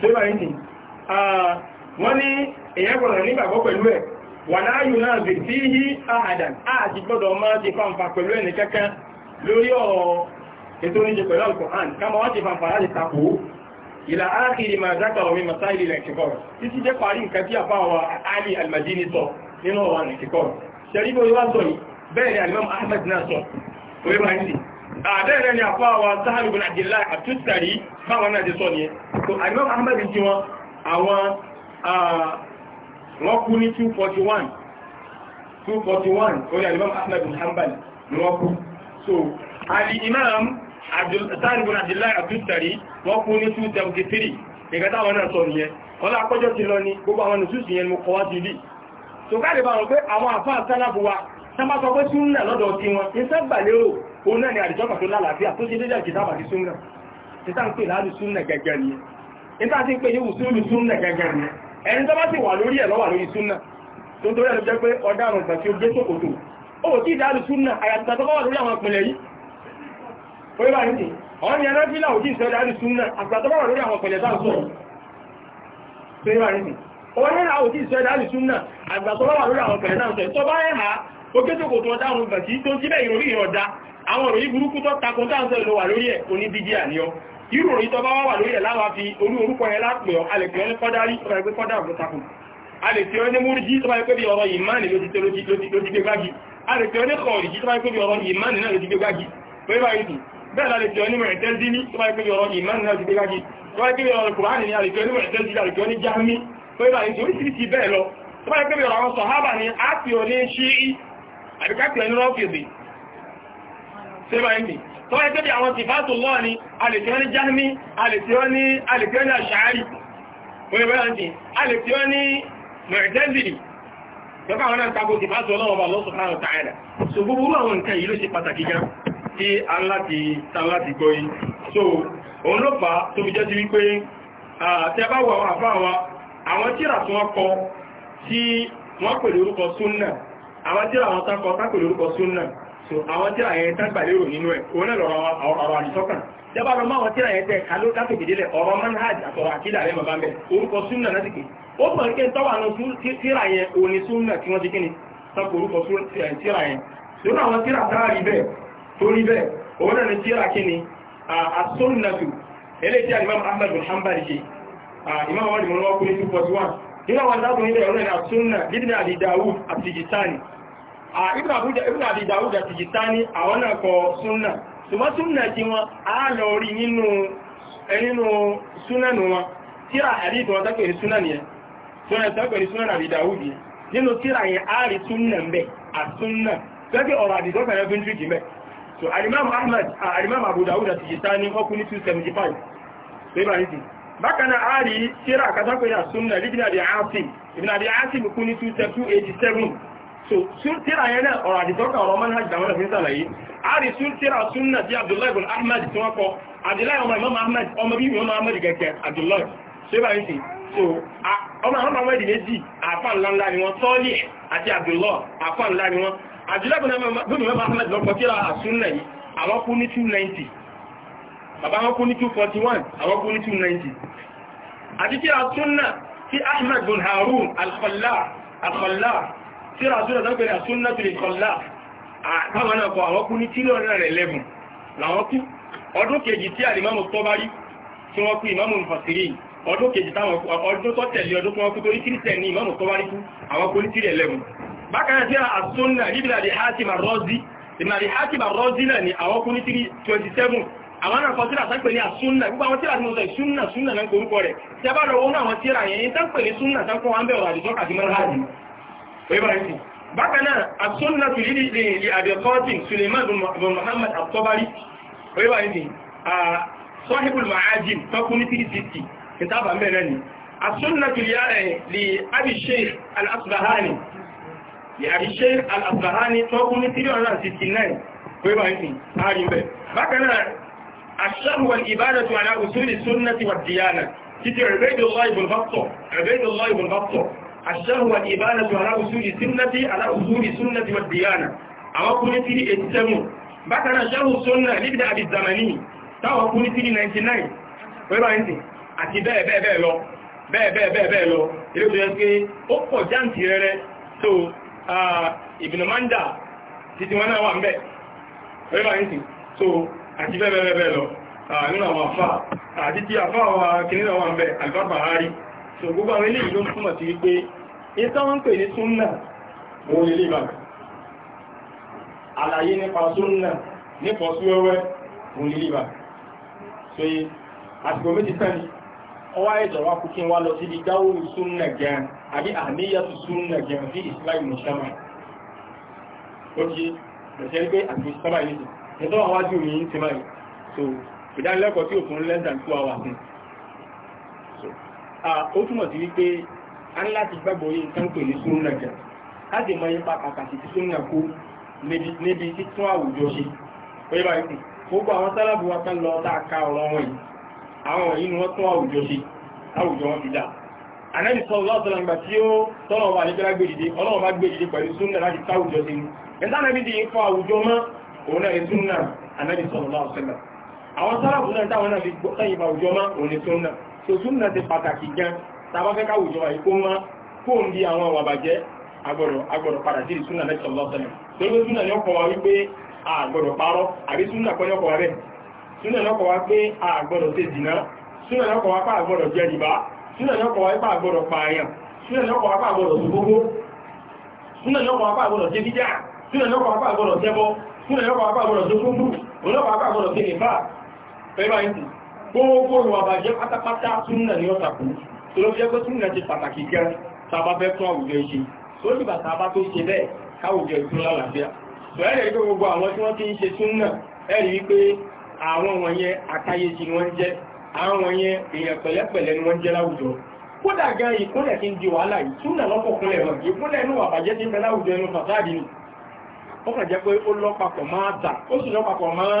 sára ní ṣe Ah, wọ́n ní èyàn gbọ́dọ̀ nígbàgbọ́ pẹ̀lú ẹ̀ wà láàyò náà bè tí yí àhàdàn àti gbọ́dọ̀ máa ti fàǹfà pẹ̀lú ẹni kankan lórí ọ̀rọ̀ ètò oníṣe pẹ̀lú alkùnrin kama wọ́n ti fàǹfà láti tapò ìlà ákìrì máa zákàrọ̀ mi màtá ìlú Ali al-Madini ni alimam Ahmad náà sọ orí máa ń sì àbẹ́ẹ̀rẹ́ ni àpá wa sáhàlùbùn àdìlá àtúntàrí báwọn náà ti sọ nìyẹn so alimam Ahmad ti wọn àwọn wọ́n kú ní 241 241 orí alimam ahmed bin hanbal ni wọ́n kú so al-imam abdulsari bin abdullahi abdulsari wọ́n kú ní 273 ìgbà táwọn náà sọ nìyẹn wọ́n lápọ́jọ́ ti lọ ní gbogbo àwọn nùsùsù yẹn mú kọwá ti rí so káàdì bá wọn pé àwọn àfáà sálàbù wa sábà sọ pé súnnà lọ́dọ̀ tí wọn ní sábà lérò òun náà ni àdìjọ́kà tó lálàáfíà tó ṣe dédé àti sábà sí súnnà ti sáà ń pè láàrín súnnà gẹ́gẹ́ nìyẹn nígbà tí ń pè ní usulu súnnà gẹ́gẹ́ ni ẹni tó bá sì wà lórí ẹ̀ lọ́wà lórí súnnà tó tó rẹ̀ jẹ́ pé ọ̀daràn ìgbà tí ó gbé sókòtò ó tí ìdáàlù súnnà àyàtìgbà tó bá wà lórí àwọn ìpìnlẹ̀ yìí ó yẹ bá ní ọ̀n ni ẹ̀rọ fílà òjì ìṣẹ́ ìdáàlù súnnà àgbà tó bá wà lórí àwọn ìpìnlẹ̀ tá sọ̀rọ̀ tó yẹ bá ní ọ̀n ni ẹ̀rọ òjì ìṣẹ́ ìdáàlù súnnà àgbà tó bá wà lórí ẹ̀hà ó gbé sókòtò ọ̀daràn ìgbà ni ọ irú òrí tọba wà lórí ẹ̀ láwá fi orí orúkọ ẹ̀ lápẹ̀ ọ̀ alẹ̀kẹ́ ọ́nà kọ́dárí tọba ẹgbẹ́ kọ́dá ọ̀gbọ́ takùn alẹ̀kẹ́ ọ́nà múrùjí tọba ẹgbẹ́ bí ọ̀rọ̀ ìmáàni ló ti gbé gbági alẹ̀kẹ́ ọ́nà kọ̀ọ̀rìjí tọba ẹgbẹ́ bí ọ̀rọ̀ ìmáàni náà ló ti gbé gbági bẹ́ẹ̀ lálẹ́kẹ́ ọ́nà mẹ̀ẹ̀tẹ́lì ní tọba ẹgbẹ́ bí ọ̀rọ̀ ìmáàni náà ló ti gbé gbági tọba ẹgbẹ́ bí ọ̀rọ̀ kùránì ní alẹ́kẹ́ ọ́nà mẹ̀ẹ̀tẹ́lì alẹ́kẹ́ ọ́nà jámi pẹ́lá ní orísìírísìí bẹ́ẹ̀ lọ tọba ẹgbẹ́ bí ọ̀rọ̀ àwọn sọ̀hábà ní ápì ọ̀ ní ṣíí ní tó ẹgbẹ́ bí àwọn tìfàtù lọ́ ni a lè tí ó ní jahmi a lè tí ó ní àṣàárì oníbẹ̀rẹ̀ a lè tí ó ní mẹ̀rẹ̀tẹ́zìrì tọ́kà àwọn náà tako tìfàtù ọlọ́wọ́ bá lọ́sùn náà tààdà so gbogbo àwọn nǹkan yìí ló ṣe pàtàkì gan tí a láti ta láti gbọ́ yìí so òun ló fà tó fi tíra tí wọ́n kọ tí wọ́n pèlè orúkọ súnnà àwọn tíra àwọn tákọ tápèlè orúkọ súnnà so àwọn tí àyẹ̀ tán gbà lérò nínú ẹ̀ òun náà lọ́rọ̀ ọ̀rọ̀ àdìsọ́kàn jẹba lọ máa wọn tí àyẹ̀ tẹ̀ kálọ́ látòkèdélẹ̀ ọ̀rọ̀ manhaj àtọ̀rọ̀ àkílà rẹ̀ bàbá mẹ́ orúkọ súnà láti pè ó mọ̀ ní kéńtọ́ wà nù tíra yẹn òní súnà tí wọ́n ti kíni sọ́kò orúkọ tíra yẹn lónà àwọn tíra tá rí bẹ́ẹ̀ tó rí bẹ́ẹ̀ òun náà ni tíra kíni àsónàtù eléyìí tí alimam ahmed bin hanbal ṣe imam wọn ni mo lọ́wọ́ kúrẹ́ 241 nínú àwọn ìdákùnrin ilẹ̀ ọ̀rọ̀ ni àsónà dídínà àdìdáwù àti jìtánì ibn abuja ibn abi dawud àti jitani àwọn náà kọ súnnà ṣùgbọ́n súnnà tí wọ́n a lọ wọn tíra àdíjì wọn tọ́kẹ̀ súnnà nìyẹn súnnà tọ́kẹ̀ súnnà abi dawud so ahmad abu dawud àti jitani ọkùn ní 275 so ibà nìsí bákan náà á rí tíra àkátọ́kẹ̀ yà súnnà ibn abi asim ibn abi asim 287 so súntíra yẹn náà ọ̀rọ̀ àdìtọ́kà ọ̀rọ̀ mọ́nà àjìdàmọ́nà fi ń sàlàyé a rí súntíra súnnà tí abdullahi bin ahmed tí wọ́n kọ abdullahi ọmọ imam ahmed ọmọ bíbí ọmọ ahmed gẹ̀gẹ̀ abdullahi ṣé bá ń sì so ọmọ ahmed ahmed méjì àfà ńlá ńlá ni wọ́n tọ́lì àti abdullahi àfà ńlá ni wọ́n abdullahi bin imam ahmed lọ́pọ̀ tíra súnnà yìí àwọn kú ní harun al-khallah al-khallah tíra súnà tó pèrè àsúnà tó lè kọlá àtàwọn náà kọ àwọn kú ní tílọ̀ náà rẹ̀ lẹ́bùn làwọn kú ọdún kejì tí àlìmámù Tọ́bárì tí wọ́n kú ìmámù fàṣírí ọdún kejì táwọn ọdún tó tẹ̀lé ọdún tó wọ́n kú torí kírísẹ̀ ní ìmámù Tọ́bárì kú àwọn kú ní tílẹ̀ lẹ́bùn bákan tí àsúnà ni àwọn kú ní tírí 27 àwọn náà kọ tíra sápẹ̀ ní àsúnà gbogbo àwọn tíra tí mo sọ ìsúnà súnà náà korúkọ rẹ̀ tí a bá lọ wọ́n àwọn tíra yẹn tán ní súnà tán kọ́ wọn àdìsọ́kà sí mọ́ra fẹ́bàrẹ́sì bákanáà asúnnà tó lè lè àbẹ̀kọ́tìn suleiman bin muhammad al-tabari fẹ́bàrẹ́sì a sahibul ma'ajin takuni 360 kitaba mẹ́rẹ̀ ni asúnnà tó lè abishe al-asbahani lè abishe al-asbahani takuni 369 fẹ́bàrẹ́sì harin bẹ̀ bákanáà الشر والإبادة على أصول السنة والديانة تتي عبيد الله بن بطة عبيد الله بن بطة الشهوة الإبانة على أصول سنة على أصول سنة والديانة أو كنتي السمو بكنا شهو سنة لابن أبي الزمني تاو كنتي 99 ويبا أنت àti bẹ́ẹ̀ bẹ́ẹ̀ bẹ́ẹ̀ lọ bẹ́ẹ̀ bẹ́ẹ̀ bẹ́ẹ̀ bẹ́ẹ̀ lọ ilé tó yẹ pé ó pọ̀ jáǹtì rẹ̀rẹ̀ tó Ibn Manda títí wọn náà wà ń bẹ̀ wẹ́bà ń sì so àti bẹ́ẹ̀ bẹ́ẹ̀ bẹ́ẹ̀ lọ nínú àwọn àfáà àti tí àfáà wa kìnnìyàn wà ń bẹ̀ Al-Barbahari so gbogbo àwọn eléyìí ló túnmọ̀ sí wípé ìtàn wọ́n pè ní súnnà wọ́n lè lè àlàyé nípa súnnà nípa súwẹ́wẹ́ wọ́n lè lè so àsìkò méjì tẹ́lì ọwá ẹ̀jọ̀ wá kúkín wá lọ síbi dáwòrú súnnà gan àbí àníyàtú súnnà gan sí islam mùsàmà ó ti lọ́sẹ̀ pé àti sábà ó túmọ̀ sí wípé a ń láti gbàgbọ́ yìí nǹkan pè ní súnúnà jà a sì mọ ipa pàtàkì tí súnúnà kó níbi títún àwùjọ ṣe pé báyìí kù gbogbo àwọn sálábù wa tán lọ tá a ka ọ̀rọ̀ wọn yìí àwọn wọ̀nyí ni wọ́n tún àwùjọ ṣe àwùjọ wọn ti dà ànábì sọ lọ́wọ́ sọ́lá nígbà tí ó tọ́lọ̀ wà nígbà gbèdìde ọlọ́wọ́ bá gbèdìde pẹ̀lú súnúnà láti táwùjọ sí ni ẹ̀ńtà ànábì ti fọ àwùjọ mọ́ òun náà súnúnà ànábì sọ lọ́wọ́ sọ́lá àwọn sálábù náà táwọn náà fi gbọ́ sẹ́yìn àwùjọ tó súnà ti pàtàkì gan tàbá fẹ́ káwùjọ àìkó mọ́ fóòn bí àwọn àwàbàjẹ́ agbọ̀dọ̀ agbọ̀dọ̀ padà sí súnà lẹ́tọ̀ lọ́sẹ̀lẹ̀ torí pé súnà ni ó kọ́ wa wípé àgbọ̀dọ̀ parọ́ àbí súnà kọ́ ni ó kọ́ wa bẹ́ẹ̀ súnà ni ó kọ́ wa pé àgbọ̀dọ̀ ṣe dìná súnà ni ó kọ́ wa pé àgbọ̀dọ̀ jẹ rìbá súnà ni ó kọ́ wa pé àgbọ̀dọ̀ pààyàn súnà ni ó kọ́ wa pé àgbọ̀dọ̀ tó gbogbo súnà ni ó kọ́ wa pé àgbọ̀dọ̀ ṣe bíjà súnà ni ó kọ́ wa pé àgbọ̀dọ̀ ṣẹbọ súnà ni ó kọ́ wa pé àgbọ̀dọ̀ tó gbogbo òun ló kọ́ wa pé àgbọ̀dọ̀ ṣe gbogbo ìwàbàjẹ́ pátápátá súnnà ní ọ̀tàkù tó ló fi ẹgbẹ́ súnnà ti pàtàkì gẹ́ tàbá fẹ́ tún àwùjọ ìṣe tó lùbà tàbá tó ṣe bẹ́ẹ̀ káwùjọ ìtún lálàáfíà tó ẹ̀rẹ̀ ìgbé gbogbo àwọn tí wọ́n ti ń ṣe súnnà ẹ̀rí wípé àwọn wọ̀nyẹn àkáyéjì ni wọ́n jẹ́ àwọn wọ̀nyẹn èèyàn pẹ̀lẹ́pẹ̀lẹ́ ni wọ́n jẹ́ láwùjọ kódà gan ìkúnlẹ̀ ti ń di wàhálà yìí súnnà lọ́pọ̀ kúnlẹ̀ hàn ìkúnlẹ̀ inú àbàjẹ́ ti ń bẹ láwùjọ inú fàsáàdì ni ó kàn jẹ́ pé ó lọ́pàpọ̀ máa dà ó sì lọ́pàpọ̀ máa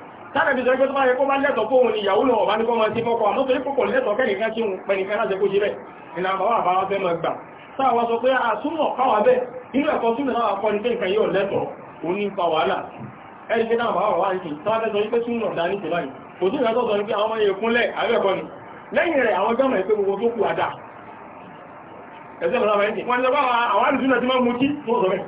tánàbí sọ pé tó bá yẹ kó bá lẹ́tọ̀ fún òun ìyàwó lọ ọ̀bá ní kọ́ máa ti mọ́kọ̀ àmọ́ torí púpọ̀ lẹ́tọ̀ kẹ́nìkan tí òun pẹnìkan láti kó jílẹ̀ ìlànà àwọn àbáwá fẹ́ máa gbà sáwọn sọ pé àsúnmọ̀ káwà bẹ́ inú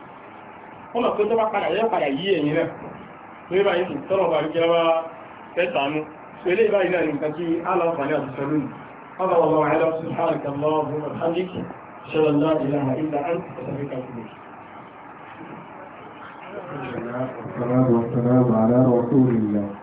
wọ́n mọ̀ pé tó bá padà yẹ́ padà yí ẹ̀yìn náà tó yẹ́ báyìí tọ́lọ̀ bá ríkẹ́ wá fẹ́tàánú tó ilé ìbáyìí náà nìkan kí aláwọ̀fàní àtúnṣe lónìí هذا والله أعلم سبحانك اللهم وبحمدك